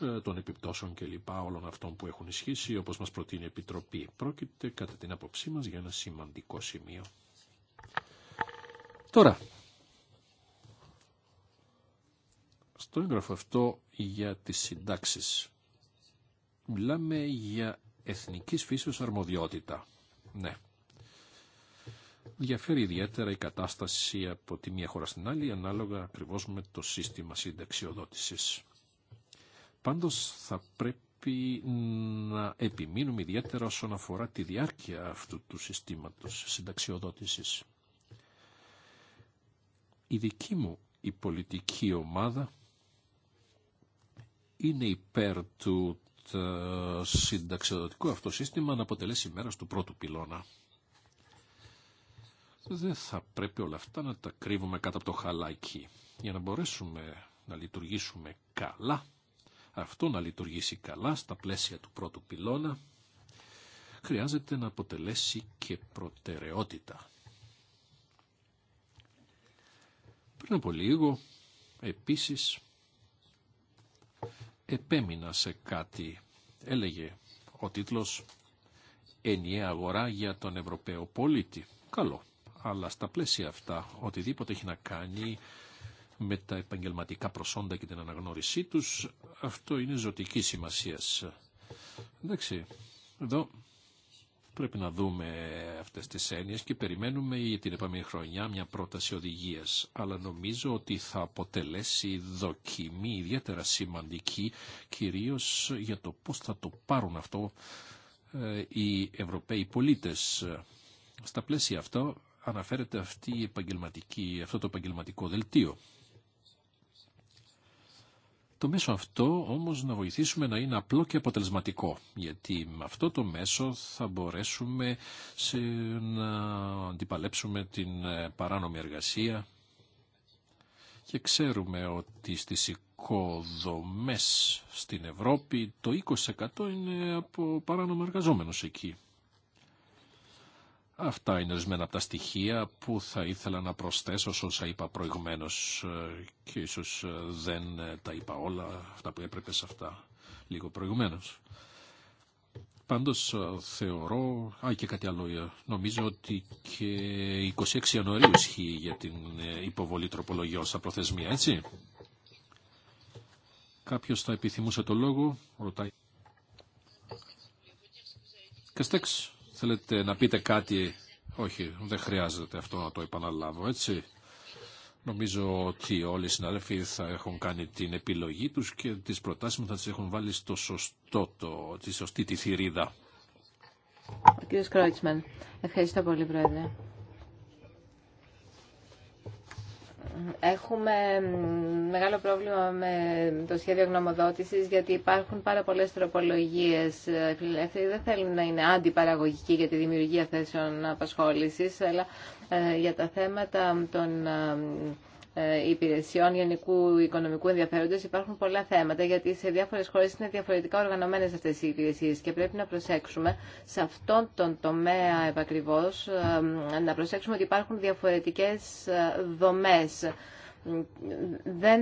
ε, των επιπτώσεων λοιπά, όλων αυτών που έχουν ισχύσει, όπως μας προτείνει η Επιτροπή. Πρόκειται, κατά την άποψή μας, για ένα σημαντικό σημείο. Τώρα, στο έγγραφο αυτό για τις συντάξεις. Μιλάμε για εθνικής φύσεως αρμοδιότητα. Ναι. Διαφέρει ιδιαίτερα η κατάσταση από τη μία χώρα στην άλλη, ανάλογα ακριβώς με το σύστημα συνταξιοδότησης. Πάντως θα πρέπει να επιμείνουμε ιδιαίτερα όσον αφορά τη διάρκεια αυτού του συστήματος συνταξιοδότησης. Η δική μου η πολιτική ομάδα είναι υπέρ του το συνταξιοδοτικό αυτό σύστημα να αποτελέσει μέρας του πρώτου πυλώνα. Δεν θα πρέπει όλα αυτά να τα κρύβουμε κάτω από το χαλάκι. Για να μπορέσουμε να λειτουργήσουμε καλά, αυτό να λειτουργήσει καλά στα πλαίσια του πρώτου πυλώνα, χρειάζεται να αποτελέσει και προτεραιότητα. Πριν από λίγο, επίσης, επέμεινα σε κάτι. Έλεγε ο τίτλος «Ενιαία αγορά για τον Ευρωπαίο πολίτη». Καλό, αλλά στα πλαίσια αυτά οτιδήποτε έχει να κάνει με τα επαγγελματικά προσόντα και την αναγνώρισή τους, αυτό είναι ζωτική σημασία. Εντάξει, εδώ πρέπει να δούμε αυτές τις έννοιες και περιμένουμε για την επόμενη χρονιά μια πρόταση οδηγίας. Αλλά νομίζω ότι θα αποτελέσει δοκιμή ιδιαίτερα σημαντική, κυρίως για το πώς θα το πάρουν αυτό ε, οι Ευρωπαίοι πολίτες. Στα πλαίσια αυτό αναφέρεται αυτή η αυτό το επαγγελματικό δελτίο. Το μέσο αυτό όμως να βοηθήσουμε να είναι απλό και αποτελεσματικό, γιατί με αυτό το μέσο θα μπορέσουμε σε να αντιπαλέψουμε την ε, παράνομη εργασία και ξέρουμε ότι στις οικοδομές στην Ευρώπη το 20% είναι από παράνομο εργαζόμενος εκεί. Αυτά είναι ορισμένα από τα στοιχεία που θα ήθελα να προσθέσω σε όσα είπα προηγουμένως ε, και ίσως ε, δεν ε, τα είπα όλα αυτά που έπρεπε σε αυτά λίγο προηγουμένως. Πάντως θεωρώ, α και κάτι άλλο, νομίζω ότι και 26 Ιανουαρίου ισχύει για την υποβολή τροπολογιών στα προθεσμία, έτσι. Κάποιος θα επιθυμούσε το λόγο, ρωτάει. Καστέξ, Θέλετε να πείτε κάτι. Όχι, δεν χρειάζεται αυτό να το επαναλάβω, έτσι. Νομίζω ότι όλοι οι συναδελφοί θα έχουν κάνει την επιλογή τους και τις προτάσεις μου θα τις έχουν βάλει στο σωστό, το, τη σωστή τη θηρίδα. Κύριε κύριος Ευχαριστώ πολύ, Πρόεδρε. Έχουμε μεγάλο πρόβλημα με το σχέδιο γνωμοδότησης γιατί υπάρχουν πάρα πολλές τροπολογίες. Ε, φιλελεύθεροι. δεν θέλουν να είναι αντιπαραγωγικοί για τη δημιουργία θέσεων απασχόλησης, αλλά ε, για τα θέματα των ε, ε, υπηρεσιών γενικού οικονομικού ενδιαφέροντος υπάρχουν πολλά θέματα γιατί σε διάφορες χώρες είναι διαφορετικά οργανωμένες αυτές οι υπηρεσίε. και πρέπει να προσέξουμε σε αυτόν τον τομέα επακριβώ ε, να προσέξουμε ότι υπάρχουν διαφορετικές ε, δομές. Δεν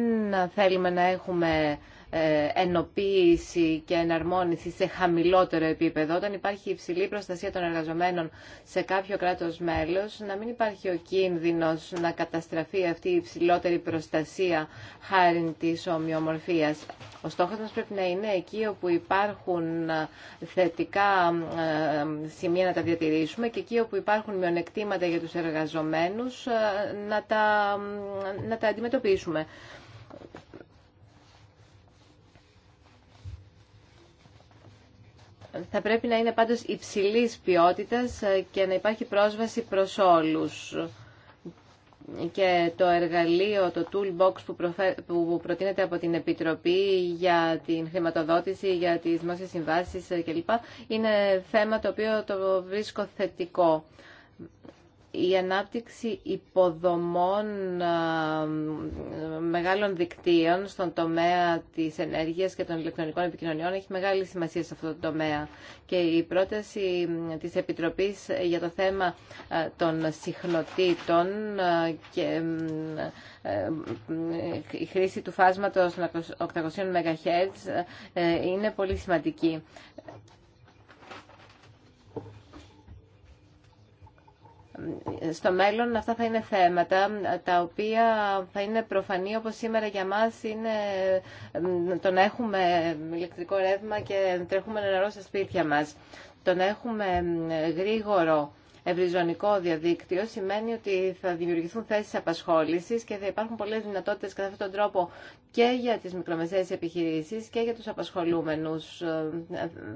θέλουμε να έχουμε ε, ενοποίηση και εναρμόνιση σε χαμηλότερο επίπεδο, όταν υπάρχει υψηλή προστασία των εργαζομένων σε κάποιο κράτος μέλος, να μην υπάρχει ο κίνδυνος να καταστραφεί αυτή η υψηλότερη προστασία χάρη της ομοιομορφίας. Ο στόχος μας πρέπει να είναι εκεί όπου υπάρχουν ε, θετικά ε, σημεία να τα διατηρήσουμε και εκεί όπου υπάρχουν μειονεκτήματα για τους εργαζομένους να τα, να τα αντιμετωπίσουμε. θα πρέπει να είναι πάντως υψηλής ποιότητας ε, και να υπάρχει πρόσβαση προς όλους. Και το εργαλείο, το toolbox που, που προτείνεται από την Επιτροπή για την χρηματοδότηση, για τις δημόσιες συμβάσεις ε, κλπ. είναι θέμα το οποίο το βρίσκω θετικό η ανάπτυξη υποδομών μεγάλων δικτύων στον τομέα της ενέργειας και των ηλεκτρονικών επικοινωνιών έχει μεγάλη σημασία σε αυτό το τομέα. Και η πρόταση της Επιτροπής για το θέμα των συχνοτήτων και ε, η χρήση του φάσματος 800 MHz ε, είναι πολύ σημαντική. στο μέλλον αυτά θα είναι θέματα τα οποία θα είναι προφανή όπως σήμερα για μας είναι το να έχουμε ηλεκτρικό ρεύμα και τρέχουμε νερό στα σπίτια μας. Το να έχουμε γρήγορο ευρυζωνικό διαδίκτυο σημαίνει ότι θα δημιουργηθούν θέσεις απασχόλησης και θα υπάρχουν πολλές δυνατότητες κατά αυτόν τον τρόπο και για τις μικρομεσαίες επιχειρήσεις και για τους απασχολούμενους. Ε,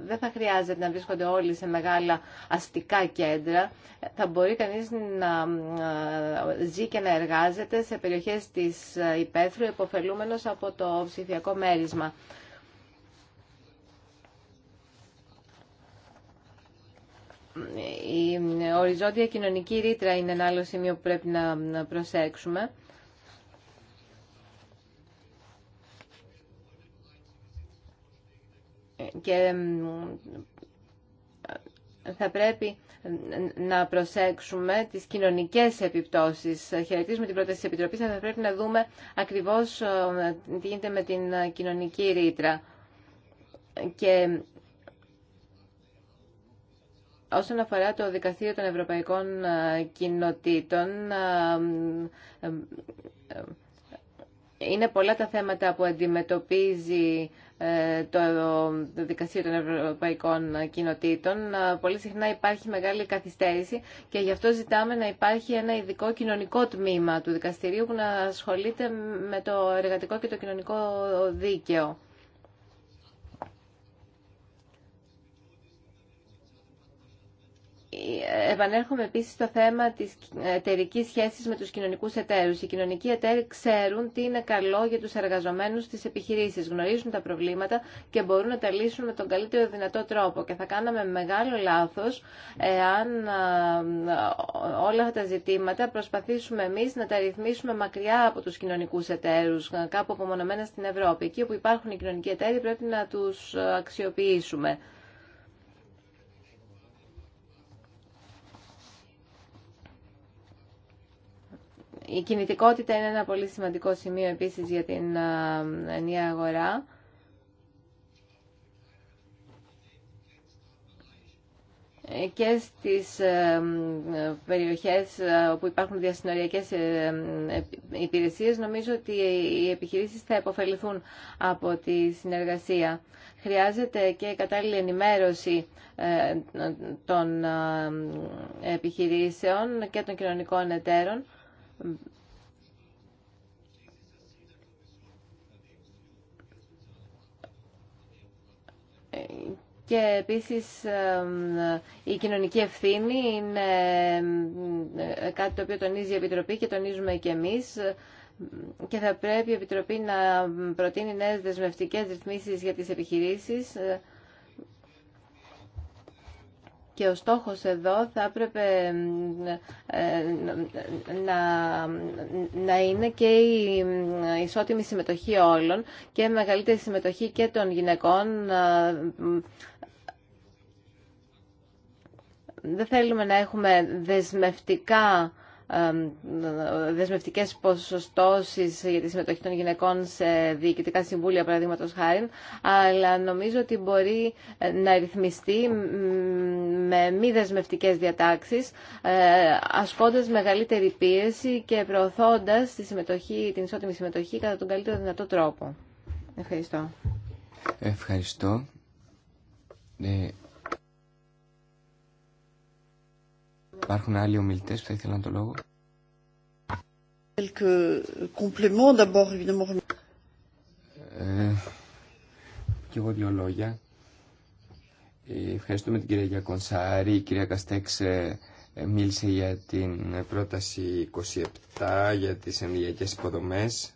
δεν θα χρειάζεται να βρίσκονται όλοι σε μεγάλα αστικά κέντρα. Θα μπορεί κανείς να ε, ζει και να εργάζεται σε περιοχέ τη ε, υπαίθρου υποφελούμενο από το ψηφιακό μέρισμα. Η οριζόντια κοινωνική ρήτρα είναι ένα άλλο σημείο που πρέπει να προσέξουμε. Και θα πρέπει να προσέξουμε τις κοινωνικές επιπτώσεις. Χαιρετίζουμε την πρόταση της Επιτροπής, αλλά θα πρέπει να δούμε ακριβώς ε, τι γίνεται με την κοινωνική ρήτρα. Και Όσον αφορά το Δικαστήριο των Ευρωπαϊκών Κοινοτήτων, είναι πολλά τα θέματα που αντιμετωπίζει το Δικαστήριο των Ευρωπαϊκών Κοινοτήτων. Πολύ συχνά υπάρχει μεγάλη καθυστέρηση και γι' αυτό ζητάμε να υπάρχει ένα ειδικό κοινωνικό τμήμα του δικαστηρίου που να ασχολείται με το εργατικό και το κοινωνικό δίκαιο. επανέρχομαι επίσης στο θέμα της εταιρική σχέσης με τους κοινωνικούς εταίρους. Οι κοινωνικοί εταίροι ξέρουν τι είναι καλό για τους εργαζομένους στις επιχειρήσεις, γνωρίζουν τα προβλήματα και μπορούν να τα λύσουν με τον καλύτερο δυνατό τρόπο. Και θα κάναμε μεγάλο λάθος εάν όλα αυτά τα ζητήματα προσπαθήσουμε εμείς να τα ρυθμίσουμε μακριά από τους κοινωνικούς εταίρους, κάπου απομονωμένα στην Ευρώπη. Εκεί όπου υπάρχουν οι κοινωνικοί εταίροι πρέπει να τους αξιοποιήσουμε. Η κινητικότητα είναι ένα πολύ σημαντικό σημείο επίσης για την ενιαία αγορά. Ε, και στις ε, περιοχές ε, όπου υπάρχουν διασυνοριακές υπηρεσίες νομίζω ότι οι επιχειρήσεις θα επωφεληθούν από τη συνεργασία. Χρειάζεται και κατάλληλη ενημέρωση των επιχειρήσεων και των κοινωνικών εταίρων και επίσης η κοινωνική ευθύνη είναι κάτι το οποίο τονίζει η Επιτροπή και τονίζουμε και εμείς και θα πρέπει η Επιτροπή να προτείνει νέες δεσμευτικές ρυθμίσεις για τις επιχειρήσεις και ο στόχος εδώ θα έπρεπε ε, να, να είναι και η ισότιμη συμμετοχή όλων και μεγαλύτερη συμμετοχή και των γυναικών ε, δεν θέλουμε να έχουμε δεσμευτικά Δεσμευτικέ ποσοστώσει για τη συμμετοχή των γυναικών σε διοικητικά συμβούλια, παραδείγματο χάρη, αλλά νομίζω ότι μπορεί ε, να ρυθμιστεί με μη δεσμευτικέ διατάξεις, ε, ασκώντα μεγαλύτερη πίεση και προωθώντα τη συμμετοχή, την ισότιμη συμμετοχή κατά τον καλύτερο δυνατό τρόπο. Ευχαριστώ. Ευχαριστώ. Ε, Υπάρχουν άλλοι ομιλητέ που θα ήθελαν το λόγο. Ε, και εγώ δύο λόγια. Ε, ευχαριστούμε την κυρία Γιακονσάρη. Η κυρία Καστέξ ε, μίλησε για την πρόταση 27 για τις ενδιακές υποδομές.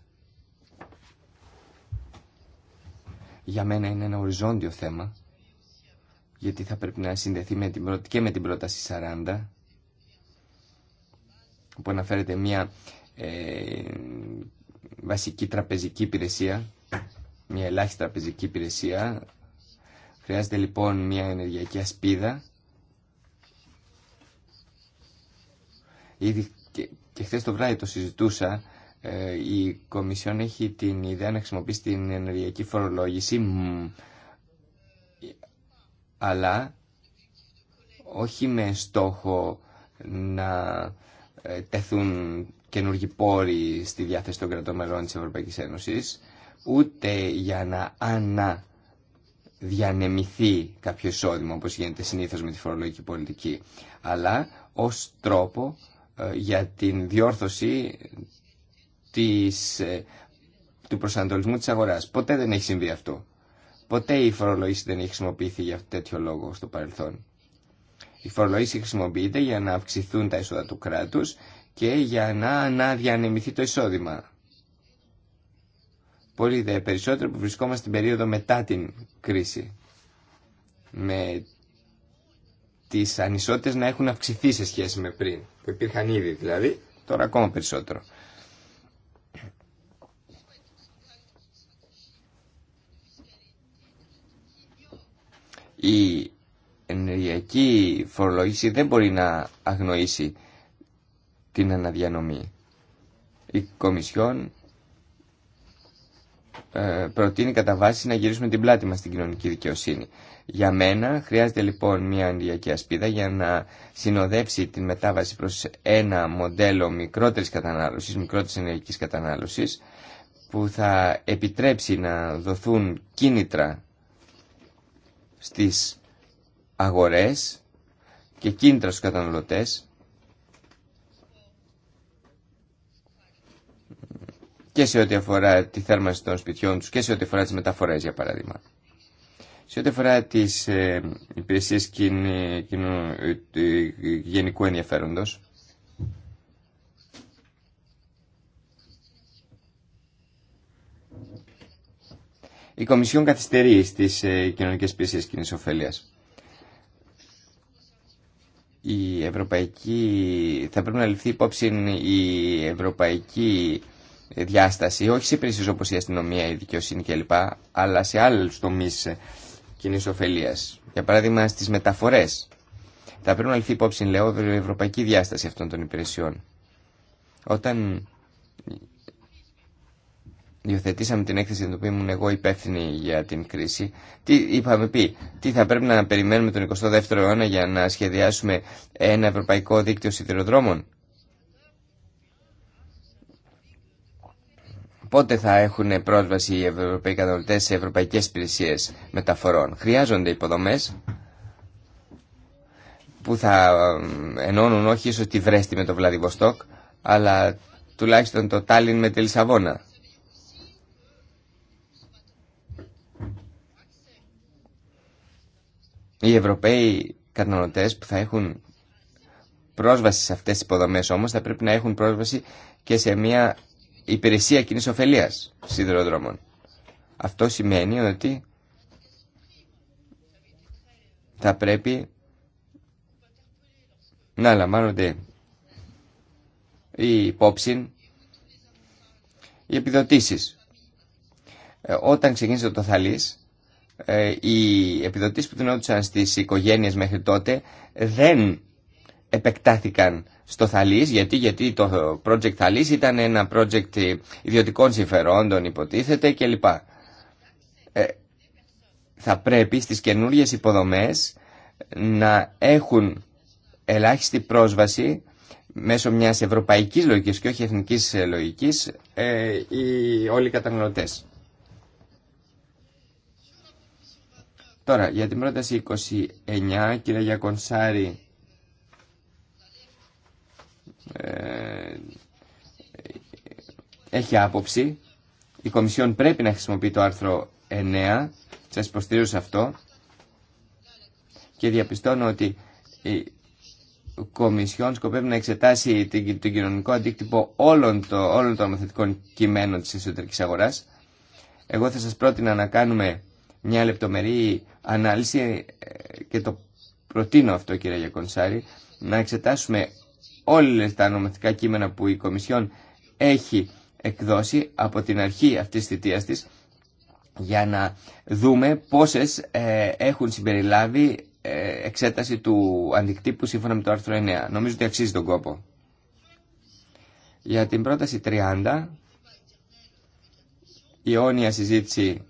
Για μένα είναι ένα οριζόντιο θέμα, γιατί θα πρέπει να συνδεθεί με την, και με την πρόταση 40 που αναφέρεται μια ε, βασική τραπεζική υπηρεσία, μια ελάχιστη τραπεζική υπηρεσία. Χρειάζεται λοιπόν μια ενεργειακή ασπίδα. Ήδη και, και χθε το βράδυ το συζητούσα. Ε, η Κομισιόν έχει την ιδέα να χρησιμοποιήσει την ενεργειακή φορολόγηση, αλλά όχι με στόχο να ε, τεθούν καινούργοι πόροι στη διάθεση των κρατών μελών της Ευρωπαϊκής Ένωσης, ούτε για να αναδιανεμηθεί κάποιο εισόδημα, όπως γίνεται συνήθως με τη φορολογική πολιτική, αλλά ως τρόπο ε, για την διόρθωση της, ε, του προσανατολισμού της αγοράς. Ποτέ δεν έχει συμβεί αυτό. Ποτέ η φορολογήση δεν έχει χρησιμοποιηθεί για τέτοιο λόγο στο παρελθόν. Η φορολόγηση χρησιμοποιείται για να αυξηθούν τα έσοδα του κράτους και για να αναδιανεμηθεί το εισόδημα. Πολύ δε περισσότερο που βρισκόμαστε στην περίοδο μετά την κρίση. Με τις ανισότητες να έχουν αυξηθεί σε σχέση με πριν, που υπήρχαν ήδη δηλαδή, τώρα ακόμα περισσότερο. Η ενεργειακή φορολόγηση δεν μπορεί να αγνοήσει την αναδιανομή. Η Κομισιόν ε, προτείνει κατά βάση να γυρίσουμε την πλάτη μας στην κοινωνική δικαιοσύνη. Για μένα χρειάζεται λοιπόν μια ενεργειακή ασπίδα για να συνοδεύσει την μετάβαση προς ένα μοντέλο μικρότερης κατανάλωσης, μικρότερης ενεργειακής κατανάλωσης, που θα επιτρέψει να δοθούν κίνητρα στις αγορές και κίνητρα στους καταναλωτές και σε ό,τι αφορά τη θέρμανση των σπιτιών τους και σε ό,τι αφορά τις μεταφορές για παράδειγμα. Σε ό,τι αφορά τις ε, υπηρεσίες κοινου, ε, ε, γενικού ενδιαφέροντος, η Κομισιόν καθυστερεί στις ε, κοινωνικές υπηρεσίες κοινής ωφελίας η ευρωπαϊκή, θα πρέπει να ληφθεί υπόψη η ευρωπαϊκή διάσταση, όχι σε υπηρεσίες όπως η αστυνομία, η δικαιοσύνη κλπ, αλλά σε άλλους τομείς κοινή ωφελία. Για παράδειγμα στις μεταφορές. Θα πρέπει να ληφθεί υπόψη, λέω, η ευρωπαϊκή διάσταση αυτών των υπηρεσιών. Όταν υιοθετήσαμε την έκθεση την οποία ήμουν εγώ υπεύθυνη για την κρίση, τι είπαμε πει, τι θα πρέπει να περιμένουμε τον 22ο αιώνα για να σχεδιάσουμε ένα ευρωπαϊκό δίκτυο σιδηροδρόμων. Πότε θα έχουν πρόσβαση οι ευρωπαίοι καταναλωτές σε ευρωπαϊκές υπηρεσίε μεταφορών. Χρειάζονται υποδομές που θα ενώνουν όχι ίσως τη Βρέστη με το Βλαδιβοστόκ, αλλά τουλάχιστον το Τάλιν με τη Λισαβόνα. Οι Ευρωπαίοι καταναλωτές που θα έχουν πρόσβαση σε αυτές τις υποδομέ όμως θα πρέπει να έχουν πρόσβαση και σε μια υπηρεσία κοινή ωφελία σιδηροδρόμων. Αυτό σημαίνει ότι θα πρέπει να λαμβάνονται οι υπόψη οι επιδοτήσεις. Ε, όταν ξεκίνησε το Θαλής ε, οι επιδοτήσεις που δινόντουσαν στις οικογένειες μέχρι τότε δεν επεκτάθηκαν στο Θαλής γιατί, γιατί το project Θαλής ήταν ένα project ιδιωτικών συμφερόντων υποτίθεται και Ε, θα πρέπει στις καινούργιες υποδομές να έχουν ελάχιστη πρόσβαση μέσω μιας ευρωπαϊκής λογικής και όχι εθνικής λογικής ε, οι όλοι οι καταναλωτές. Τώρα, για την πρόταση 29, κύριε Γιακονσάρη, ε, έχει άποψη. Η Κομισιόν πρέπει να χρησιμοποιεί το άρθρο 9. Σας υποστηρίζω σε αυτό. Και διαπιστώνω ότι η Κομισιόν σκοπεύει να εξετάσει τον κοινωνικό αντίκτυπο όλων, το, όλων των νομοθετικών κειμένων της εσωτερικής αγοράς. Εγώ θα σας πρότεινα να κάνουμε μια λεπτομερή ανάλυση ε, και το προτείνω αυτό κύριε Γιακονσάρη να εξετάσουμε όλες τα νομοθετικά κείμενα που η Κομισιόν έχει εκδώσει από την αρχή αυτής της θητείας της για να δούμε πόσες ε, έχουν συμπεριλάβει ε, εξέταση του αντικτύπου σύμφωνα με το άρθρο 9. Νομίζω ότι αξίζει τον κόπο. Για την πρόταση 30, η αιώνια συζήτηση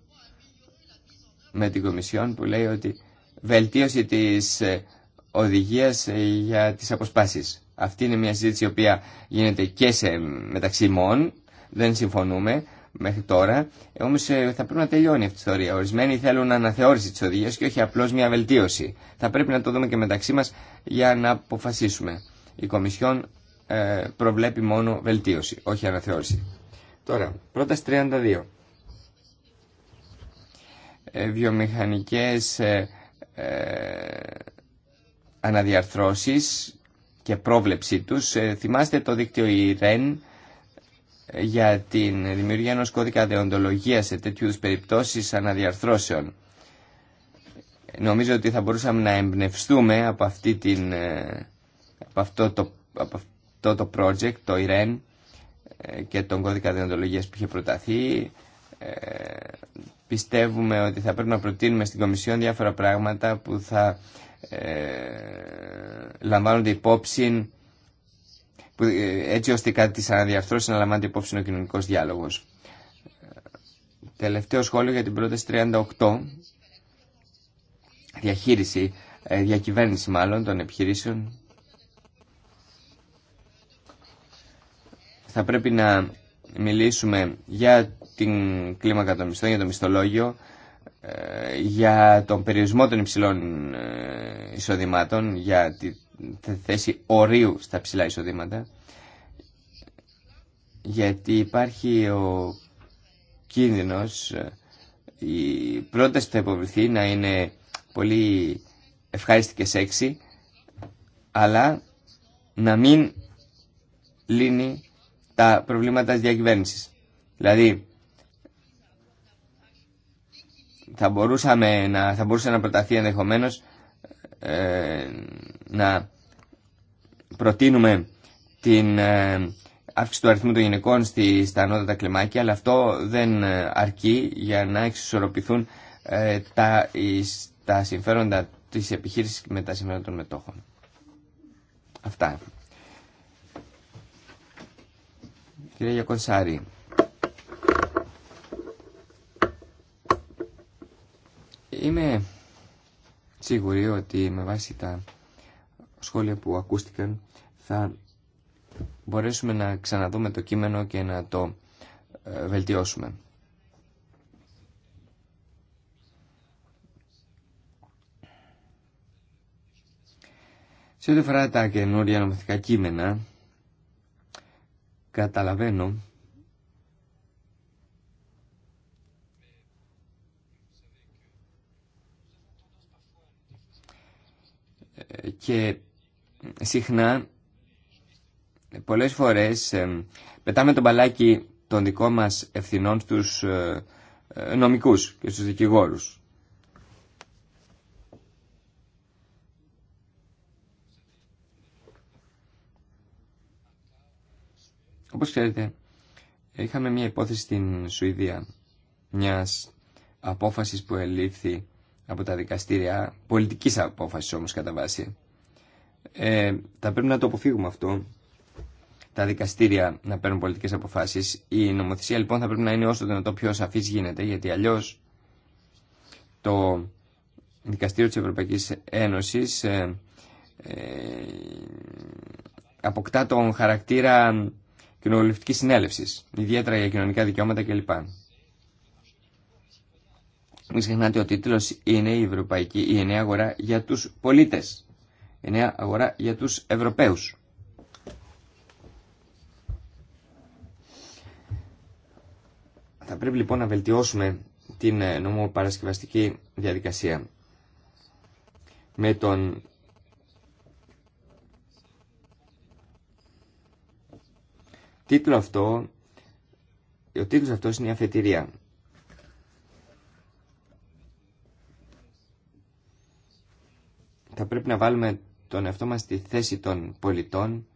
με την Κομισιόν που λέει ότι βελτίωση της ε, οδηγίας ε, για τις αποσπάσεις. Αυτή είναι μια συζήτηση η οποία γίνεται και σε, μεταξύ μόν, δεν συμφωνούμε μέχρι τώρα, ε, Όμω θα πρέπει να τελειώνει αυτή η ιστορία. Ορισμένοι θέλουν αναθεώρηση τη οδηγία και όχι απλώ μια βελτίωση. Θα πρέπει να το δούμε και μεταξύ μα για να αποφασίσουμε. Η Κομισιόν προβλέπει μόνο βελτίωση, όχι αναθεώρηση. Τώρα, πρόταση 32. Ε, βιομηχανικές ε, ε, αναδιαρθρώσεις και πρόβλεψή τους. Θυμάστε το δίκτυο ΙΡΕΝ για την δημιουργία ενός κώδικα δεοντολογίας σε τέτοιου περιπτώσεις αναδιαρθρώσεων. Νομίζω ότι θα μπορούσαμε να εμπνευστούμε από, αυτή την, από, αυτό, το, αυτό το project, το ΙΡΕΝ και τον κώδικα δεοντολογίας που είχε προταθεί πιστεύουμε ότι θα πρέπει να προτείνουμε στην Κομισιόν διάφορα πράγματα που θα ε, λαμβάνονται υπόψη που, ε, έτσι ώστε κάτι της αναδιαρθρώσης να λαμβάνεται υπόψη ο κοινωνικός διάλογος. Τελευταίο σχόλιο για την πρόταση 38, διαχείριση, ε, διακυβέρνηση μάλλον των επιχειρήσεων. Θα πρέπει να μιλήσουμε για την κλίμακα των μισθών, για το μισθολόγιο, ε, για τον περιορισμό των υψηλών ε, εισοδημάτων, για τη θέση ορίου στα ψηλά εισοδήματα, γιατί υπάρχει ο κίνδυνος ε, η πρόταση που θα υποβληθεί να είναι πολύ ευχάριστη και σεξι, αλλά να μην λύνει τα προβλήματα της διακυβέρνησης. Δηλαδή, θα, μπορούσαμε να, θα μπορούσε να προταθεί ενδεχομένω ε, να προτείνουμε την ε, αύξηση του αριθμού των γυναικών στη, στα ανώτατα κλιμάκια, αλλά αυτό δεν ε, αρκεί για να εξισορροπηθούν ε, τα, τα συμφέροντα της επιχείρησης με τα συμφέροντα των μετόχων. Αυτά. Κύριε Είμαι σίγουρη ότι με βάση τα σχόλια που ακούστηκαν θα μπορέσουμε να ξαναδούμε το κείμενο και να το ε, βελτιώσουμε. Σε ό,τι αφορά τα καινούρια νομοθετικά κείμενα, καταλαβαίνω και συχνά πολλές φορές ε, πετάμε τον μπαλάκι των δικών μας ευθυνών στους ε, ε, νομικούς και στους δικηγόρους. Όπως ξέρετε, είχαμε μια υπόθεση στην Σουηδία μιας απόφασης που ελήφθη από τα δικαστήρια, πολιτική απόφαση όμως κατά βάση. Ε, θα πρέπει να το αποφύγουμε αυτό, τα δικαστήρια να παίρνουν πολιτικές αποφάσεις. Η νομοθεσία λοιπόν θα πρέπει να είναι όσο δυνατόν πιο σαφής γίνεται, γιατί αλλιώς το Δικαστήριο της Ευρωπαϊκής Ένωσης ε, ε αποκτά τον χαρακτήρα κοινοβουλευτική συνέλευση, ιδιαίτερα για κοινωνικά δικαιώματα κλπ. Μην ξεχνάτε ότι ο τίτλο είναι η, Ευρωπαϊκή, η νέα αγορά για τους πολίτες. Η αγορά για τους Ευρωπαίους. Θα πρέπει λοιπόν να βελτιώσουμε την ε, νομοπαρασκευαστική διαδικασία με τον τίτλο αυτό ο τίτλος αυτός είναι η αφετηρία θα πρέπει να βάλουμε τον εαυτό μας στη θέση των πολιτών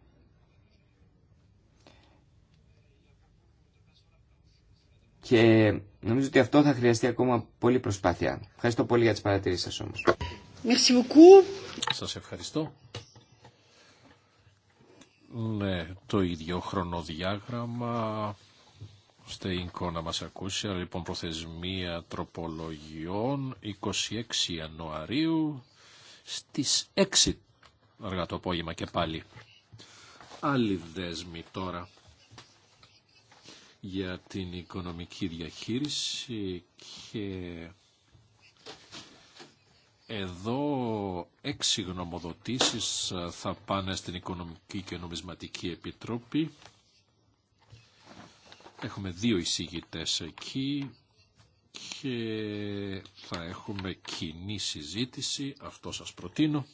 και νομίζω ότι αυτό θα χρειαστεί ακόμα πολύ προσπάθεια. Ευχαριστώ πολύ για τις παρατηρήσεις σας όμως. Σας ευχαριστώ. Ναι, το ίδιο χρονοδιάγραμμα ώστε η να μας ακούσει. Λοιπόν, προθεσμία τροπολογιών 26 Ιανουαρίου στις έξι αργά το απόγευμα και πάλι. Άλλη δέσμη τώρα για την οικονομική διαχείριση και εδώ έξι γνωμοδοτήσεις θα πάνε στην Οικονομική και Νομισματική Επιτροπή. Έχουμε δύο εισηγητές εκεί, και θα έχουμε κοινή συζήτηση, αυτό σας προτείνω.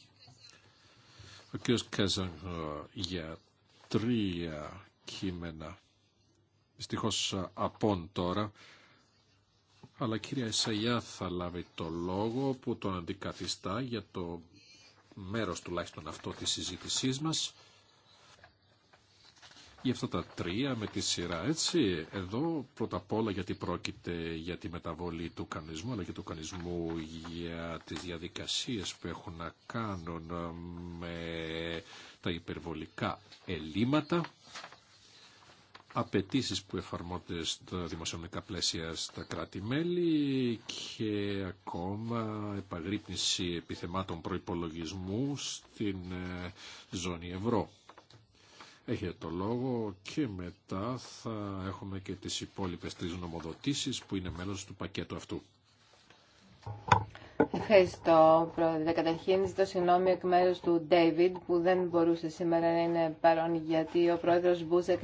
Ο κ. Καζανγκο ε, για τρία κείμενα, δυστυχώ ε, απόν τώρα, αλλά κυρία Ισαγιά θα λάβει το λόγο που τον αντικαθιστά για το μέρος τουλάχιστον αυτό της συζήτησής μας για αυτά τα τρία με τη σειρά, έτσι. Εδώ πρώτα απ' όλα γιατί πρόκειται για τη μεταβολή του κανονισμού, αλλά και του κανονισμού για τις διαδικασίες που έχουν να κάνουν με τα υπερβολικά ελλείμματα απαιτήσει που εφαρμόνται στα δημοσιονομικά πλαίσια στα κράτη-μέλη και ακόμα επαγρύπνηση επιθεμάτων προϋπολογισμού στην ε, ζώνη ευρώ. Έχετε το λόγο και μετά θα έχουμε και τις υπόλοιπες τρεις νομοδοτήσεις που είναι μέλος του πακέτου αυτού. Ευχαριστώ, Πρόεδρε. Καταρχήν, ζητώ συγγνώμη εκ μέρου του Ντέιβιντ που δεν μπορούσε σήμερα να είναι παρόν γιατί ο πρόεδρο Μπούζεκ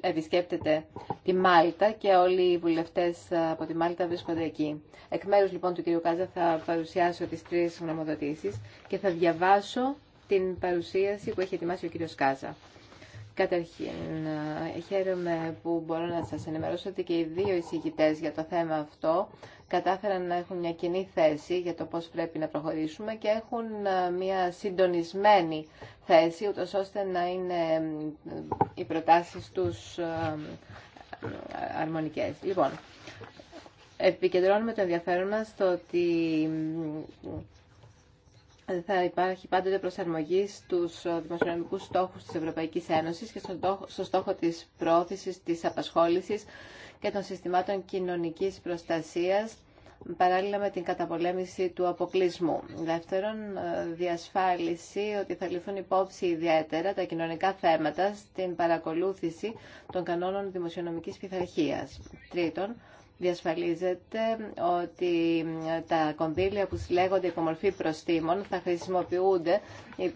επισκέπτεται τη Μάλτα και όλοι οι βουλευτέ ε, από τη Μάλτα βρίσκονται εκεί. Εκ μέρου λοιπόν του κ. Κάζα θα παρουσιάσω τι τρει νομοδοτήσει και θα διαβάσω την παρουσίαση που έχει ετοιμάσει ο κ. Κάζα. Καταρχήν, ε, χαίρομαι που μπορώ να σας ενημερώσω ότι και οι δύο εισηγητές για το θέμα αυτό κατάφεραν να έχουν μια κοινή θέση για το πώς πρέπει να προχωρήσουμε και έχουν ε, μια συντονισμένη θέση, ούτως ώστε να είναι ε, οι προτάσεις τους αρμονικές. Λοιπόν, επικεντρώνουμε το ενδιαφέρον μας στο ότι θα υπάρχει πάντοτε προσαρμογή στους δημοσιονομικούς στόχους της Ευρωπαϊκής Ένωσης και στο στόχο της πρόθεσης, της απασχόλησης και των συστημάτων κοινωνικής προστασίας παράλληλα με την καταπολέμηση του αποκλεισμού. Δεύτερον, ε, διασφάλιση ότι θα ληφθούν υπόψη ιδιαίτερα τα κοινωνικά θέματα στην παρακολούθηση των κανόνων δημοσιονομικής πειθαρχίας. Τρίτον, διασφαλίζεται ότι τα κονδύλια που συλλέγονται υπό μορφή προστήμων θα χρησιμοποιούνται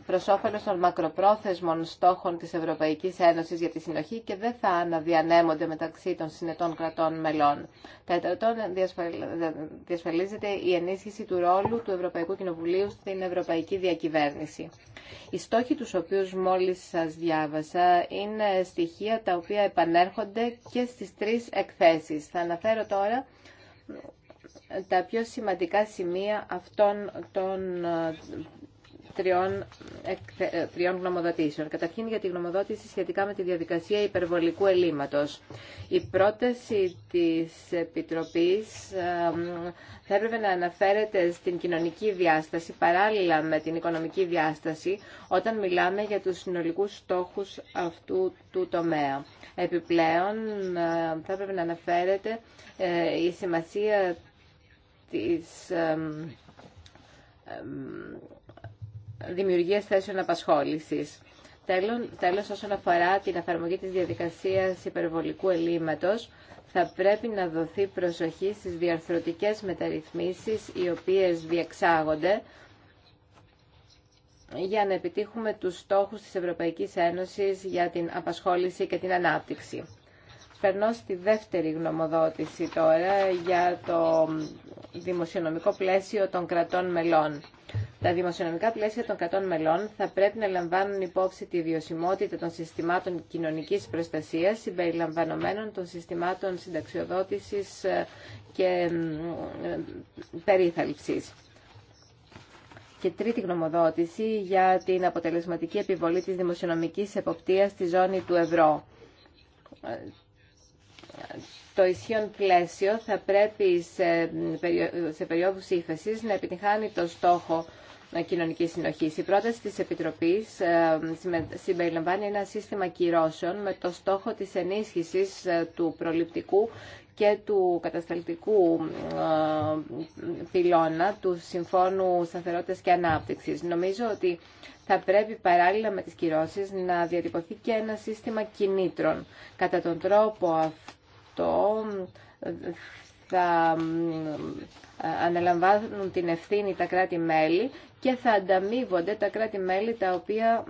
προ όφελο των μακροπρόθεσμων στόχων της Ευρωπαϊκής Ένωσης για τη συνοχή και δεν θα αναδιανέμονται μεταξύ των συνετών κρατών μελών. Τέταρτον, διασφαλίζεται η ενίσχυση του ρόλου του Ευρωπαϊκού Κοινοβουλίου στην Ευρωπαϊκή Διακυβέρνηση. Οι στόχοι τους οποίους μόλις σας διάβασα είναι στοιχεία τα οποία επανέρχονται και στις τρεις εκθέσεις. Θα αναφέρω τώρα τα πιο σημαντικά σημεία αυτών των ε, τριών, γνωμοδοτήσεων. Καταρχήν για τη γνωμοδότηση σχετικά με τη διαδικασία υπερβολικού ελλείμματος. Η πρόταση της Επιτροπής θα έπρεπε να αναφέρεται στην κοινωνική διάσταση παράλληλα με την οικονομική διάσταση όταν μιλάμε για τους συνολικούς στόχους αυτού του τομέα. Επιπλέον ε, θα έπρεπε να αναφέρεται ε, η σημασία της δημιουργίας θέσεων απασχόλησης. Τέλος, όσον αφορά την εφαρμογή της διαδικασίας υπερβολικού ελλείμματος, θα πρέπει να δοθεί προσοχή στις διαρθρωτικές μεταρρυθμίσεις οι οποίες διεξάγονται για να επιτύχουμε τους στόχους της Ευρωπαϊκής Ένωσης για την απασχόληση και την ανάπτυξη. Περνώ στη δεύτερη γνωμοδότηση τώρα για το δημοσιονομικό πλαίσιο των κρατών μελών. Τα δημοσιονομικά πλαίσια των 100 μελών θα πρέπει να λαμβάνουν υπόψη τη βιωσιμότητα των συστημάτων κοινωνικής προστασίας συμπεριλαμβανομένων των συστημάτων συνταξιοδότησης ε, και ε, περίθαλψη. Και τρίτη γνωμοδότηση για την αποτελεσματική επιβολή της δημοσιονομικής εποπτείας στη ζώνη του ευρώ. Ε, το ισχύον πλαίσιο θα πρέπει σε, περίοδους ύφεσης να επιτυχάνει το στόχο ε, κοινωνική Η πρόταση τη Επιτροπής ε, συμπεριλαμβάνει ένα σύστημα κυρώσεων με το στόχο της ενίσχυσης ε, του προληπτικού και του κατασταλτικού πυλώνα του Συμφώνου σταθερότητα και Ανάπτυξης. Νομίζω ότι θα πρέπει παράλληλα με τις κυρώσεις να διατυπωθεί και ένα σύστημα κινήτρων. Κατά τον τρόπο αυτό θα αναλαμβάνουν την ευθύνη τα κράτη-μέλη και θα ανταμείβονται τα κράτη-μέλη τα οποία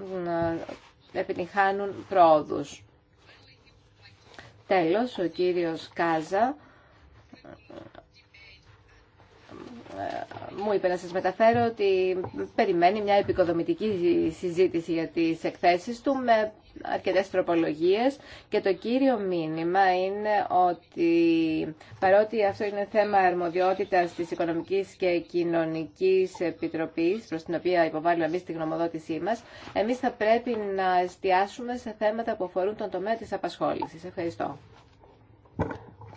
επιτυχάνουν πρόοδους. Τέλος, ο κύριος Κάζα μου είπε να σας μεταφέρω ότι περιμένει μια επικοδομητική συζήτηση για τις εκθέσεις του με αρκετές τροπολογίες και το κύριο μήνυμα είναι ότι παρότι αυτό είναι θέμα αρμοδιότητας της Οικονομικής και Κοινωνικής Επιτροπής προς την οποία υποβάλλουμε εμείς τη γνωμοδότησή μας, εμείς θα πρέπει να εστιάσουμε σε θέματα που αφορούν τον τομέα της απασχόλησης. Ευχαριστώ.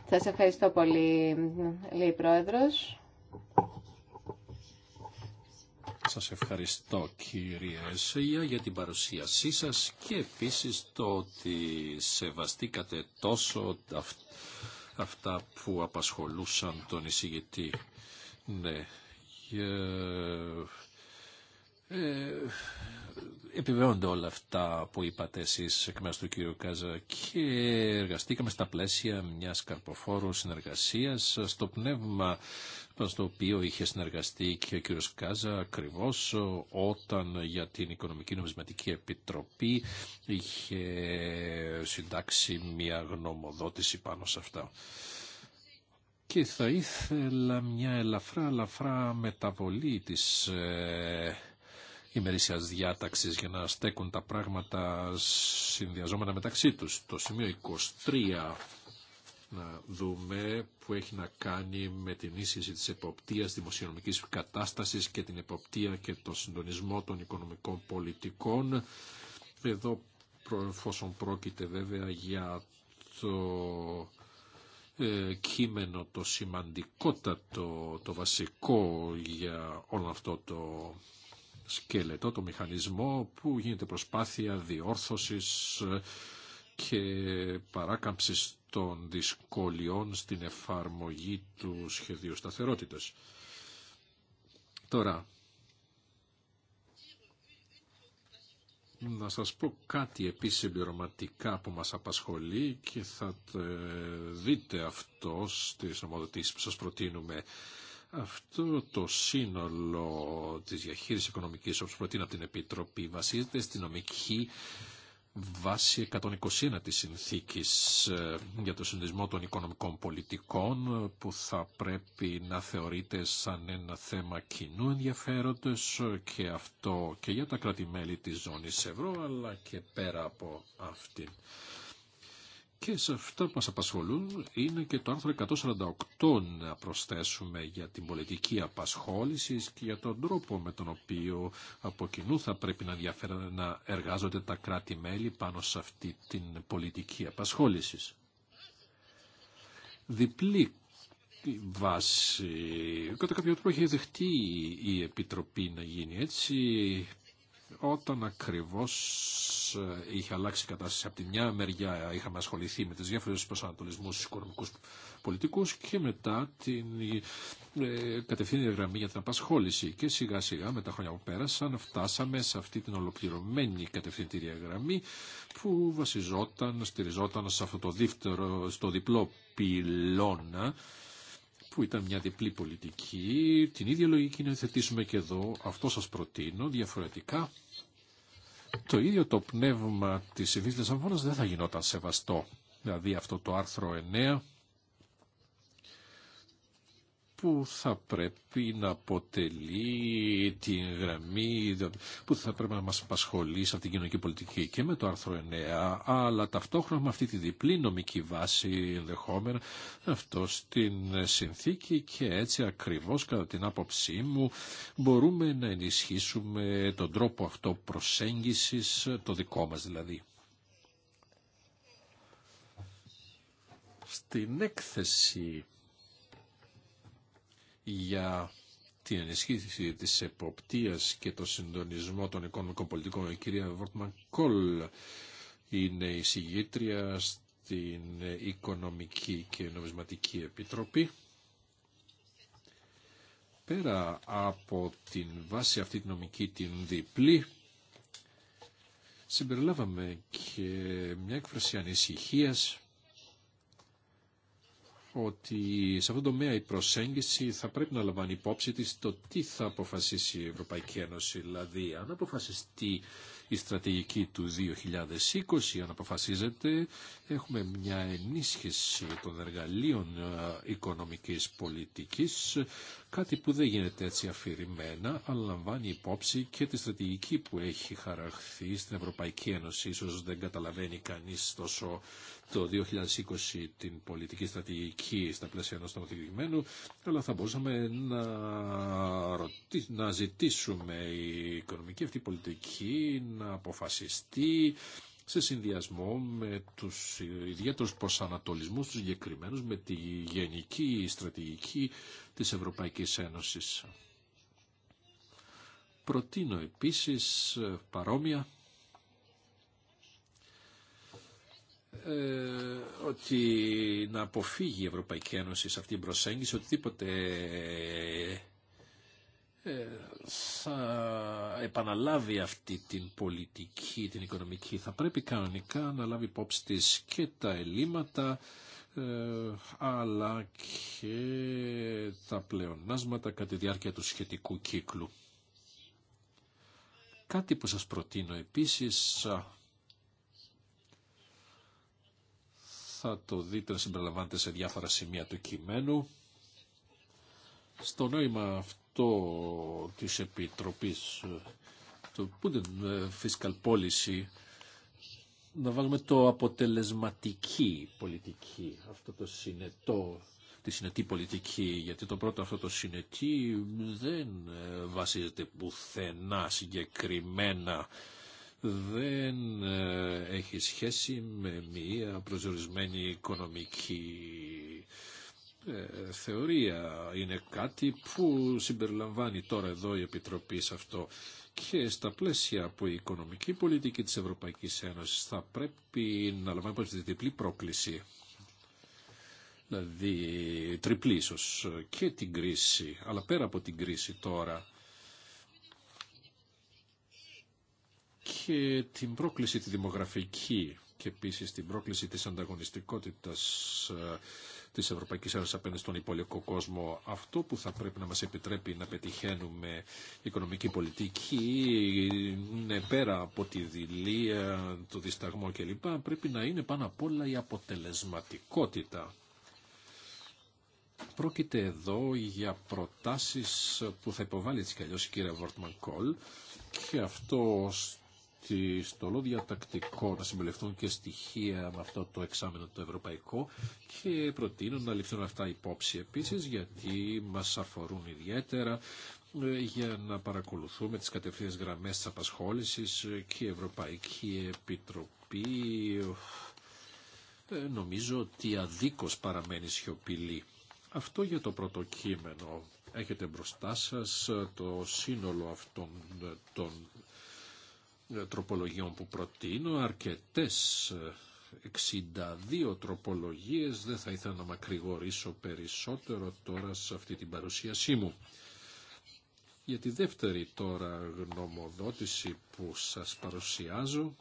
Σας ευχαριστώ πολύ, λέει η Πρόεδρος. Σας ευχαριστώ κύριε Σεία για την παρουσίασή σας και επίσης το ότι σεβαστήκατε τόσο αυτά που απασχολούσαν τον εισηγητή. Ναι. Ε, επιβεβαιώνται όλα αυτά που είπατε εσείς εκ μέρους του κύριου Κάζα και εργαστήκαμε στα πλαίσια μιας καρποφόρου συνεργασίας στο πνεύμα στο οποίο είχε συνεργαστεί και ο κύριο Κάζα ακριβώ όταν για την Οικονομική Νομισματική Επιτροπή είχε συντάξει μια γνωμοδότηση πάνω σε αυτά. Και θα ήθελα μια ελαφρά, ελαφρά μεταβολή της ε, ημερήσιας διάταξης για να στέκουν τα πράγματα συνδυαζόμενα μεταξύ τους. Το σημείο 23 να δούμε που έχει να κάνει με την ίσχυση της εποπτείας δημοσιονομικής κατάστασης και την εποπτεία και τον συντονισμό των οικονομικών πολιτικών. Εδώ εφόσον πρόκειται βέβαια για το ε, κείμενο το σημαντικότατο, το βασικό για όλο αυτό το σκελετό, το μηχανισμό που γίνεται προσπάθεια διόρθωσης και παράκαμψης των δυσκολιών στην εφαρμογή του σχεδίου σταθερότητας. Τώρα, να σας πω κάτι επίσης εμπειρωματικά που μας απασχολεί και θα ε, δείτε αυτό στις νομοδοτήσεις που σας προτείνουμε. Αυτό το σύνολο της διαχείρισης οικονομικής όπως προτείνει από την Επιτροπή βασίζεται στην νομική Βάση 121 της συνθήκης ε, για το συνδυσμό των οικονομικών πολιτικών που θα πρέπει να θεωρείται σαν ένα θέμα κοινού ενδιαφέροντος ε, και αυτό και για τα κράτη-μέλη της ζώνης ευρώ αλλά και πέρα από αυτήν. Και σε αυτά που μας απασχολούν είναι και το άρθρο 148 να προσθέσουμε για την πολιτική απασχόληση και για τον τρόπο με τον οποίο από κοινού θα πρέπει να ενδιαφέρονται να εργάζονται τα κράτη-μέλη πάνω σε αυτή την πολιτική απασχόληση. Διπλή βάση. Κατά κάποιο τρόπο έχει δεχτεί η Επιτροπή να γίνει έτσι όταν ακριβώς ε, είχε αλλάξει η κατάσταση από τη μια μεριά είχαμε ασχοληθεί με τις διάφορες προσανατολισμούς στους οικονομικούς πολιτικούς και μετά την ε, γραμμή για την απασχόληση και σιγά σιγά με τα χρόνια που πέρασαν φτάσαμε σε αυτή την ολοκληρωμένη κατευθυντήρια γραμμή που βασιζόταν, στηριζόταν σε αυτό το στο διπλό πυλώνα που ήταν μια διπλή πολιτική, την ίδια λογική να θετήσουμε και εδώ, αυτό σας προτείνω διαφορετικά. Το ίδιο το πνεύμα της Συνθήκης Αμφώνας δεν θα γινόταν σεβαστό. Δηλαδή αυτό το άρθρο 9 που θα πρέπει να αποτελεί την γραμμή που θα πρέπει να μας απασχολεί σε αυτήν την κοινωνική πολιτική και με το άρθρο 9, αλλά ταυτόχρονα με αυτή τη διπλή νομική βάση ενδεχόμενα αυτό στην συνθήκη και έτσι ακριβώς κατά την άποψή μου μπορούμε να ενισχύσουμε τον τρόπο αυτό προσέγγισης, το δικό μας δηλαδή. Στην έκθεση για την ενισχύση της εποπτείας και το συντονισμό των οικονομικών πολιτικών. Η κυρία Βόρτμαν Κόλ είναι η συγγήτρια στην Οικονομική και Νομισματική Επιτροπή. Πέρα από την βάση αυτή την νομική την διπλή, συμπεριλάβαμε και μια έκφραση ανησυχίας ότι σε αυτόν το τομέα η προσέγγιση θα πρέπει να λαμβάνει υπόψη της το τι θα αποφασίσει η Ευρωπαϊκή Ένωση. Δηλαδή, αν αποφασιστεί η στρατηγική του 2020, αν αποφασίζεται, έχουμε μια ενίσχυση των εργαλείων ε, οικονομικής πολιτικής Κάτι που δεν γίνεται έτσι αφηρημένα, αλλά λαμβάνει υπόψη και τη στρατηγική που έχει χαραχθεί στην Ευρωπαϊκή Ένωση. Ίσως δεν καταλαβαίνει κανείς τόσο το 2020 την πολιτική στρατηγική στα πλαίσια ενός νομοθετημένου, αλλά θα μπορούσαμε να, να ζητήσουμε η οικονομική αυτή πολιτική να αποφασιστεί, σε συνδυασμό με τους ιδιαίτερους προσανατολισμούς τους συγκεκριμένου με τη γενική στρατηγική της Ευρωπαϊκής Ένωσης. Προτείνω επίσης ε, παρόμοια ε, ότι να αποφύγει η Ευρωπαϊκή Ένωση σε αυτή την προσέγγιση οτιδήποτε ε, θα επαναλάβει αυτή την πολιτική, την οικονομική. Θα πρέπει κανονικά να λάβει υπόψη της και τα ελλείμματα ε, αλλά και τα πλεονάσματα κατά τη διάρκεια του σχετικού κύκλου. Κάτι που σας προτείνω επίσης θα το δείτε να συμπεριλαμβάνετε σε διάφορα σημεία του κειμένου. Στο νόημα αυτό της Επιτροπής πού Putin ε, Fiscal Policy να βάλουμε το αποτελεσματική πολιτική, αυτό το συνετό, τη συνετή πολιτική, γιατί το πρώτο αυτό το συνετή δεν ε, βασίζεται πουθενά συγκεκριμένα, δεν ε, έχει σχέση με μία προσδιορισμένη οικονομική ε, θεωρία είναι κάτι που συμπεριλαμβάνει τώρα εδώ η Επιτροπή σε αυτό και στα πλαίσια που η οικονομική πολιτική της Ευρωπαϊκής Ένωσης θα πρέπει να λαμβάνει υπόψη τη διπλή πρόκληση δηλαδή τριπλή ίσως και την κρίση αλλά πέρα από την κρίση τώρα και την πρόκληση τη δημογραφική και επίσης την πρόκληση της ανταγωνιστικότητας ε, της Ευρωπαϊκής Ένωσης απέναντι στον υπόλοιπο κόσμο. Αυτό που θα πρέπει να μας επιτρέπει να πετυχαίνουμε οικονομική πολιτική είναι πέρα από τη δηλία, το δισταγμό κλπ. Πρέπει να είναι πάνω απ' όλα η αποτελεσματικότητα. Πρόκειται εδώ για προτάσεις που θα υποβάλει έτσι κι αλλιώς η κυρία Βόρτμαν Κόλ και αυτό στο όλο διατακτικό να συμπεριληφθούν και στοιχεία με αυτό το εξάμενο το ευρωπαϊκό και προτείνω να ληφθούν αυτά υπόψη επίσης γιατί μας αφορούν ιδιαίτερα ε, για να παρακολουθούμε τις κατευθείας γραμμές της απασχόλησης και η Ευρωπαϊκή Επιτροπή ε, νομίζω ότι αδίκως παραμένει σιωπηλή. Αυτό για το πρώτο κείμενο. Έχετε μπροστά σας το σύνολο αυτών των ε, τροπολογιών που προτείνω, αρκετές 62 ε, τροπολογίες, δεν θα ήθελα να μακρηγορήσω περισσότερο τώρα σε αυτή την παρουσίασή μου. Για τη δεύτερη τώρα γνωμοδότηση που σας παρουσιάζω,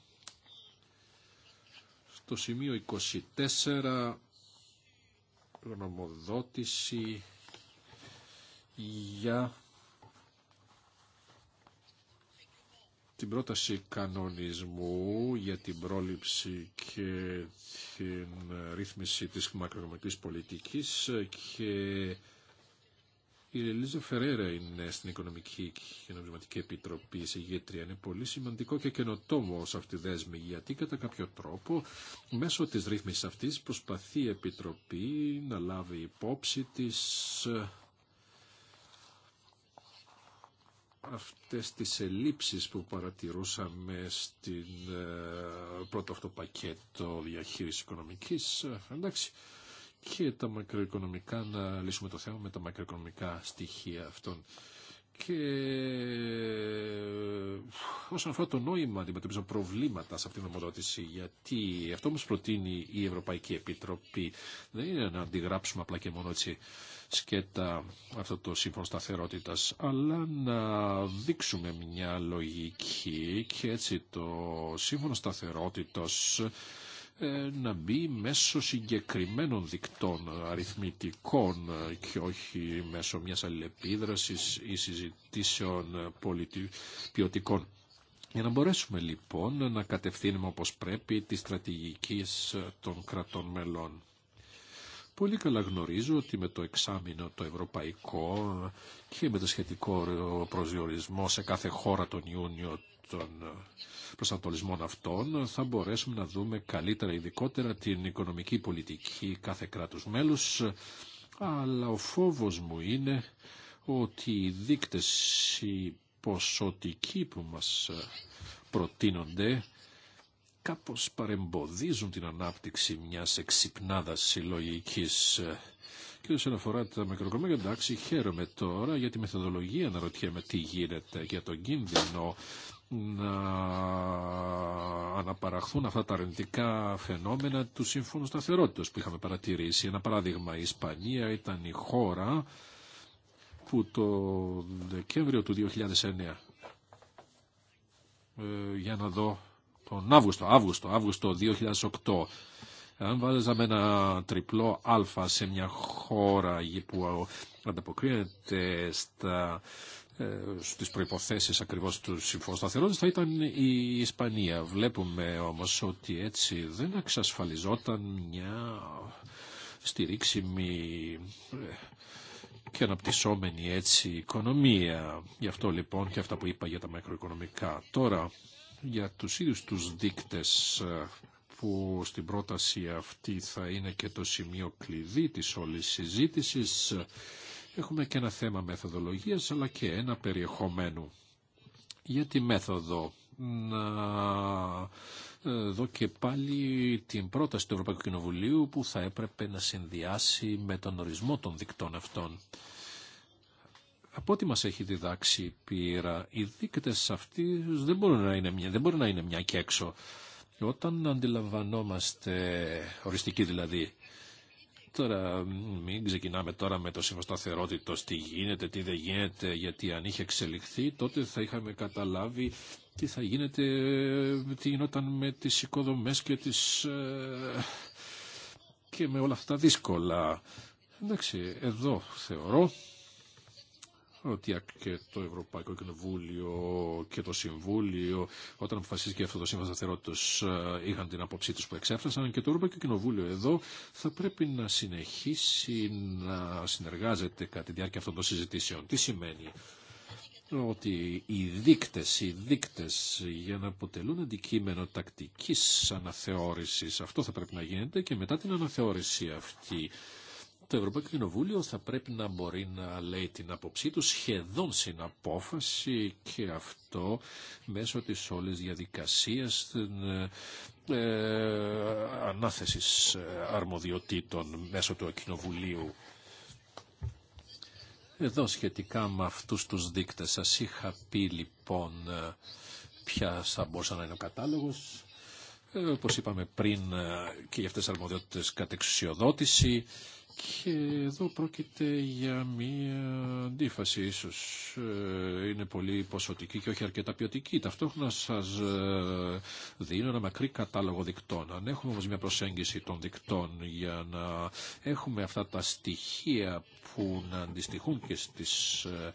στο σημείο 24 γνωμοδότηση για την πρόταση κανονισμού για την πρόληψη και την ρύθμιση της μακροοικονομικής πολιτικής και η Ελίζα Φερέρα είναι στην Οικονομική και Νομισματική Επιτροπή σε ηγέτρια. Είναι πολύ σημαντικό και καινοτόμο σε αυτή η δέσμη, γιατί κατά κάποιο τρόπο μέσω της ρύθμισης αυτής προσπαθεί η Επιτροπή να λάβει υπόψη της αυτές τις ελλείψεις που παρατηρούσαμε στην ε, πρώτο αυτό πακέτο διαχείρισης οικονομικής, ε, εντάξει, και τα μακροοικονομικά, να λύσουμε το θέμα με τα μακροοικονομικά στοιχεία αυτών. Και ε, όσον αφορά το νόημα αντιμετωπίζουν προβλήματα σε αυτήν την ομοδότηση, γιατί αυτό όμως προτείνει η Ευρωπαϊκή Επιτροπή δεν είναι να αντιγράψουμε απλά και μόνο έτσι σκέτα αυτό το σύμφωνο σταθερότητας, αλλά να δείξουμε μια λογική και έτσι το σύμφωνο σταθερότητας ε, να μπει μέσω συγκεκριμένων δικτών αριθμητικών και όχι μέσω μιας αλληλεπίδρασης ή συζητήσεων ποιοτικών. Για να μπορέσουμε λοιπόν να κατευθύνουμε όπως πρέπει τη στρατηγική των κρατών μελών. Πολύ καλά γνωρίζω ότι με το εξάμεινο το ευρωπαϊκό και με το σχετικό προσδιορισμό σε κάθε χώρα τον Ιούνιο των προσανατολισμών αυτών θα μπορέσουμε να δούμε καλύτερα ειδικότερα την οικονομική πολιτική κάθε κράτους μέλους αλλά ο φόβος μου είναι ότι οι δείκτες οι ποσοτικοί που μας προτείνονται κάπως παρεμποδίζουν την ανάπτυξη μιας εξυπνάδας συλλογική. Ε, και όσον αφορά τα μικροκομμάτια, εντάξει, χαίρομαι τώρα για τη μεθοδολογία να ρωτιέμαι τι γίνεται για τον κίνδυνο να αναπαραχθούν αυτά τα αρνητικά φαινόμενα του Σύμφωνου Σταθερότητας που είχαμε παρατηρήσει. Ένα παράδειγμα, η Ισπανία ήταν η χώρα που το Δεκέμβριο του 2009 ε, για να δω τον Αύγουστο, Αύγουστο, Αύγουστο 2008, αν βάζαμε ένα τριπλό αλφα σε μια χώρα που ανταποκρίνεται στα, ε, στις προϋποθέσεις ακριβώς του συμφώνου σταθερότητας θα ήταν η Ισπανία. Βλέπουμε όμως ότι έτσι δεν εξασφαλιζόταν μια στηρίξιμη ε, και αναπτυσσόμενη έτσι οικονομία. Γι' αυτό λοιπόν και αυτά που είπα για τα μακροοικονομικά. Τώρα για τους ίδιους τους δείκτες ε, που στην πρόταση αυτή θα είναι και το σημείο κλειδί της όλης συζήτησης. Έχουμε και ένα θέμα μεθοδολογίας αλλά και ένα περιεχομένου. Για τη μέθοδο να ε, δω και πάλι την πρόταση του Ευρωπαϊκού Κοινοβουλίου που θα έπρεπε να συνδυάσει με τον ορισμό των δικτών αυτών. Από ό,τι μας έχει διδάξει η πείρα, οι δίκτες αυτοί δεν μπορούν να είναι μια, δεν να είναι μια και έξω. Όταν αντιλαμβανόμαστε, οριστική δηλαδή, Τώρα μην ξεκινάμε τώρα με το σύμφωνο σταθερότητο, τι γίνεται, τι δεν γίνεται, γιατί αν είχε εξελιχθεί τότε θα είχαμε καταλάβει τι θα γίνεται, τι γινόταν με τις οικοδομές και, ε, και με όλα αυτά δύσκολα. Εντάξει, εδώ θεωρώ ότι και το Ευρωπαϊκό Κοινοβούλιο και το Συμβούλιο, όταν αποφασίστηκε αυτό το Σύμφωνο Σταθερότητα, ε, είχαν την άποψή του που εξέφρασαν και το Ευρωπαϊκό Κοινοβούλιο εδώ θα πρέπει να συνεχίσει να συνεργάζεται κατά τη διάρκεια αυτών των συζητήσεων. Τι σημαίνει ότι οι δείκτες, οι δείκτες για να αποτελούν αντικείμενο τακτικής αναθεώρησης, αυτό θα πρέπει να γίνεται και μετά την αναθεώρηση αυτή το Ευρωπαϊκό Κοινοβούλιο θα πρέπει να μπορεί να λέει την άποψή του σχεδόν στην απόφαση και αυτό μέσω της όλης διαδικασίας ε, ανάθεσης ε, αρμοδιοτήτων μέσω του Κοινοβουλίου. Εδώ σχετικά με αυτούς τους δείκτες σας είχα πει λοιπόν ε, ποια θα μπορούσε να είναι ο κατάλογος. Ε, όπω είπαμε πριν και για αυτές τις αρμοδιότητες κατεξουσιοδότηση, και εδώ πρόκειται για μία αντίφαση ίσως. Ε, είναι πολύ ποσοτική και όχι αρκετά ποιοτική. Ταυτόχρονα σας ε, δίνω ένα μακρύ κατάλογο δικτών. Αν έχουμε όμως μια προσέγγιση των δικτών για να έχουμε αυτά τα στοιχεία που να αντιστοιχούν και στις ε,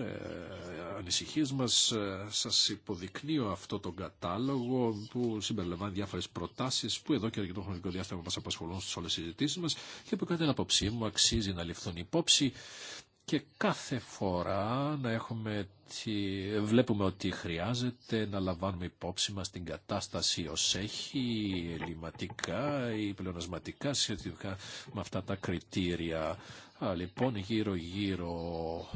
ε, ανησυχίες μας. Ε, σας υποδεικνύω αυτό το κατάλογο που συμπεριλαμβάνει διάφορες προτάσεις που εδώ και αρκετό χρονικό διάστημα μας απασχολούν στις όλες τις συζητήσεις μας και που κατά την απόψή μου αξίζει να ληφθούν υπόψη και κάθε φορά να έχουμε τη... βλέπουμε ότι χρειάζεται να λαμβάνουμε υπόψη μας την κατάσταση ως έχει ελληματικά ή πλεονασματικά σχετικά με αυτά τα κριτήρια. λοιπόν, γύρω-γύρω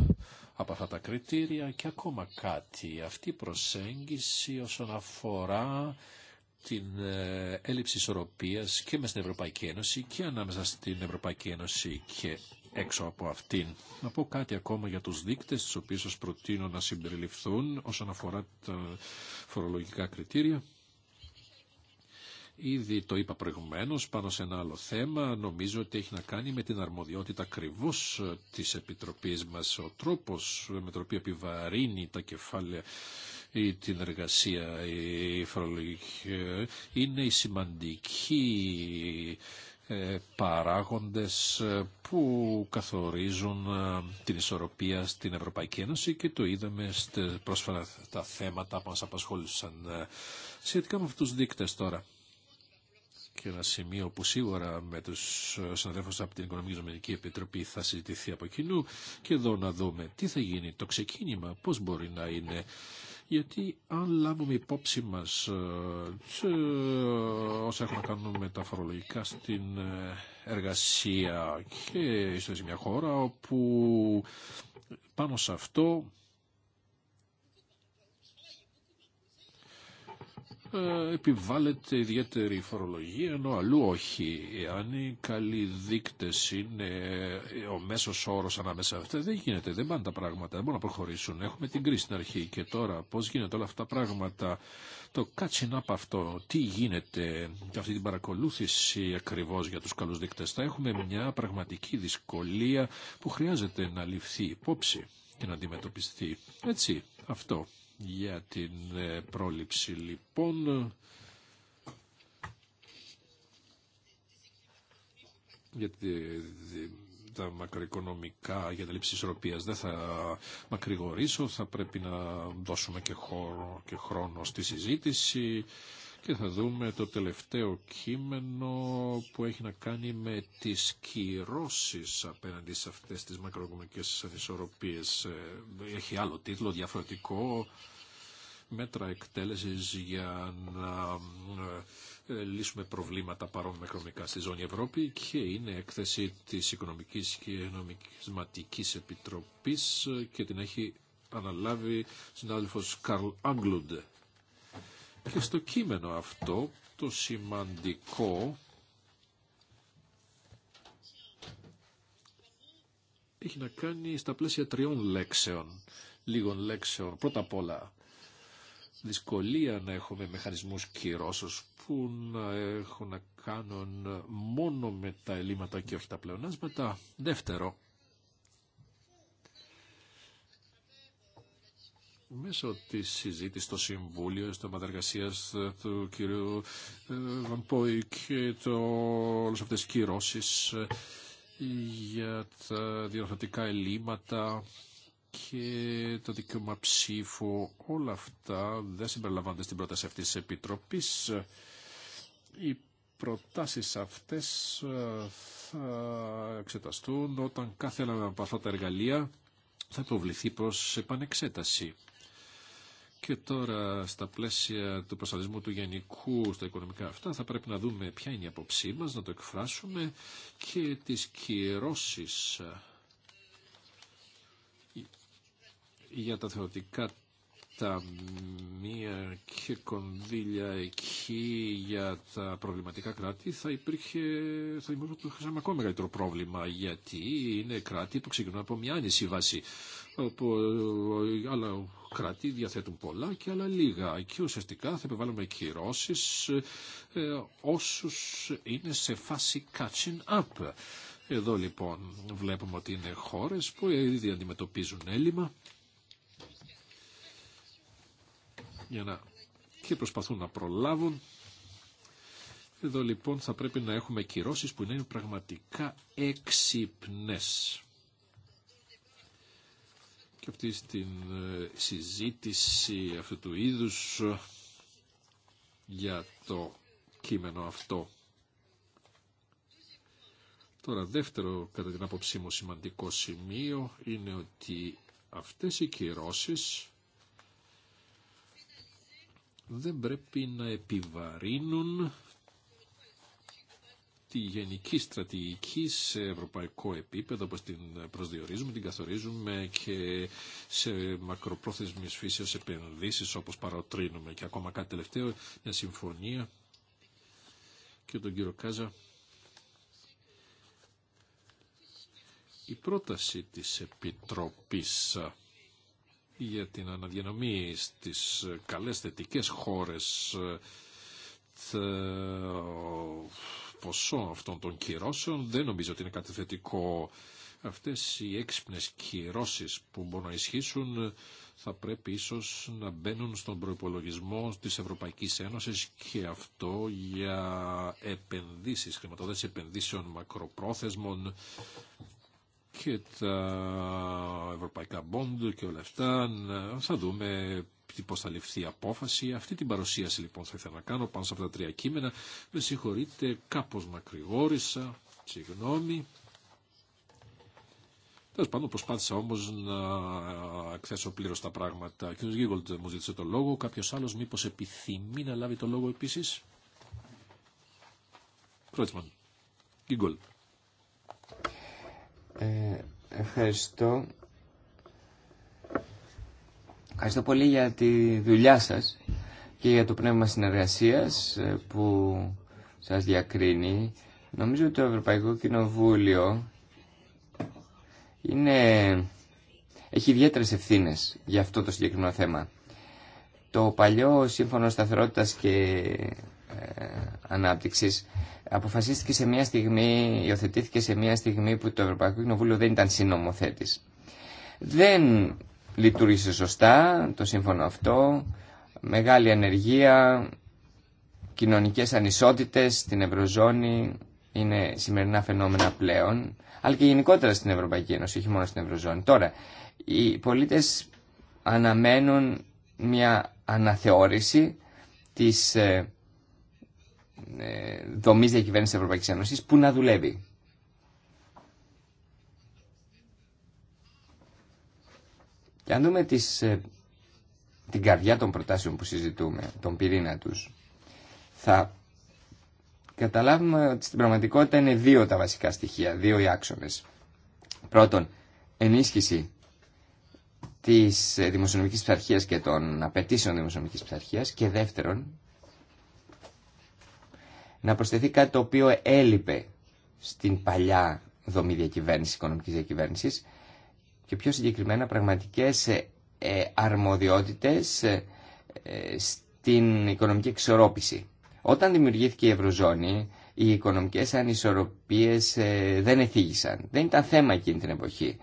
από αυτά τα κριτήρια και ακόμα κάτι. Αυτή η προσέγγιση όσον αφορά την ε, έλλειψη ισορροπίας και μέσα στην Ευρωπαϊκή Ένωση και ανάμεσα στην Ευρωπαϊκή Ένωση και έξω από αυτήν. Να πω κάτι ακόμα για τους δείκτες, τους οποίους προτείνω να συμπεριληφθούν όσον αφορά τα φορολογικά κριτήρια. Ήδη το είπα προηγουμένως πάνω σε ένα άλλο θέμα, νομίζω ότι έχει να κάνει με την αρμοδιότητα ακριβώ της Επιτροπής μας. Ο τρόπος με τον οποίο επιβαρύνει τα κεφάλαια ή την εργασία η φορολογική είναι η σημαντική ε, παράγοντες ε, που καθορίζουν ε, την εργασια η ειναι οι σημαντικη παραγοντες που καθοριζουν την ισορροπια στην Ευρωπαϊκή Ένωση και το είδαμε πρόσφατα τα θέματα που μας απασχόλησαν σχετικά με αυτούς τους δείκτες τώρα και ένα σημείο που σίγουρα με του συναδέλφου από την Οικονομική Ζωμενική Επιτροπή θα συζητηθεί από κοινού και εδώ να δούμε τι θα γίνει, το ξεκίνημα, πώ μπορεί να είναι γιατί αν λάβουμε υπόψη μα ε, όσα έχουν να κάνουν με τα φορολογικά στην ε, εργασία και στο μια χώρα όπου πάνω σε αυτό επιβάλλεται ιδιαίτερη φορολογία, ενώ αλλού όχι. Εάν οι καλοί δείκτε είναι ε, ο μέσος όρο ανάμεσα αυτά, δεν γίνεται, δεν πάνε τα πράγματα, δεν μπορούν να προχωρήσουν. Έχουμε την κρίση στην αρχή και τώρα πώς γίνεται όλα αυτά τα πράγματα. Το catching up αυτό, τι γίνεται και αυτή την παρακολούθηση ακριβώς για τους καλούς δείκτε. θα έχουμε μια πραγματική δυσκολία που χρειάζεται να ληφθεί υπόψη και να αντιμετωπιστεί. Έτσι, αυτό για την ε, πρόληψη λοιπόν. Για τα μακροοικονομικά, για τα λήψη ισορροπίας δεν θα μακρηγορήσω, θα πρέπει να δώσουμε και χώρο και χρόνο στη συζήτηση και θα δούμε το τελευταίο κείμενο που έχει να κάνει με τις κυρώσεις απέναντι σε αυτές τις μακροοικονομικές ανισορροπίες. Έχει άλλο τίτλο διαφορετικό, μέτρα εκτέλεσης για να ε, λύσουμε προβλήματα παρόμοια μακροοικονομικά στη ζώνη Ευρώπη και είναι έκθεση της Οικονομικής και Νομισματικής Επιτροπής και την έχει αναλάβει συνάδελφος Καρλ Άγγλουντε. Και στο κείμενο αυτό το σημαντικό έχει να κάνει στα πλαίσια τριών λέξεων, λίγων λέξεων. Πρώτα απ' όλα, δυσκολία να έχουμε μηχανισμούς κυρώσεως που να έχουν να κάνουν μόνο με τα ελλείμματα και όχι τα πλεονάσματα. Δεύτερο, μέσω τη συζήτηση στο Συμβούλιο, στο Μαδεργασία ε, του κ. Ε, Βαμπόη και το, όλες αυτές τις ε, για τα διορθωτικά ελλείμματα και το δικαίωμα ψήφου, όλα αυτά δεν συμπεριλαμβάνονται στην πρόταση αυτής της Επιτροπής. Οι προτάσεις αυτές θα εξεταστούν όταν κάθε ένα από αυτά τα εργαλεία θα υποβληθεί προς επανεξέταση. Και τώρα στα πλαίσια του προστατισμού του γενικού στα οικονομικά αυτά θα πρέπει να δούμε ποια είναι η απόψή μας, να το εκφράσουμε και τις κυρώσεις ε, για τα θεωρητικά ταμεία και κονδύλια εκεί για τα προβληματικά κράτη θα υπήρχε, θα δημιουργούσαμε ακόμα μεγαλύτερο πρόβλημα γιατί είναι κράτη που ξεκινούν από μια άνηση βάση όπου άλλα κρατή διαθέτουν πολλά και άλλα λίγα. και ουσιαστικά θα επιβάλλουμε κυρώσει ε, όσους είναι σε φάση catching up. Εδώ λοιπόν βλέπουμε ότι είναι χώρε που ήδη αντιμετωπίζουν έλλειμμα για να... και προσπαθούν να προλάβουν. Εδώ λοιπόν θα πρέπει να έχουμε κυρώσεις που είναι πραγματικά έξυπνες και αυτή στην ε, συζήτηση αυτού του είδους ε, για το κείμενο αυτό. Τώρα δεύτερο κατά την άποψή μου σημαντικό σημείο είναι ότι αυτές οι κυρώσεις δεν πρέπει να επιβαρύνουν τη γενική στρατηγική σε ευρωπαϊκό επίπεδο, όπω την προσδιορίζουμε, την καθορίζουμε και σε μακροπρόθεσμες φύσεω επενδύσει, όπως παροτρύνουμε. Και ακόμα κάτι τελευταίο, μια συμφωνία και τον κύριο Κάζα. Η πρόταση της Επιτροπής για την αναδιανομή στις καλές θετικές χώρες ποσό αυτών των κυρώσεων δεν νομίζω ότι είναι κάτι θετικό. Αυτές οι έξυπνε κυρώσει που μπορούν να ισχύσουν θα πρέπει ίσως να μπαίνουν στον προϋπολογισμό της Ευρωπαϊκής Ένωσης και αυτό για επενδύσεις, χρηματοδότηση επενδύσεων μακροπρόθεσμων και τα ευρωπαϊκά μπόντ και όλα αυτά. Θα δούμε πώς θα ληφθεί η απόφαση. Αυτή την παρουσίαση λοιπόν θα ήθελα να κάνω πάνω σε αυτά τα τρία κείμενα. Με συγχωρείτε, κάπως μακρηγόρησα, συγγνώμη. Τέλο πάντων, προσπάθησα όμω να εκθέσω πλήρω τα πράγματα. Ο κ. Γίγκολτ μου ζήτησε το λόγο. Κάποιο άλλο, μήπω επιθυμεί να λάβει το λόγο επίση. Κρότσμαν. Γίγκολτ. Ε, ευχαριστώ. πολύ για τη δουλειά σας και για το πνεύμα συνεργασίας ε, που σας διακρίνει. Νομίζω ότι το Ευρωπαϊκό Κοινοβούλιο είναι... έχει ιδιαίτερες ευθύνες για αυτό το συγκεκριμένο θέμα. Το παλιό Σύμφωνο Σταθερότητας και ε, Ανάπτυξης αποφασίστηκε σε μια στιγμή, υιοθετήθηκε σε μια στιγμή που το Ευρωπαϊκό Κοινοβούλιο δεν ήταν σύνομοθέτη. Δεν λειτουργήσε σωστά το σύμφωνο αυτό, μεγάλη ανεργία, κοινωνικές ανισότητες στην Ευρωζώνη είναι σημερινά φαινόμενα πλέον, αλλά και γενικότερα στην Ευρωπαϊκή Ένωση, όχι μόνο στην Ευρωζώνη. Τώρα, οι πολίτες αναμένουν μια αναθεώρηση της ε, ε, δομής διακυβέρνησης Ευρωπαϊκή Ένωσης που να δουλεύει. Και αν δούμε τις, ε, την καρδιά των προτάσεων που συζητούμε, τον πυρήνα τους, θα καταλάβουμε ότι στην πραγματικότητα είναι δύο τα βασικά στοιχεία, δύο οι άξονες. Πρώτον, ενίσχυση της δημοσιονομικής πειθαρχίας και των απαιτήσεων δημοσιονομικής πειθαρχίας και δεύτερον, να προσθεθεί κάτι το οποίο έλειπε στην παλιά δομή διακυβέρνηση οικονομικής διακυβέρνηση και πιο συγκεκριμένα πραγματικές ε, ε, αρμοδιότητες ε, στην οικονομική εξορρόπηση. Όταν δημιουργήθηκε η Ευρωζώνη, οι οικονομικές ανισορροπίες δεν εθίγησαν. Δεν ήταν θέμα εκείνη την εποχή.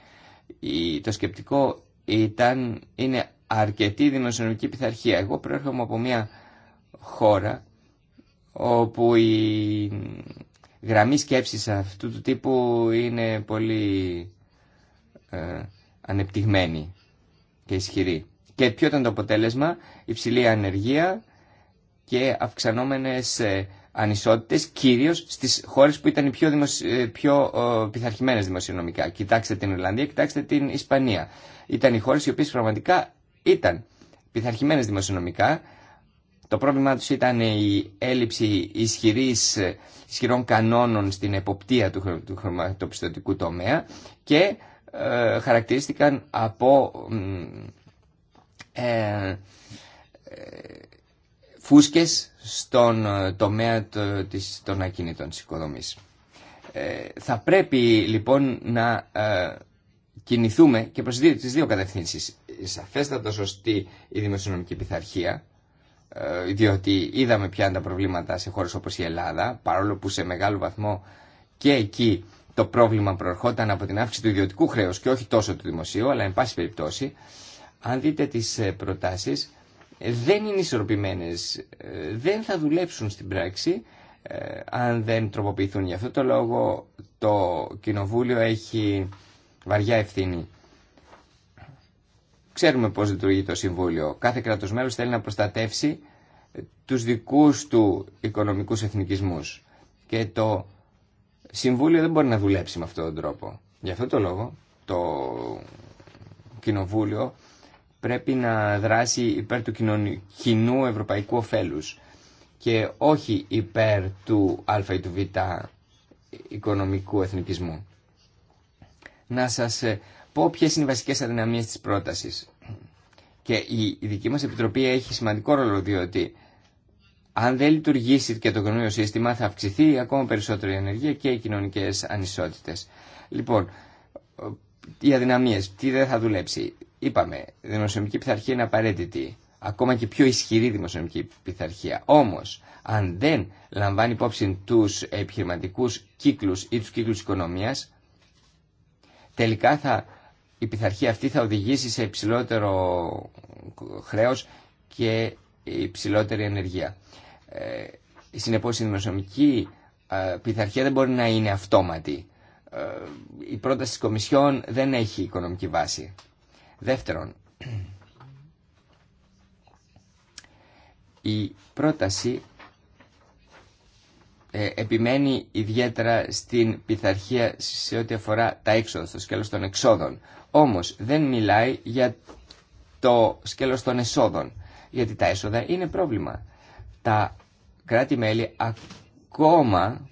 Το σκεπτικό ήταν, είναι αρκετή δημοσιονομική πειθαρχία. Εγώ προέρχομαι από μια χώρα όπου η γραμμή σκέψης αυτού του τύπου είναι πολύ ε, ανεπτυγμένη και ισχυρή. Και ποιο ήταν το αποτέλεσμα, υψηλή ανεργία και αυξανόμενες ε, ανισότητες, κυρίως στις χώρες που ήταν οι πιο, δημοσι... Ε, πιο πειθαρχημένες δημοσιονομικά. Κοιτάξτε την Ιρλανδία, κοιτάξτε την Ισπανία. Ήταν οι χώρες οι οποίες πραγματικά ήταν πειθαρχημένες δημοσιονομικά, το πρόβλημά τους ήταν η έλλειψη ισχυρής, ισχυρών κανόνων στην εποπτεία του, του χρηματοπιστωτικού τομέα και ε, χαρακτηρίστηκαν από ε, ε, φούσκες στον ε, τομέα των ακινήτων της οικοδομής. Θα πρέπει λοιπόν να κινηθούμε και προς τις δύο κατευθύνσεις. Σαφέστατα σωστή η δημοσιονομική πειθαρχία ε, διότι είδαμε ποια τα προβλήματα σε χώρες όπως η Ελλάδα, παρόλο που σε μεγάλο βαθμό και εκεί το πρόβλημα προερχόταν από την αύξηση του ιδιωτικού χρέους και όχι τόσο του δημοσίου, αλλά εν πάση περιπτώσει, αν δείτε τις ε, προτάσεις, δεν είναι ισορροπημένες, ε, δεν θα δουλέψουν στην πράξη αν δεν τροποποιηθούν. Γι' αυτό το λόγο το Κοινοβούλιο έχει βαριά ευθύνη Ξέρουμε πώς λειτουργεί το Συμβούλιο. Κάθε κράτος μέλος θέλει να προστατεύσει τους δικούς του οικονομικούς εθνικισμούς. Και το Συμβούλιο δεν μπορεί να δουλέψει με αυτόν τον τρόπο. Γι' αυτό το λόγο το Κοινοβούλιο πρέπει να δράσει υπέρ του κοινού ευρωπαϊκού ωφέλους και όχι υπέρ του α ή του β οικονομικού εθνικισμού. Να σας πω ποιε είναι οι βασικέ αδυναμίε τη πρόταση. Και η δική μα Επιτροπή έχει σημαντικό ρόλο διότι αν δεν λειτουργήσει και το κοινωνικό σύστημα θα αυξηθεί ακόμα περισσότερο η ενεργεία και οι κοινωνικέ ανισότητε. Λοιπόν, οι αδυναμίε, τι δεν θα δουλέψει. Είπαμε, η δημοσιονομική πειθαρχία είναι απαραίτητη. Ακόμα και πιο ισχυρή δημοσιονομική πειθαρχία. Όμω, αν δεν λαμβάνει υπόψη του επιχειρηματικού κύκλου ή του κύκλου οικονομία, τελικά θα η πειθαρχία αυτή θα οδηγήσει σε υψηλότερο χρέος και υψηλότερη ενεργεία. Ε, συνεπώς η δημοσιονομική ε, πειθαρχία δεν μπορεί να είναι αυτόματη. Ε, η πρόταση της Κομισιόν δεν έχει οικονομική βάση. Δεύτερον, η πρόταση ε, επιμένει ιδιαίτερα στην πειθαρχία σε ό,τι αφορά τα έξοδα, στο σκέλος των εξόδων. Όμως δεν μιλάει για το σκέλος των εσόδων, γιατί τα έσοδα είναι πρόβλημα. Τα κράτη-μέλη ακόμα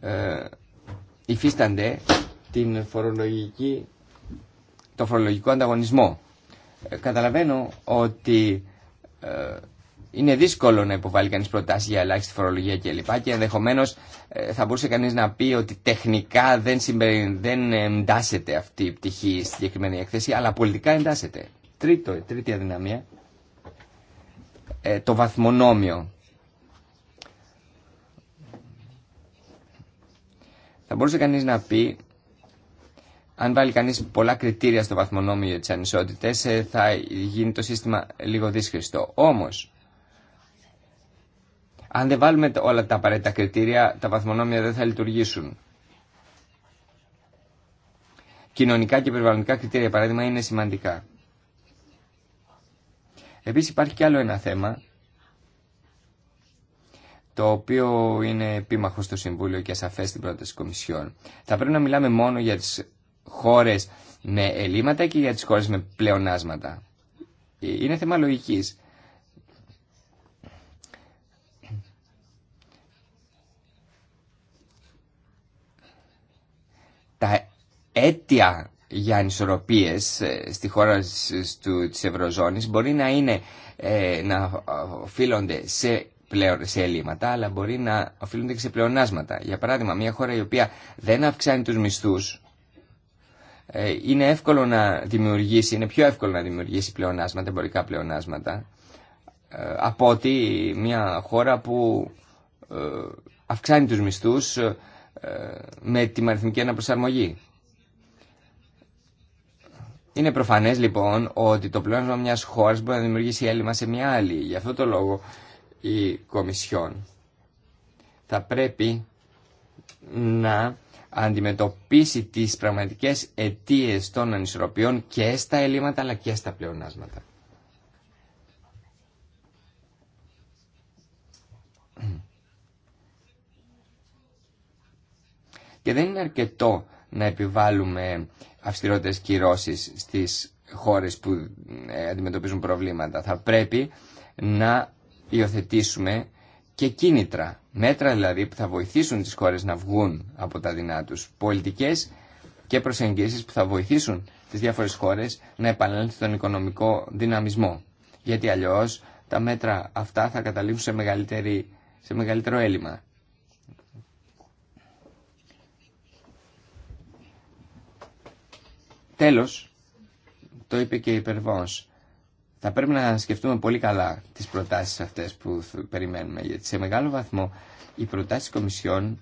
ε, υφίστανται την το φορολογικό ανταγωνισμό. Ε, καταλαβαίνω ότι ε, είναι δύσκολο να υποβάλει κανεί προτάσει για ελάχιστη φορολογία κλπ. Και ενδεχομένως ε, θα μπορούσε κανείς να πει ότι τεχνικά δεν, δεν εντάσσεται αυτή η πτυχή στη συγκεκριμένη έκθεση, αλλά πολιτικά εντάσσεται. Τρίτο, τρίτη αδυναμία, ε, το βαθμονόμιο. Θα μπορούσε κανείς να πει, αν βάλει κανείς πολλά κριτήρια στο βαθμονόμιο για τις ε, θα γίνει το σύστημα λίγο δύσχριστο. Όμως, αν δεν βάλουμε όλα τα απαραίτητα κριτήρια, τα βαθμονόμια δεν θα λειτουργήσουν. Κοινωνικά και περιβαλλοντικά κριτήρια, παράδειγμα, είναι σημαντικά. Επίσης υπάρχει και άλλο ένα θέμα, το οποίο είναι επίμαχο στο Συμβούλιο και ασαφές στην πρόταση Κομισιόν. Θα πρέπει να μιλάμε μόνο για τις χώρες με ελλείμματα και για τις χώρες με πλεονάσματα. Ε, είναι θέμα λογικής. τα αίτια για ανισορροπίες ε, στη χώρα της Ευρωζώνης μπορεί να είναι ε, να οφείλονται σε πλέον ελλείμματα, αλλά μπορεί να οφείλονται και σε πλεονάσματα. Για παράδειγμα, μια χώρα η οποία δεν αυξάνει τους μισθούς, ε, είναι εύκολο να δημιουργήσει, είναι πιο εύκολο να δημιουργήσει πλεονάσματα, εμπορικά πλεονάσματα, από ότι μια χώρα που αυξάνει τους μισθούς, ε, με τη μαριθμική αναπροσαρμογή. Είναι προφανές λοιπόν ότι το πλεόνασμα μιας χώρας μπορεί να δημιουργήσει έλλειμμα σε μια άλλη. Γι' αυτό το λόγο η Κομισιόν θα πρέπει να αντιμετωπίσει τις πραγματικές αιτίες των ανισορροπιών και στα ελλείμματα αλλά και στα πλεονάσματα. Και δεν είναι αρκετό να επιβάλλουμε αυστηρότερες κυρώσεις στις χώρες που ε, αντιμετωπίζουν προβλήματα. Θα πρέπει να υιοθετήσουμε και κίνητρα, μέτρα δηλαδή που θα βοηθήσουν τις χώρες να βγουν από τα δεινά τους, πολιτικές και προσεγγίσεις που θα βοηθήσουν τις διάφορες χώρες να επανέλθουν στον οικονομικό δυναμισμό. Γιατί αλλιώς τα μέτρα αυτά θα καταλήξουν σε μεγαλύτερο έλλειμμα. Τέλος, το είπε και η Περβόνς, θα πρέπει να σκεφτούμε πολύ καλά τις προτάσεις αυτές που περιμένουμε, γιατί σε μεγάλο βαθμό οι προτάσεις κομισιών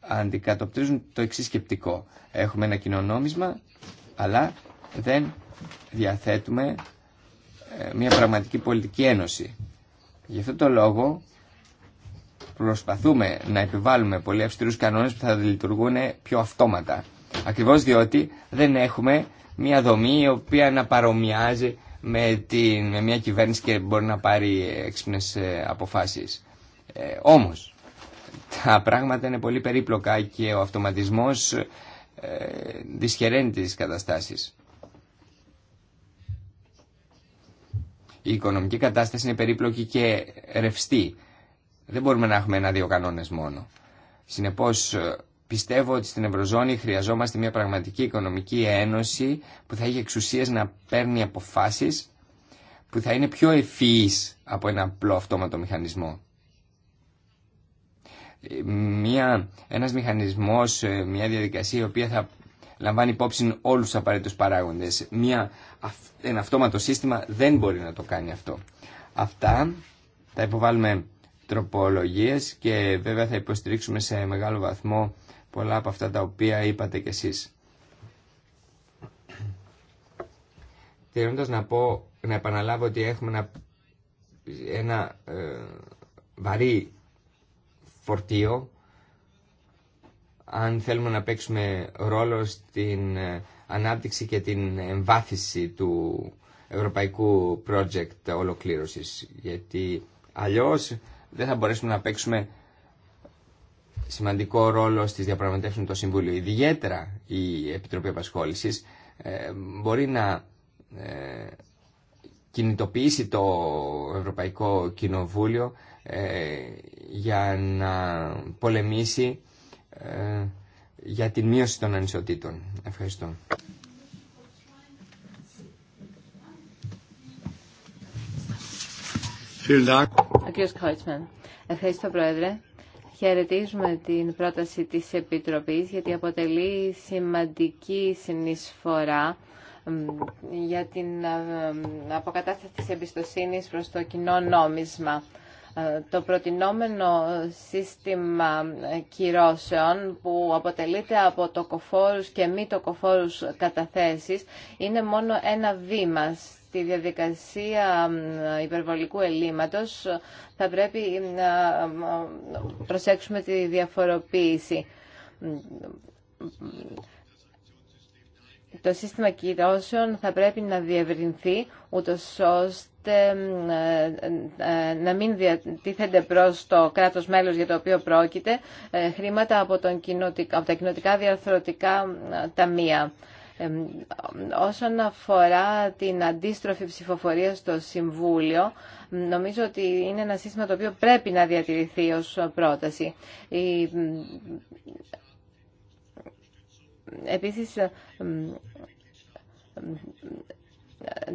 αντικατοπτρίζουν το εξή σκεπτικό. Έχουμε ένα νόμισμα αλλά δεν διαθέτουμε ε, μια πραγματική πολιτική ένωση. Γι' αυτό το λόγο προσπαθούμε να επιβάλλουμε πολύ αυστηρούς κανόνες που θα λειτουργούν πιο αυτόματα. Ακριβώς διότι δεν έχουμε μια δομή η οποία να παρομοιάζει με, την, με μια κυβέρνηση και μπορεί να πάρει έξυπνες ε, αποφάσεις. Ε, όμως, τα πράγματα είναι πολύ περίπλοκα και ο αυτοματισμός ε, δυσχεραίνει τις καταστάσεις. Η οικονομική κατάσταση είναι περίπλοκη και ρευστή. Δεν μπορούμε να έχουμε ένα-δύο κανόνες μόνο. Συνεπώς, ε, Πιστεύω ότι στην Ευρωζώνη χρειαζόμαστε μια πραγματική οικονομική ένωση που θα έχει εξουσίες να παίρνει αποφάσεις που θα είναι πιο ευφυής από ένα απλό αυτόματο μηχανισμό. Ε, μια, ένας μηχανισμός, ε, μια διαδικασία η οποία θα λαμβάνει υπόψη όλους τους απαραίτητους παράγοντες. Μια, ένα αυτόματο σύστημα δεν μπορεί να το κάνει αυτό. Αυτά θα υποβάλουμε τροπολογίες και βέβαια θα υποστηρίξουμε σε μεγάλο βαθμό πολλά από αυτά τα οποία είπατε κι εσείς. Τελειώντας να πω, να επαναλάβω ότι έχουμε ένα, ένα ε, βαρύ φορτίο αν θέλουμε να παίξουμε ρόλο στην ε, ανάπτυξη και την εμβάθυνση του ευρωπαϊκού project ολοκλήρωσης. Γιατί αλλιώς δεν θα μπορέσουμε να παίξουμε σημαντικό ρόλο στις διαπραγματεύσεις με το Συμβούλιο. Ιδιαίτερα η Επιτροπή Απασχόλησης ε, μπορεί να ε, κινητοποιήσει το Ευρωπαϊκό Κοινοβούλιο ε, για να πολεμήσει για την μείωση των ανισοτήτων. Ευχαριστώ. Ευχαριστώ, Πρόεδρε. Χαιρετίζουμε την πρόταση της Επιτροπής γιατί αποτελεί σημαντική συνεισφορά για την ε, αποκατάσταση της εμπιστοσύνης προς το κοινό νόμισμα. Ε, το προτινόμενο σύστημα ε, κυρώσεων που αποτελείται από το τοκοφόρους και μη τοκοφόρους καταθέσεις είναι μόνο ένα βήμα στη διαδικασία υπερβολικού ελλείμματος θα πρέπει να προσέξουμε τη διαφοροποίηση. Το σύστημα κυρώσεων θα πρέπει να διευρυνθεί ούτως ώστε ε, ε, να μην διατίθενται προς το κράτος μέλος για το οποίο πρόκειται ε, χρήματα από, τον τα κοινοτικά διαρθρωτικά ταμεία όσον αφορά την αντίστροφη ψηφοφορία στο Συμβούλιο, νομίζω ότι είναι ένα σύστημα το οποίο πρέπει να διατηρηθεί ως πρόταση. Επίσης,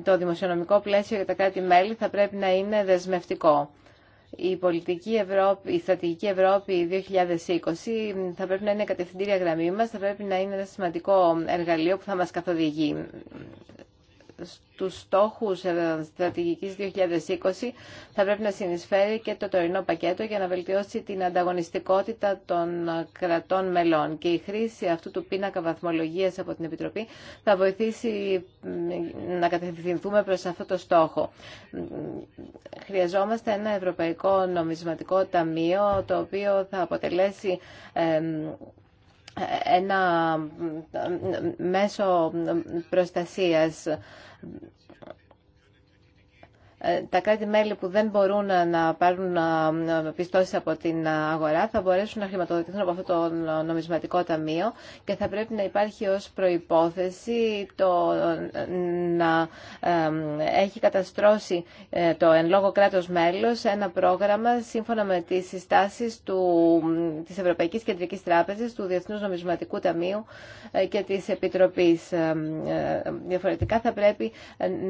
το δημοσιονομικό πλαίσιο για τα κράτη-μέλη θα πρέπει να είναι δεσμευτικό η πολιτική Ευρώπη, η στρατηγική Ευρώπη 2020 θα πρέπει να είναι κατευθυντήρια γραμμή μας, θα πρέπει να είναι ένα σημαντικό εργαλείο που θα μας καθοδηγεί στους στόχους ε, στρατηγικής 2020 θα πρέπει να συνεισφέρει και το τωρινό πακέτο για να βελτιώσει την ανταγωνιστικότητα των κρατών μελών. Και η χρήση αυτού του πίνακα βαθμολογίας από την Επιτροπή θα βοηθήσει να κατευθυνθούμε προς αυτό το στόχο. Χρειαζόμαστε ένα ευρωπαϊκό νομισματικό ταμείο το οποίο θα αποτελέσει ένα μέσο προστασίας Commit ε, τα κράτη-μέλη που δεν μπορούν να πάρουν πιστώσεις από την αγορά θα μπορέσουν να χρηματοδοτηθούν από αυτό το νομισματικό ταμείο και θα πρέπει να υπάρχει ως προϋπόθεση το να έχει καταστρώσει ε, το εν λόγω κράτος μέλος ένα πρόγραμμα σύμφωνα με τις συστάσεις του, της Ευρωπαϊκής Κεντρικής Τράπεζας, του Διεθνούς Νομισματικού Ταμείου ε, και της Επιτροπής. Διαφορετικά θα πρέπει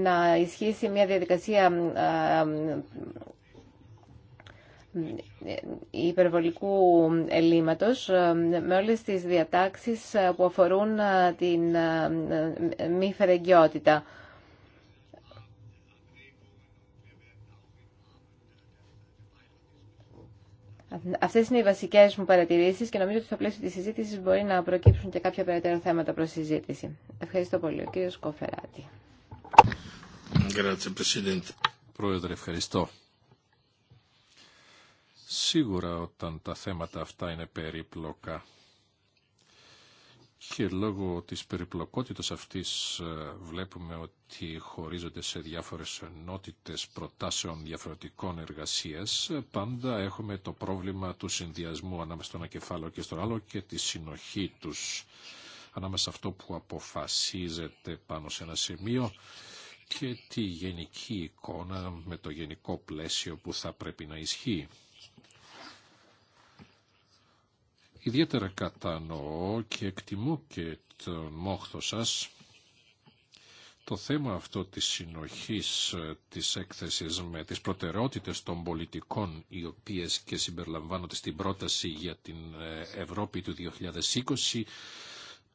να ισχύσει μια διαδικασία ε, ε, υπερβολικού ελλείμματος ε, με όλες τις διατάξεις που αφορούν την μη φερεγγιότητα. Αυτές είναι οι βασικές μου παρατηρήσεις και νομίζω ότι στο πλαίσιο της συζήτηση μπορεί να προκύψουν και κάποια περαιτέρω θέματα προς συζήτηση. Ευχαριστώ πολύ. Ο κύριος Κοφεράτη. Πρόεδρε, ευχαριστώ. Σίγουρα όταν τα θέματα αυτά είναι περίπλοκα και λόγω της περιπλοκότητας αυτής ε, βλέπουμε ότι χωρίζονται σε διάφορες ενότητες προτάσεων διαφορετικών εργασίας. Ε, πάντα έχουμε το πρόβλημα του συνδυασμού ανάμεσα στο ένα και στο άλλο και τη συνοχή τους ανάμεσα αυτό που αποφασίζεται πάνω σε ένα σημείο και τη γενική εικόνα με το γενικό πλαίσιο που θα πρέπει να ισχύει. Ιδιαίτερα κατανοώ και εκτιμώ και τον μόχθο σας το θέμα αυτό της συνοχής της έκθεσης με τις προτεραιότητες των πολιτικών οι οποίες και συμπεριλαμβάνονται στην πρόταση για την ε, Ευρώπη του 2020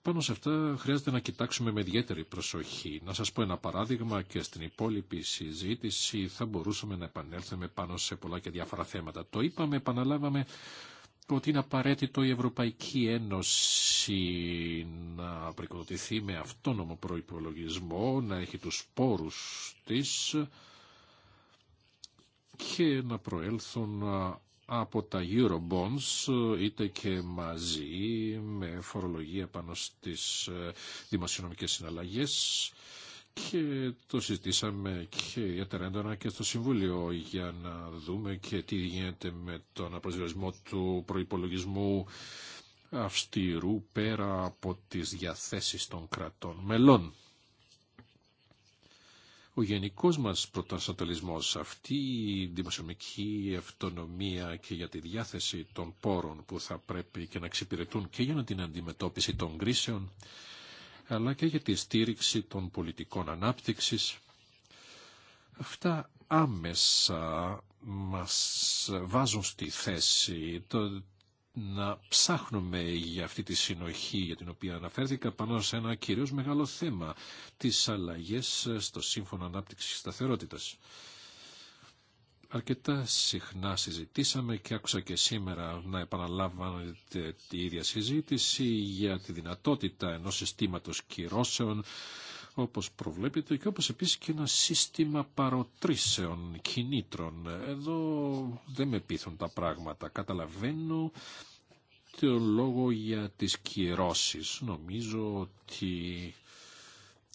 πάνω σε αυτά χρειάζεται να κοιτάξουμε με ιδιαίτερη προσοχή. Να σας πω ένα παράδειγμα και στην υπόλοιπη συζήτηση θα μπορούσαμε να επανέλθουμε πάνω σε πολλά και διάφορα θέματα. Το είπαμε, επαναλάβαμε ότι είναι απαραίτητο η Ευρωπαϊκή Ένωση να πρικοδοτηθεί με αυτόνομο προϋπολογισμό, να έχει τους πόρους της και να προέλθουν από τα Eurobonds ε, είτε και μαζί με φορολογία πάνω στις ε, δημοσιονομικές συναλλαγές και το συζητήσαμε και ιδιαίτερα έντονα και στο Συμβούλιο για να δούμε και τι γίνεται με τον απροσδιορισμό του προϋπολογισμού αυστηρού πέρα από τις διαθέσεις των κρατών μελών ο γενικός μας πρωτοανστατολισμός, αυτή η δημοσιονομική αυτονομία και για τη διάθεση των πόρων που θα πρέπει και να εξυπηρετούν και για την αντιμετώπιση των κρίσεων, αλλά και για τη στήριξη των πολιτικών ανάπτυξης. Αυτά άμεσα μας βάζουν στη θέση να ψάχνουμε για αυτή τη συνοχή για την οποία αναφέρθηκα πάνω σε ένα κυρίως μεγάλο θέμα, τις αλλαγές στο Σύμφωνο Ανάπτυξης Σταθερότητας. Αρκετά συχνά συζητήσαμε και άκουσα και σήμερα να επαναλάβανε τη ίδια συζήτηση για τη δυνατότητα ενός συστήματος κυρώσεων όπως προβλέπετε και όπως επίσης και ένα σύστημα παροτρήσεων, κινήτρων. Εδώ δεν με πείθουν τα πράγματα. Καταλαβαίνω το λόγο για τις κυρώσεις. Νομίζω ότι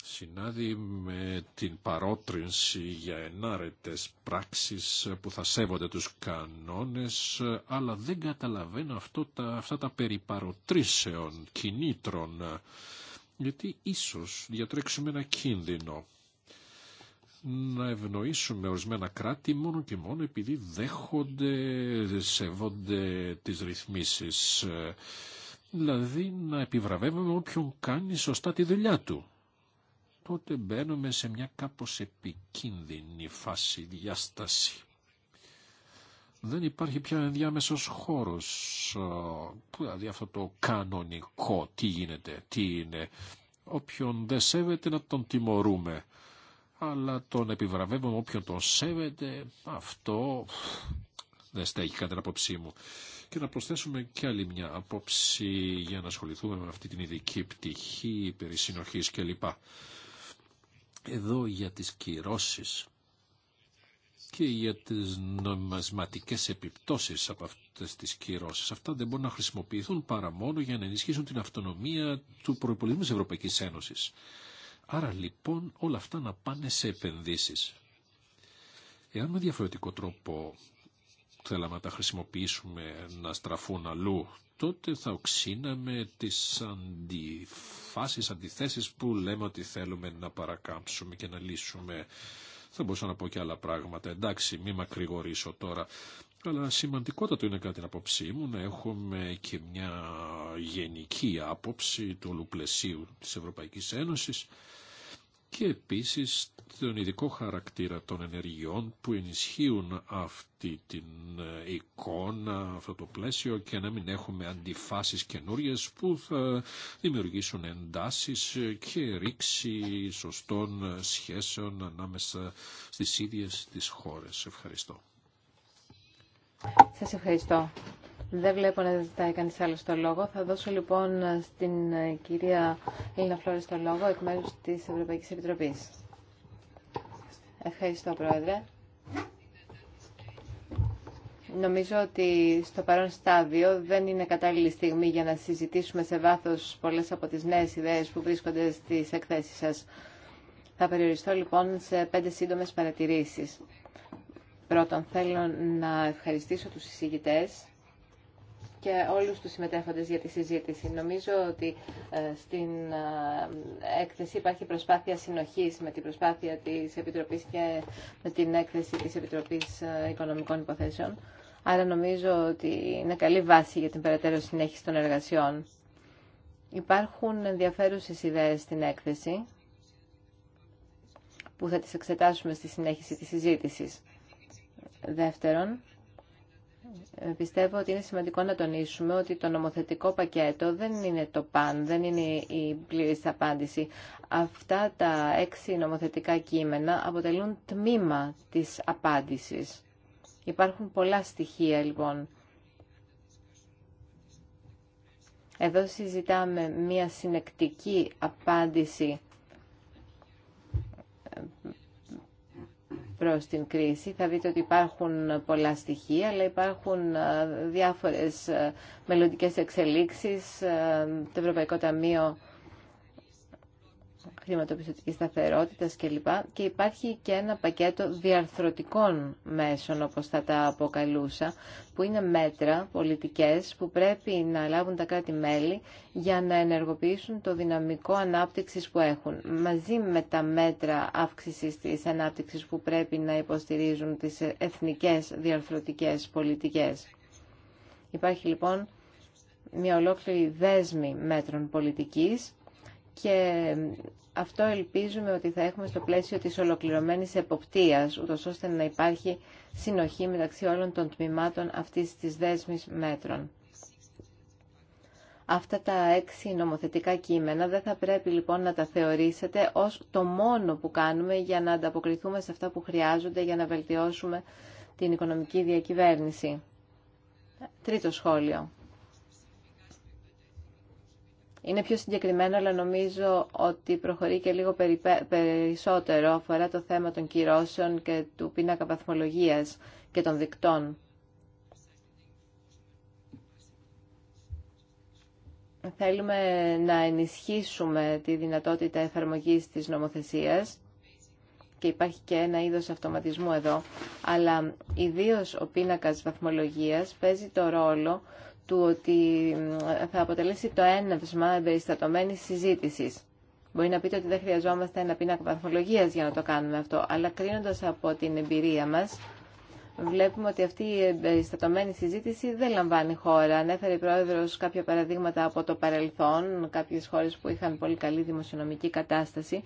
συνάδει με την παρότρινση για ενάρετες πράξεις που θα σέβονται τους κανόνες, αλλά δεν καταλαβαίνω αυτό τα, αυτά τα περιπαροτρήσεων, κινήτρων γιατί ίσως διατρέξουμε ένα κίνδυνο να ευνοήσουμε ορισμένα κράτη μόνο και μόνο επειδή δέχονται, σεβόνται τις ρυθμίσεις. Δηλαδή να επιβραβεύουμε όποιον κάνει σωστά τη δουλειά του. Τότε μπαίνουμε σε μια κάπως επικίνδυνη φάση διάσταση δεν υπάρχει πια ενδιάμεσος χώρος. Ε, δηλαδή αυτό το κανονικό, τι γίνεται, τι είναι. Όποιον δεν σέβεται να τον τιμωρούμε. Αλλά τον επιβραβεύουμε όποιον τον σέβεται, αυτό δεν στέκει κατά την απόψή μου. Και να προσθέσουμε και άλλη μια απόψη για να ασχοληθούμε με αυτή την ειδική πτυχή περί κλπ. Εδώ για τις κυρώσεις και για τις νομισματικές επιπτώσεις από αυτές τις κυρώσεις. Αυτά δεν μπορούν να χρησιμοποιηθούν παρά μόνο για να ενισχύσουν την αυτονομία του προϋπολογισμού της Ευρωπαϊκής Ένωσης. Άρα λοιπόν όλα αυτά να πάνε σε επενδύσεις. Εάν με διαφορετικό τρόπο θέλαμε να τα χρησιμοποιήσουμε να στραφούν αλλού, τότε θα οξύναμε τις αντιφάσεις, αντιθέσεις που λέμε ότι θέλουμε να παρακάμψουμε και να λύσουμε θα μπορούσα να πω και άλλα πράγματα. Εντάξει, μη μακρηγορήσω τώρα. Αλλά σημαντικότατο είναι κάτι την απόψή μου να έχουμε και μια γενική άποψη του ολοπλαισίου της Ευρωπαϊκής Ένωσης και επίσης τον ειδικό χαρακτήρα των ενεργειών που ενισχύουν αυτή την ε, εικόνα, αυτό το πλαίσιο και να μην έχουμε αντιφάσεις καινούριε που θα δημιουργήσουν εντάσεις και ρήξη σωστών σχέσεων ανάμεσα στις ίδιες τις χώρες. Ευχαριστώ. Σας ευχαριστώ. Δεν βλέπω να ζητάει κανεί άλλο το λόγο. Θα δώσω λοιπόν στην ε, κυρία Έλληνα Φλόρε το λόγο εκ μέρου τη Ευρωπαϊκή Επιτροπή. Ευχαριστώ, Πρόεδρε. Νομίζω ότι στο παρόν στάδιο δεν είναι κατάλληλη στιγμή για να συζητήσουμε σε βάθος πολλές από τις νέες ιδέες που βρίσκονται στις εκθέσεις σας. Θα περιοριστώ λοιπόν σε πέντε σύντομες παρατηρήσεις. Πρώτον, θέλω να ευχαριστήσω τους συζητητές και όλους τους συμμετέχοντες για τη συζήτηση. Νομίζω ότι ε, στην ε, έκθεση υπάρχει προσπάθεια συνοχής με την προσπάθεια της Επιτροπής και με την έκθεση της Επιτροπής ε, Οικονομικών Υποθέσεων. Άρα νομίζω ότι είναι καλή βάση για την περαιτέρω συνέχιση των εργασιών. Υπάρχουν ενδιαφέρουσες ιδέες στην έκθεση που θα τις εξετάσουμε στη συνέχιση της συζήτησης. Δεύτερον, ε, πιστεύω ότι είναι σημαντικό να τονίσουμε ότι το νομοθετικό πακέτο δεν είναι το παν, δεν είναι η πλήρης απάντηση. Αυτά τα έξι νομοθετικά κείμενα αποτελούν τμήμα της απάντησης. Υπάρχουν πολλά στοιχεία λοιπόν. Εδώ συζητάμε μια συνεκτική απάντηση προς την κρίση. Θα δείτε ότι υπάρχουν πολλά στοιχεία, αλλά υπάρχουν ε, διάφορες ε, μελλοντικές εξελίξεις. Ε, το Ευρωπαϊκό Ταμείο χρηματοπιστωτική σταθερότητα κλπ. Και υπάρχει και ένα πακέτο διαρθρωτικών μέσων, όπως θα τα αποκαλούσα, που είναι μέτρα πολιτικές που πρέπει να λάβουν τα κράτη-μέλη για να ενεργοποιήσουν το δυναμικό ανάπτυξης που έχουν. Μαζί με τα μέτρα αύξησης της ανάπτυξης που πρέπει να υποστηρίζουν τις εθνικές διαρθρωτικές πολιτικές. Υπάρχει λοιπόν μια ολόκληρη δέσμη μέτρων πολιτικής και αυτό ελπίζουμε ότι θα έχουμε στο πλαίσιο της ολοκληρωμένης εποπτείας, ούτως ώστε να υπάρχει συνοχή μεταξύ όλων των τμήματων αυτής της δέσμης μέτρων. Αυτά τα έξι νομοθετικά κείμενα δεν θα πρέπει λοιπόν να τα θεωρήσετε ως το μόνο που κάνουμε για να ανταποκριθούμε σε αυτά που χρειάζονται για να βελτιώσουμε την οικονομική διακυβέρνηση. Τρίτο σχόλιο. Είναι πιο συγκεκριμένο, αλλά νομίζω ότι προχωρεί και λίγο περισσότερο αφορά το θέμα των κυρώσεων και του πίνακα βαθμολογίας και των δικτών. Θέλουμε να ενισχύσουμε τη δυνατότητα εφαρμογής της νομοθεσίας και υπάρχει και ένα είδος αυτοματισμού εδώ, αλλά ιδίως ο πίνακας βαθμολογίας παίζει το ρόλο του ότι θα αποτελέσει το έναυσμα εμπεριστατωμένη συζήτηση. Μπορεί να πείτε ότι δεν χρειαζόμαστε ένα πίνακα βαθμολογία για να το κάνουμε αυτό, αλλά κρίνοντα από την εμπειρία μα, βλέπουμε ότι αυτή η εμπεριστατωμένη συζήτηση δεν λαμβάνει χώρα. Ανέφερε η πρόεδρο κάποια παραδείγματα από το παρελθόν, κάποιε χώρε που είχαν πολύ καλή δημοσιονομική κατάσταση,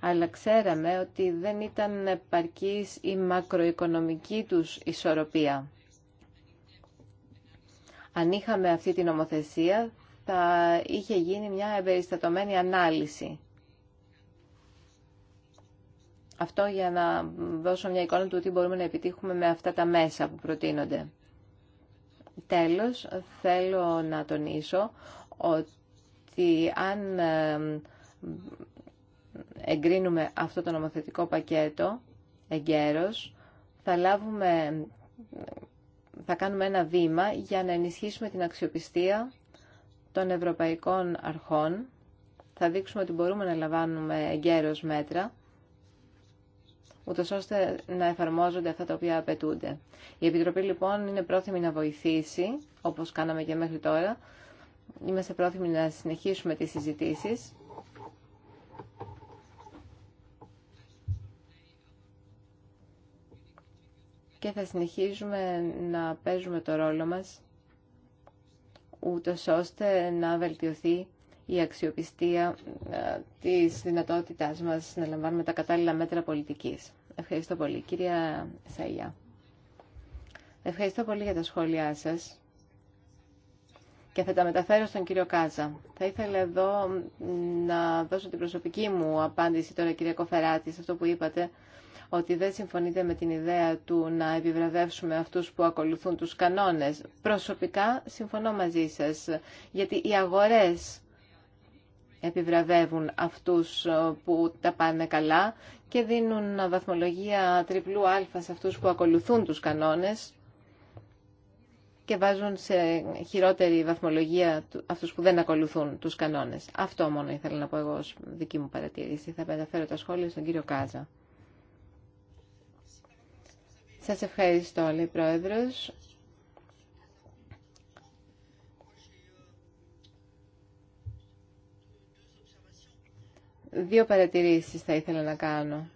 αλλά ξέραμε ότι δεν ήταν επαρκή η μακροοικονομική του ισορροπία. Αν είχαμε αυτή την νομοθεσία, θα είχε γίνει μια εμπεριστατωμένη ανάλυση. Αυτό για να δώσω μια εικόνα του τι μπορούμε να επιτύχουμε με αυτά τα μέσα που προτείνονται. Τέλος, θέλω να τονίσω ότι αν εγκρίνουμε αυτό το νομοθετικό πακέτο εγκαίρως, θα λάβουμε θα κάνουμε ένα βήμα για να ενισχύσουμε την αξιοπιστία των ευρωπαϊκών αρχών. Θα δείξουμε ότι μπορούμε να λαμβάνουμε εγκαίρως μέτρα, ούτως ώστε να εφαρμόζονται αυτά τα οποία απαιτούνται. Η Επιτροπή λοιπόν είναι πρόθυμη να βοηθήσει, όπως κάναμε και μέχρι τώρα. Είμαστε πρόθυμοι να συνεχίσουμε τις συζητήσεις και θα συνεχίζουμε να παίζουμε το ρόλο μας ούτω ώστε να βελτιωθεί η αξιοπιστία ε, της δυνατότητάς μας να λαμβάνουμε τα κατάλληλα μέτρα πολιτικής. Ευχαριστώ πολύ. Κυρία Σαϊά. Ευχαριστώ πολύ για τα σχόλιά σας και θα τα μεταφέρω στον κύριο Κάζα. Θα ήθελα εδώ να δώσω την προσωπική μου απάντηση τώρα, κυρία Κοφεράτη, σε αυτό που είπατε ότι δεν συμφωνείτε με την ιδέα του να επιβραβεύσουμε αυτούς που ακολουθούν τους κανόνες. Προσωπικά συμφωνώ μαζί σας, γιατί οι αγορές επιβραβεύουν αυτούς ε, που τα πάνε καλά και δίνουν βαθμολογία τριπλού α σε αυτούς που ακολουθούν τους κανόνες και βάζουν σε χειρότερη βαθμολογία αυτούς που δεν ακολουθούν τους κανόνες. Αυτό μόνο ήθελα να πω εγώ ως δική μου παρατήρηση. Θα μεταφέρω τα σχόλια στον κύριο Κάζα. Σας ευχαριστώ, λέει Πρόεδρος. Δύο παρατηρήσεις θα ήθελα να κάνω.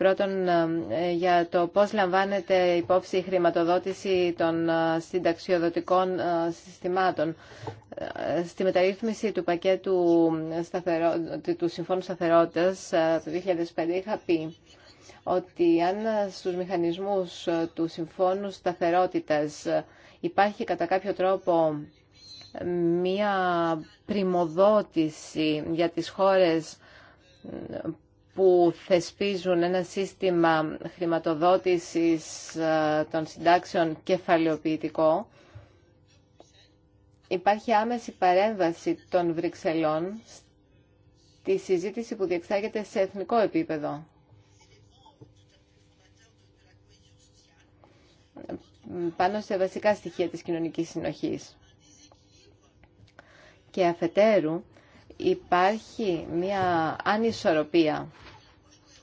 Πρώτον, ε, για το πώς λαμβάνεται υπόψη η χρηματοδότηση των ε, συνταξιοδοτικών ε, συστημάτων. Στη μεταρρύθμιση του πακέτου του Συμφώνου Σταθερότητας το 2005 είχα πει ότι αν στους μηχανισμούς του Συμφώνου Σταθερότητας υπάρχει κατά κάποιο τρόπο μία πρημοδότηση για τις χώρες που θεσπίζουν ένα σύστημα χρηματοδότησης ε, των συντάξεων κεφαλαιοποιητικό, υπάρχει άμεση παρέμβαση των Βρυξελών στη συζήτηση που διεξάγεται σε εθνικό επίπεδο. πάνω σε βασικά στοιχεία της κοινωνικής συνοχής. Και αφετέρου, υπάρχει μια ανισορροπία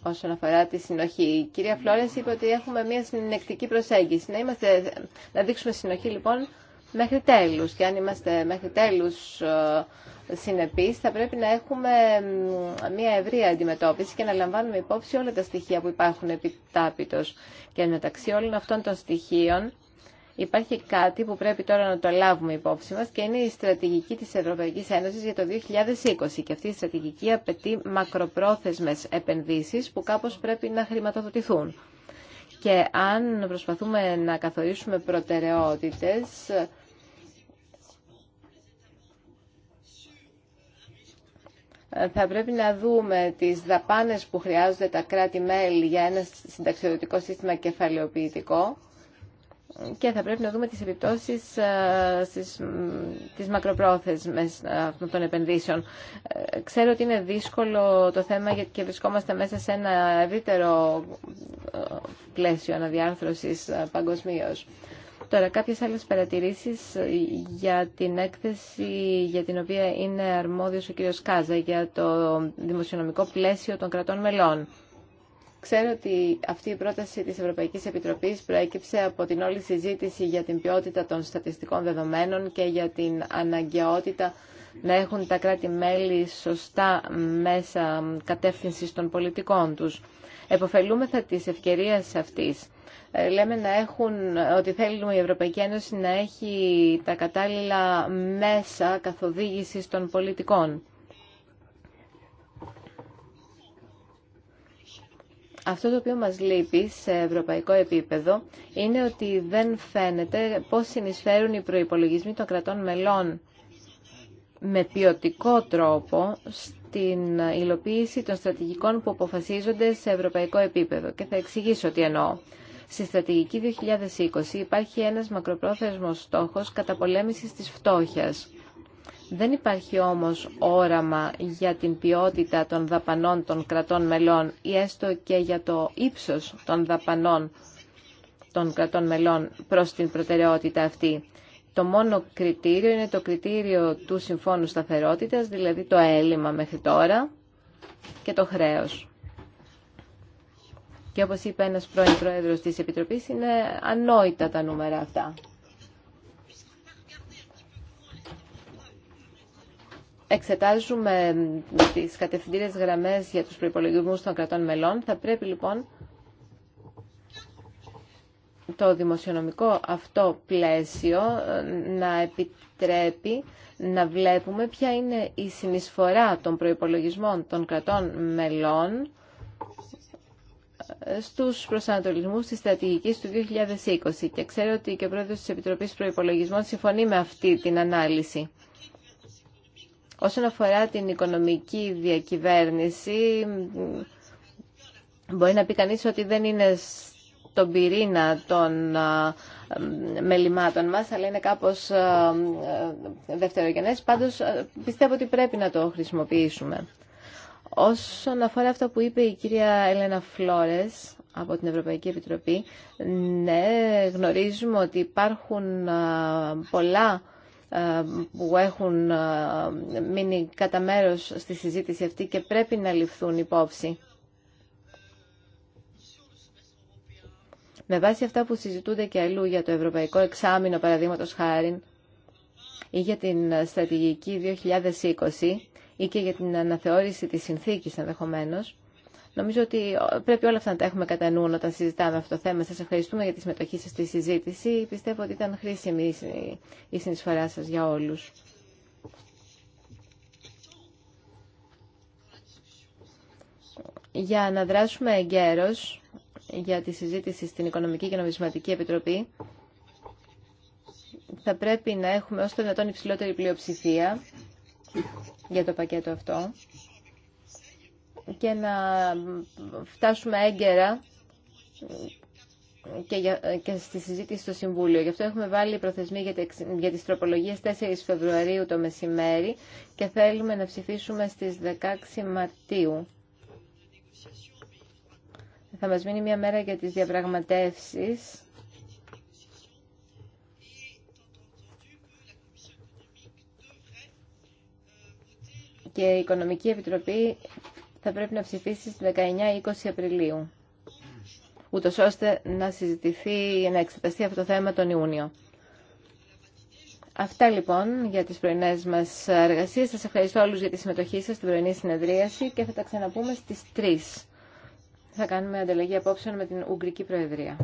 όσον αφορά τη συνοχή. Η κυρία Φλόρες είπε ότι έχουμε μια συνεκτική προσέγγιση. Να, είμαστε, να δείξουμε συνοχή λοιπόν μέχρι τέλους. Και αν είμαστε μέχρι τέλους ε, συνεπείς θα πρέπει να έχουμε μια ευρεία αντιμετώπιση και να λαμβάνουμε υπόψη όλα τα στοιχεία που υπάρχουν επιτάπητος. Και μεταξύ όλων αυτών των στοιχείων Υπάρχει κάτι που πρέπει τώρα να το λάβουμε υπόψη μας και είναι η στρατηγική της Ευρωπαϊκής Ένωσης για το 2020 και αυτή η στρατηγική απαιτεί μακροπρόθεσμες επενδύσεις που κάπως πρέπει να χρηματοδοτηθούν. Και αν προσπαθούμε να καθορίσουμε προτεραιότητες, θα πρέπει να δούμε τις δαπάνες που χρειάζονται τα κράτη-μέλη για ένα συνταξιοδοτικό σύστημα κεφαλαιοποιητικό και θα πρέπει να δούμε τις επιπτώσεις ε, στις, τις μακροπρόθεσμες ε, αυτών των επενδύσεων. Ε, ξέρω ότι είναι δύσκολο το θέμα γιατί και βρισκόμαστε μέσα σε ένα ευρύτερο πλαίσιο αναδιάρθρωσης παγκοσμίω. Τώρα, κάποιες άλλες παρατηρήσεις για την έκθεση για την οποία είναι αρμόδιος ο κ. Κάζα για το δημοσιονομικό πλαίσιο των κρατών μελών. Ξέρω ότι αυτή η πρόταση της Ευρωπαϊκής Επιτροπής προέκυψε από την όλη συζήτηση για την ποιότητα των στατιστικών δεδομένων και για την αναγκαιότητα να έχουν τα κράτη-μέλη σωστά μέσα κατεύθυνση των πολιτικών τους. Εποφελούμεθα της ευκαιρίας αυτής. Ε, λέμε να έχουν, ότι θέλουμε η Ευρωπαϊκή Ένωση να έχει τα κατάλληλα μέσα καθοδήγησης των πολιτικών. Αυτό το οποίο μας λείπει σε ευρωπαϊκό επίπεδο είναι ότι δεν φαίνεται πώς συνεισφέρουν οι προϋπολογισμοί των κρατών μελών με ποιοτικό τρόπο στην υλοποίηση των στρατηγικών που αποφασίζονται σε ευρωπαϊκό επίπεδο. Και θα εξηγήσω τι εννοώ. Στη στρατηγική 2020 υπάρχει ένας μακροπρόθεσμος στόχος καταπολέμησης της φτώχειας. Δεν υπάρχει όμως όραμα για την ποιότητα των δαπανών των κρατών μελών ή έστω και για το ύψος των δαπανών των κρατών μελών προς την προτεραιότητα αυτή. Το μόνο κριτήριο είναι το κριτήριο του Συμφώνου Σταθερότητας, δηλαδή το έλλειμμα μέχρι τώρα και το χρέος. Και όπως είπε ένας πρώην πρόεδρος της Επιτροπής, είναι ανόητα τα νούμερα αυτά. εξετάζουμε τις κατευθυντήριες γραμμές για τους προϋπολογισμούς των κρατών μελών. Θα πρέπει λοιπόν το δημοσιονομικό αυτό πλαίσιο ε, να επιτρέπει να βλέπουμε ποια είναι η συνεισφορά των προϋπολογισμών των κρατών μελών ε, στους προσανατολισμούς της στρατηγικής του 2020 και ξέρω ότι και ο πρόεδρος της Επιτροπής Προϋπολογισμών συμφωνεί με αυτή την ανάλυση. Όσον αφορά την οικονομική διακυβέρνηση, μπορεί να πει κανείς ότι δεν είναι στον πυρήνα των μελημάτων μας, αλλά είναι κάπως δευτερογενές. Πάντως πιστεύω ότι πρέπει να το χρησιμοποιήσουμε. Όσον αφορά αυτό που είπε η κυρία Έλενα Φλόρες από την Ευρωπαϊκή Επιτροπή, ναι, γνωρίζουμε ότι υπάρχουν πολλά ε, που έχουν ε, μείνει κατά μέρο στη συζήτηση αυτή και πρέπει να ληφθούν υπόψη. Με βάση αυτά που συζητούνται και αλλού για το Ευρωπαϊκό Εξάμεινο, παραδείγματο χάρη, ή για την Στρατηγική 2020, ή και για την αναθεώρηση της συνθήκης ενδεχομένω. Νομίζω ότι πρέπει όλα αυτά να τα έχουμε κατά νου όταν συζητάμε αυτό το θέμα. Σα ευχαριστούμε για τη συμμετοχή σα στη συζήτηση. Πιστεύω ότι ήταν χρήσιμη η συνεισφορά σα για όλους. Για να δράσουμε εγκαίρως για τη συζήτηση στην Οικονομική και Νομισματική Επιτροπή, θα πρέπει να έχουμε ως το δυνατόν υψηλότερη πλειοψηφία για το πακέτο αυτό και να φτάσουμε έγκαιρα και στη συζήτηση στο Συμβούλιο. Γι' αυτό έχουμε βάλει προθεσμία για τις τροπολογίες 4 Φεβρουαρίου το μεσημέρι και θέλουμε να ψηφίσουμε στις 16 Μαρτίου. Θα μας μείνει μια μέρα για τις διαπραγματεύσεις. Και η Οικονομική Επιτροπή θα πρέπει να ψηφίσει στις 19-20 Απριλίου, ούτω ώστε να συζητηθεί, να εξεταστεί αυτό το θέμα τον Ιούνιο. Αυτά λοιπόν για τις πρωινές μας εργασίες. Σας ευχαριστώ όλους για τη συμμετοχή σας στην πρωινή συνεδρίαση και θα τα ξαναπούμε στις 3. Θα κάνουμε ανταλλαγή απόψεων με την Ουγγρική Προεδρία.